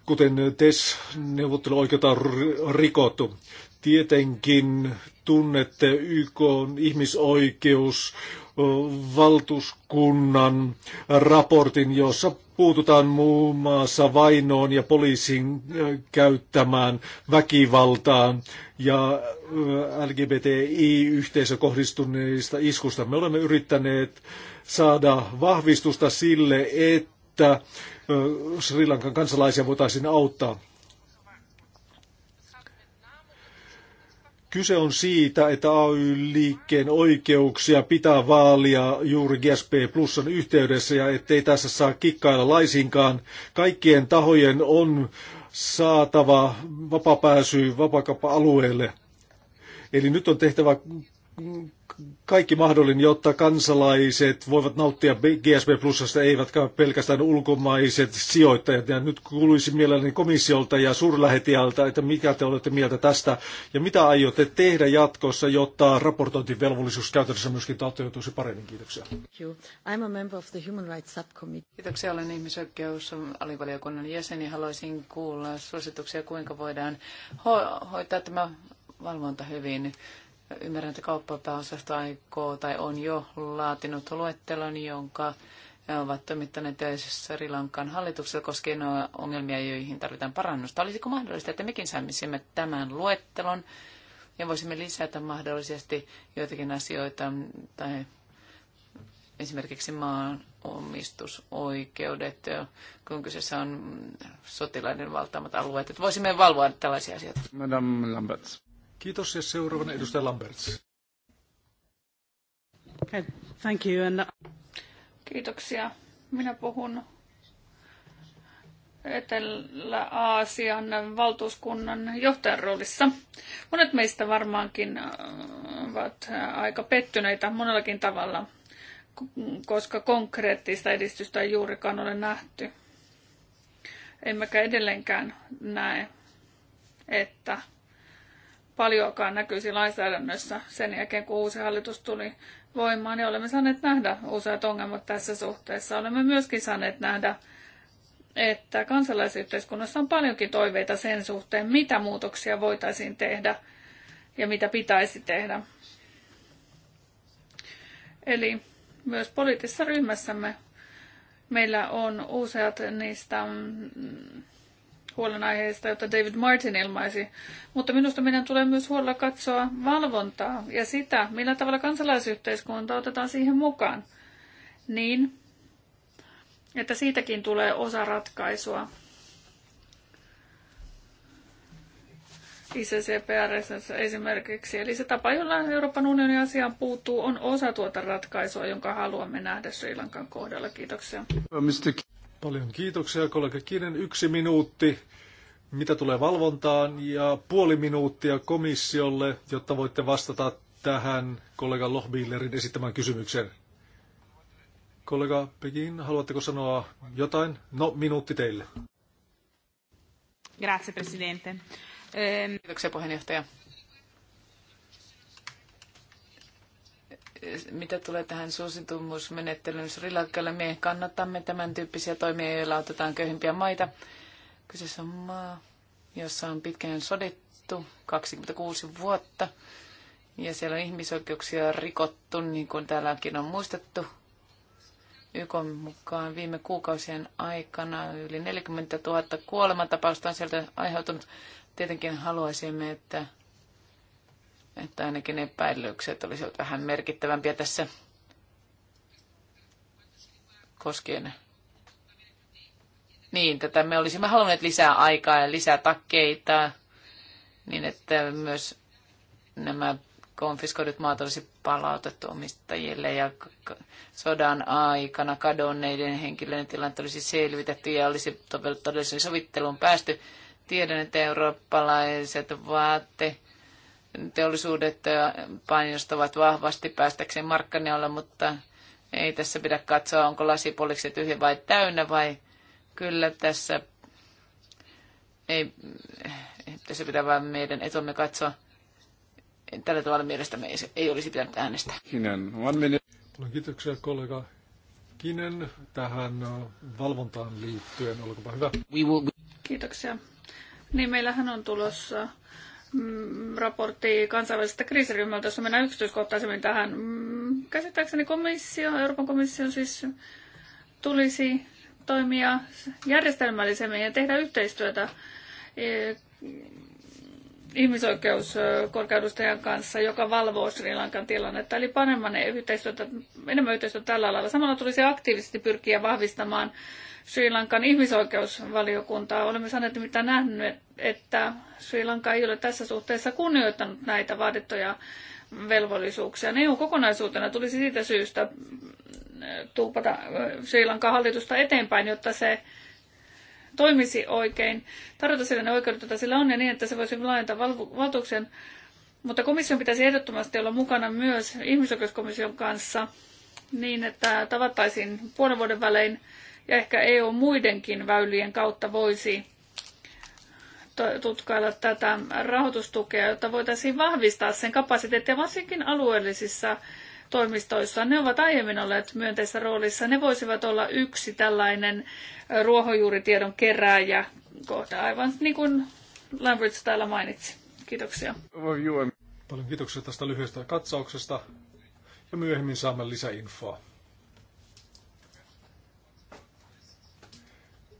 kuten TES-neuvotteluoikeutta on rikottu. Tietenkin tunnette YK ihmisoikeus valtuuskunnan raportin, jossa puututaan muun muassa vainoon ja poliisin käyttämään väkivaltaan ja LGBTI-yhteisö kohdistuneista iskusta. Me olemme yrittäneet saada vahvistusta sille, että Sri Lankan kansalaisia voitaisiin auttaa. Kyse on siitä, että AY-liikkeen oikeuksia pitää vaalia juuri GSP Plusan yhteydessä ja ettei tässä saa kikkailla laisinkaan. Kaikkien tahojen on saatava vapapääsy vapakappa-alueelle. Eli nyt on tehtävä kaikki mahdollinen, jotta kansalaiset voivat nauttia GSB Plusasta, eivätkä pelkästään ulkomaiset sijoittajat. Ja nyt kuuluisi mielelläni komissiolta ja suurlähetiältä, että mikä te olette mieltä tästä ja mitä aiotte tehdä jatkossa, jotta raportointivelvollisuus käytännössä myöskin toteutuisi paremmin. Kiitoksia. I'm a member of the Human Rights Subcommittee. Kiitoksia, olen ihmisoikeusalivaliokunnan jäseni. Haluaisin kuulla suosituksia, kuinka voidaan ho- hoitaa tämä valvonta hyvin Ymmärrän, että kauppapääosasto aikoo tai on jo laatinut luettelon, jonka ovat toimittaneet Sri Lankan hallituksella koskien ongelmia, joihin tarvitaan parannusta. Olisiko mahdollista, että mekin saisimme tämän luettelon ja voisimme lisätä mahdollisesti joitakin asioita tai esimerkiksi maan omistusoikeudet, kun kyseessä on sotilaiden valtaamat alueet. Että voisimme valvoa tällaisia asioita. Madame Lambert. Kiitos ja seuraavana edustaja Lamberts. Okay, thank you. And... Uh, Kiitoksia. Minä puhun Etelä-Aasian valtuuskunnan johtajan roolissa. Monet meistä varmaankin äh, ovat aika pettyneitä monellakin tavalla, koska konkreettista edistystä ei juurikaan ole nähty. Emmekä edelleenkään näe, että paljonkaan näkyisi lainsäädännössä sen jälkeen, kun uusi hallitus tuli voimaan, niin olemme saaneet nähdä useat ongelmat tässä suhteessa. Olemme myöskin saaneet nähdä, että kansalaisyhteiskunnassa on paljonkin toiveita sen suhteen, mitä muutoksia voitaisiin tehdä ja mitä pitäisi tehdä. Eli myös poliittisessa ryhmässämme meillä on useat niistä mm, huolenaiheista, jota David Martin ilmaisi, mutta minusta meidän tulee myös huolella katsoa valvontaa ja sitä, millä tavalla kansalaisyhteiskunta otetaan siihen mukaan, niin että siitäkin tulee osa ratkaisua. ICCPRS esimerkiksi. Eli se tapa, jolla Euroopan unionin asiaan puuttuu, on osa tuota ratkaisua, jonka haluamme nähdä Sri Lankan kohdalla. Kiitoksia. Mr. Paljon kiitoksia kollega Kinen. Yksi minuutti, mitä tulee valvontaan, ja puoli minuuttia komissiolle, jotta voitte vastata tähän kollega Lohbillerin esittämään kysymykseen. Kollega Pekin, haluatteko sanoa jotain? No, minuutti teille. Grazie, Presidente. Kiitoksia puheenjohtaja. mitä tulee tähän suosituimmuusmenettelyyn Sri Lankalle, me kannatamme tämän tyyppisiä toimia, joilla otetaan köyhimpiä maita. Kyseessä on maa, jossa on pitkään sodittu 26 vuotta ja siellä on ihmisoikeuksia rikottu, niin kuin täälläkin on muistettu. YK mukaan viime kuukausien aikana yli 40 000 kuolematapausta on sieltä aiheutunut. Tietenkin haluaisimme, että että ainakin epäilykset olisivat vähän merkittävämpiä tässä koskien. Niin, tätä me olisimme halunneet lisää aikaa ja lisää takkeita, niin että myös nämä konfiskoidut maat olisi palautettu omistajille ja sodan aikana kadonneiden henkilöiden tilanne olisi selvitetty ja olisi todellisen sovitteluun päästy. Tiedän, että eurooppalaiset vaatteet teollisuudet painostavat vahvasti päästäkseen markkinoille, mutta ei tässä pidä katsoa, onko lasipoliksi tyhjä vai täynnä vai kyllä tässä ei, tässä pitää vain meidän etumme katsoa. Tällä tavalla mielestämme ei, ei olisi pitänyt äänestää. Kinen, one minute. No, kiitoksia kollega Kinen tähän valvontaan liittyen. Olkoonpa hyvä. Kiitoksia. Niin meillähän on tulossa Mm, raportti kansainvälisestä kriisiryhmältä, jossa mennään yksityiskohtaisemmin tähän. Mm, käsittääkseni komissio, Euroopan komissio siis tulisi toimia järjestelmällisemmin ja tehdä yhteistyötä e, ihmisoikeuskorkeudustajan e, kanssa, joka valvoo Sri Lankan tilannetta. Eli paremman yhteistyötä, enemmän yhteistyötä tällä alalla. Samalla tulisi aktiivisesti pyrkiä vahvistamaan Sri Lankan ihmisoikeusvaliokuntaa. Olemme saaneet mitä nähnyt, että Sri Lanka ei ole tässä suhteessa kunnioittanut näitä vaadittuja velvollisuuksia. EU kokonaisuutena tulisi siitä syystä äh, tuupata äh, Sri Lankan hallitusta eteenpäin, jotta se toimisi oikein, tarjota sille ne oikeudet, joita sillä on ja niin, että se voisi laajentaa valtuuksien. Mutta komission pitäisi ehdottomasti olla mukana myös ihmisoikeuskomission kanssa niin, että tavattaisiin puolen vuoden välein ja ehkä EU muidenkin väylien kautta voisi tutkailla tätä rahoitustukea, jotta voitaisiin vahvistaa sen kapasiteettia varsinkin alueellisissa toimistoissa. Ne ovat aiemmin olleet myönteisessä roolissa. Ne voisivat olla yksi tällainen ruohonjuuritiedon kerääjä kohta, aivan niin kuin Lambridge täällä mainitsi. Kiitoksia. Paljon kiitoksia tästä lyhyestä katsauksesta ja myöhemmin saamme lisäinfoa.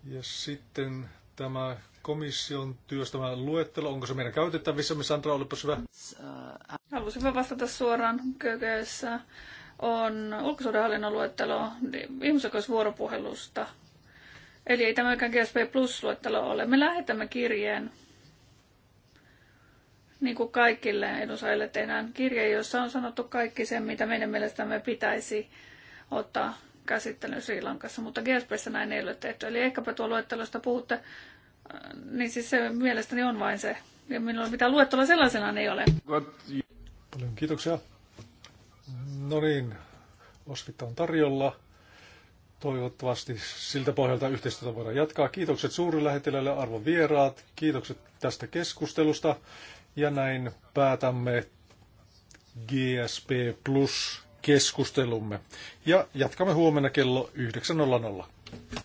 Ja sitten tämä komission työstämä luettelo, onko se meidän käytettävissä? missä Sandra, olipa hyvä. Haluaisin vastata suoraan kökössä. On ulkosuudenhallinnon luettelo ihmisoikeusvuoropuhelusta. Eli ei tämäkään GSP Plus-luettelo ole. Me lähetämme kirjeen niin kuin kaikille edunsaajille tehdään kirje, jossa on sanottu kaikki se, mitä meidän mielestämme pitäisi ottaa käsittelyn Sri Lankassa, mutta GSPssä näin ei ole tehty. Eli ehkäpä tuo luettelosta puhutte, äh, niin siis se mielestäni on vain se. Ja minulla mitään luettelua sellaisena ei ole. Paljon kiitoksia. No niin, osvitta on tarjolla. Toivottavasti siltä pohjalta yhteistyötä voidaan jatkaa. Kiitokset suurlähettiläille, arvon vieraat. Kiitokset tästä keskustelusta. Ja näin päätämme GSP Plus keskustelumme. Ja jatkamme huomenna kello 9.00.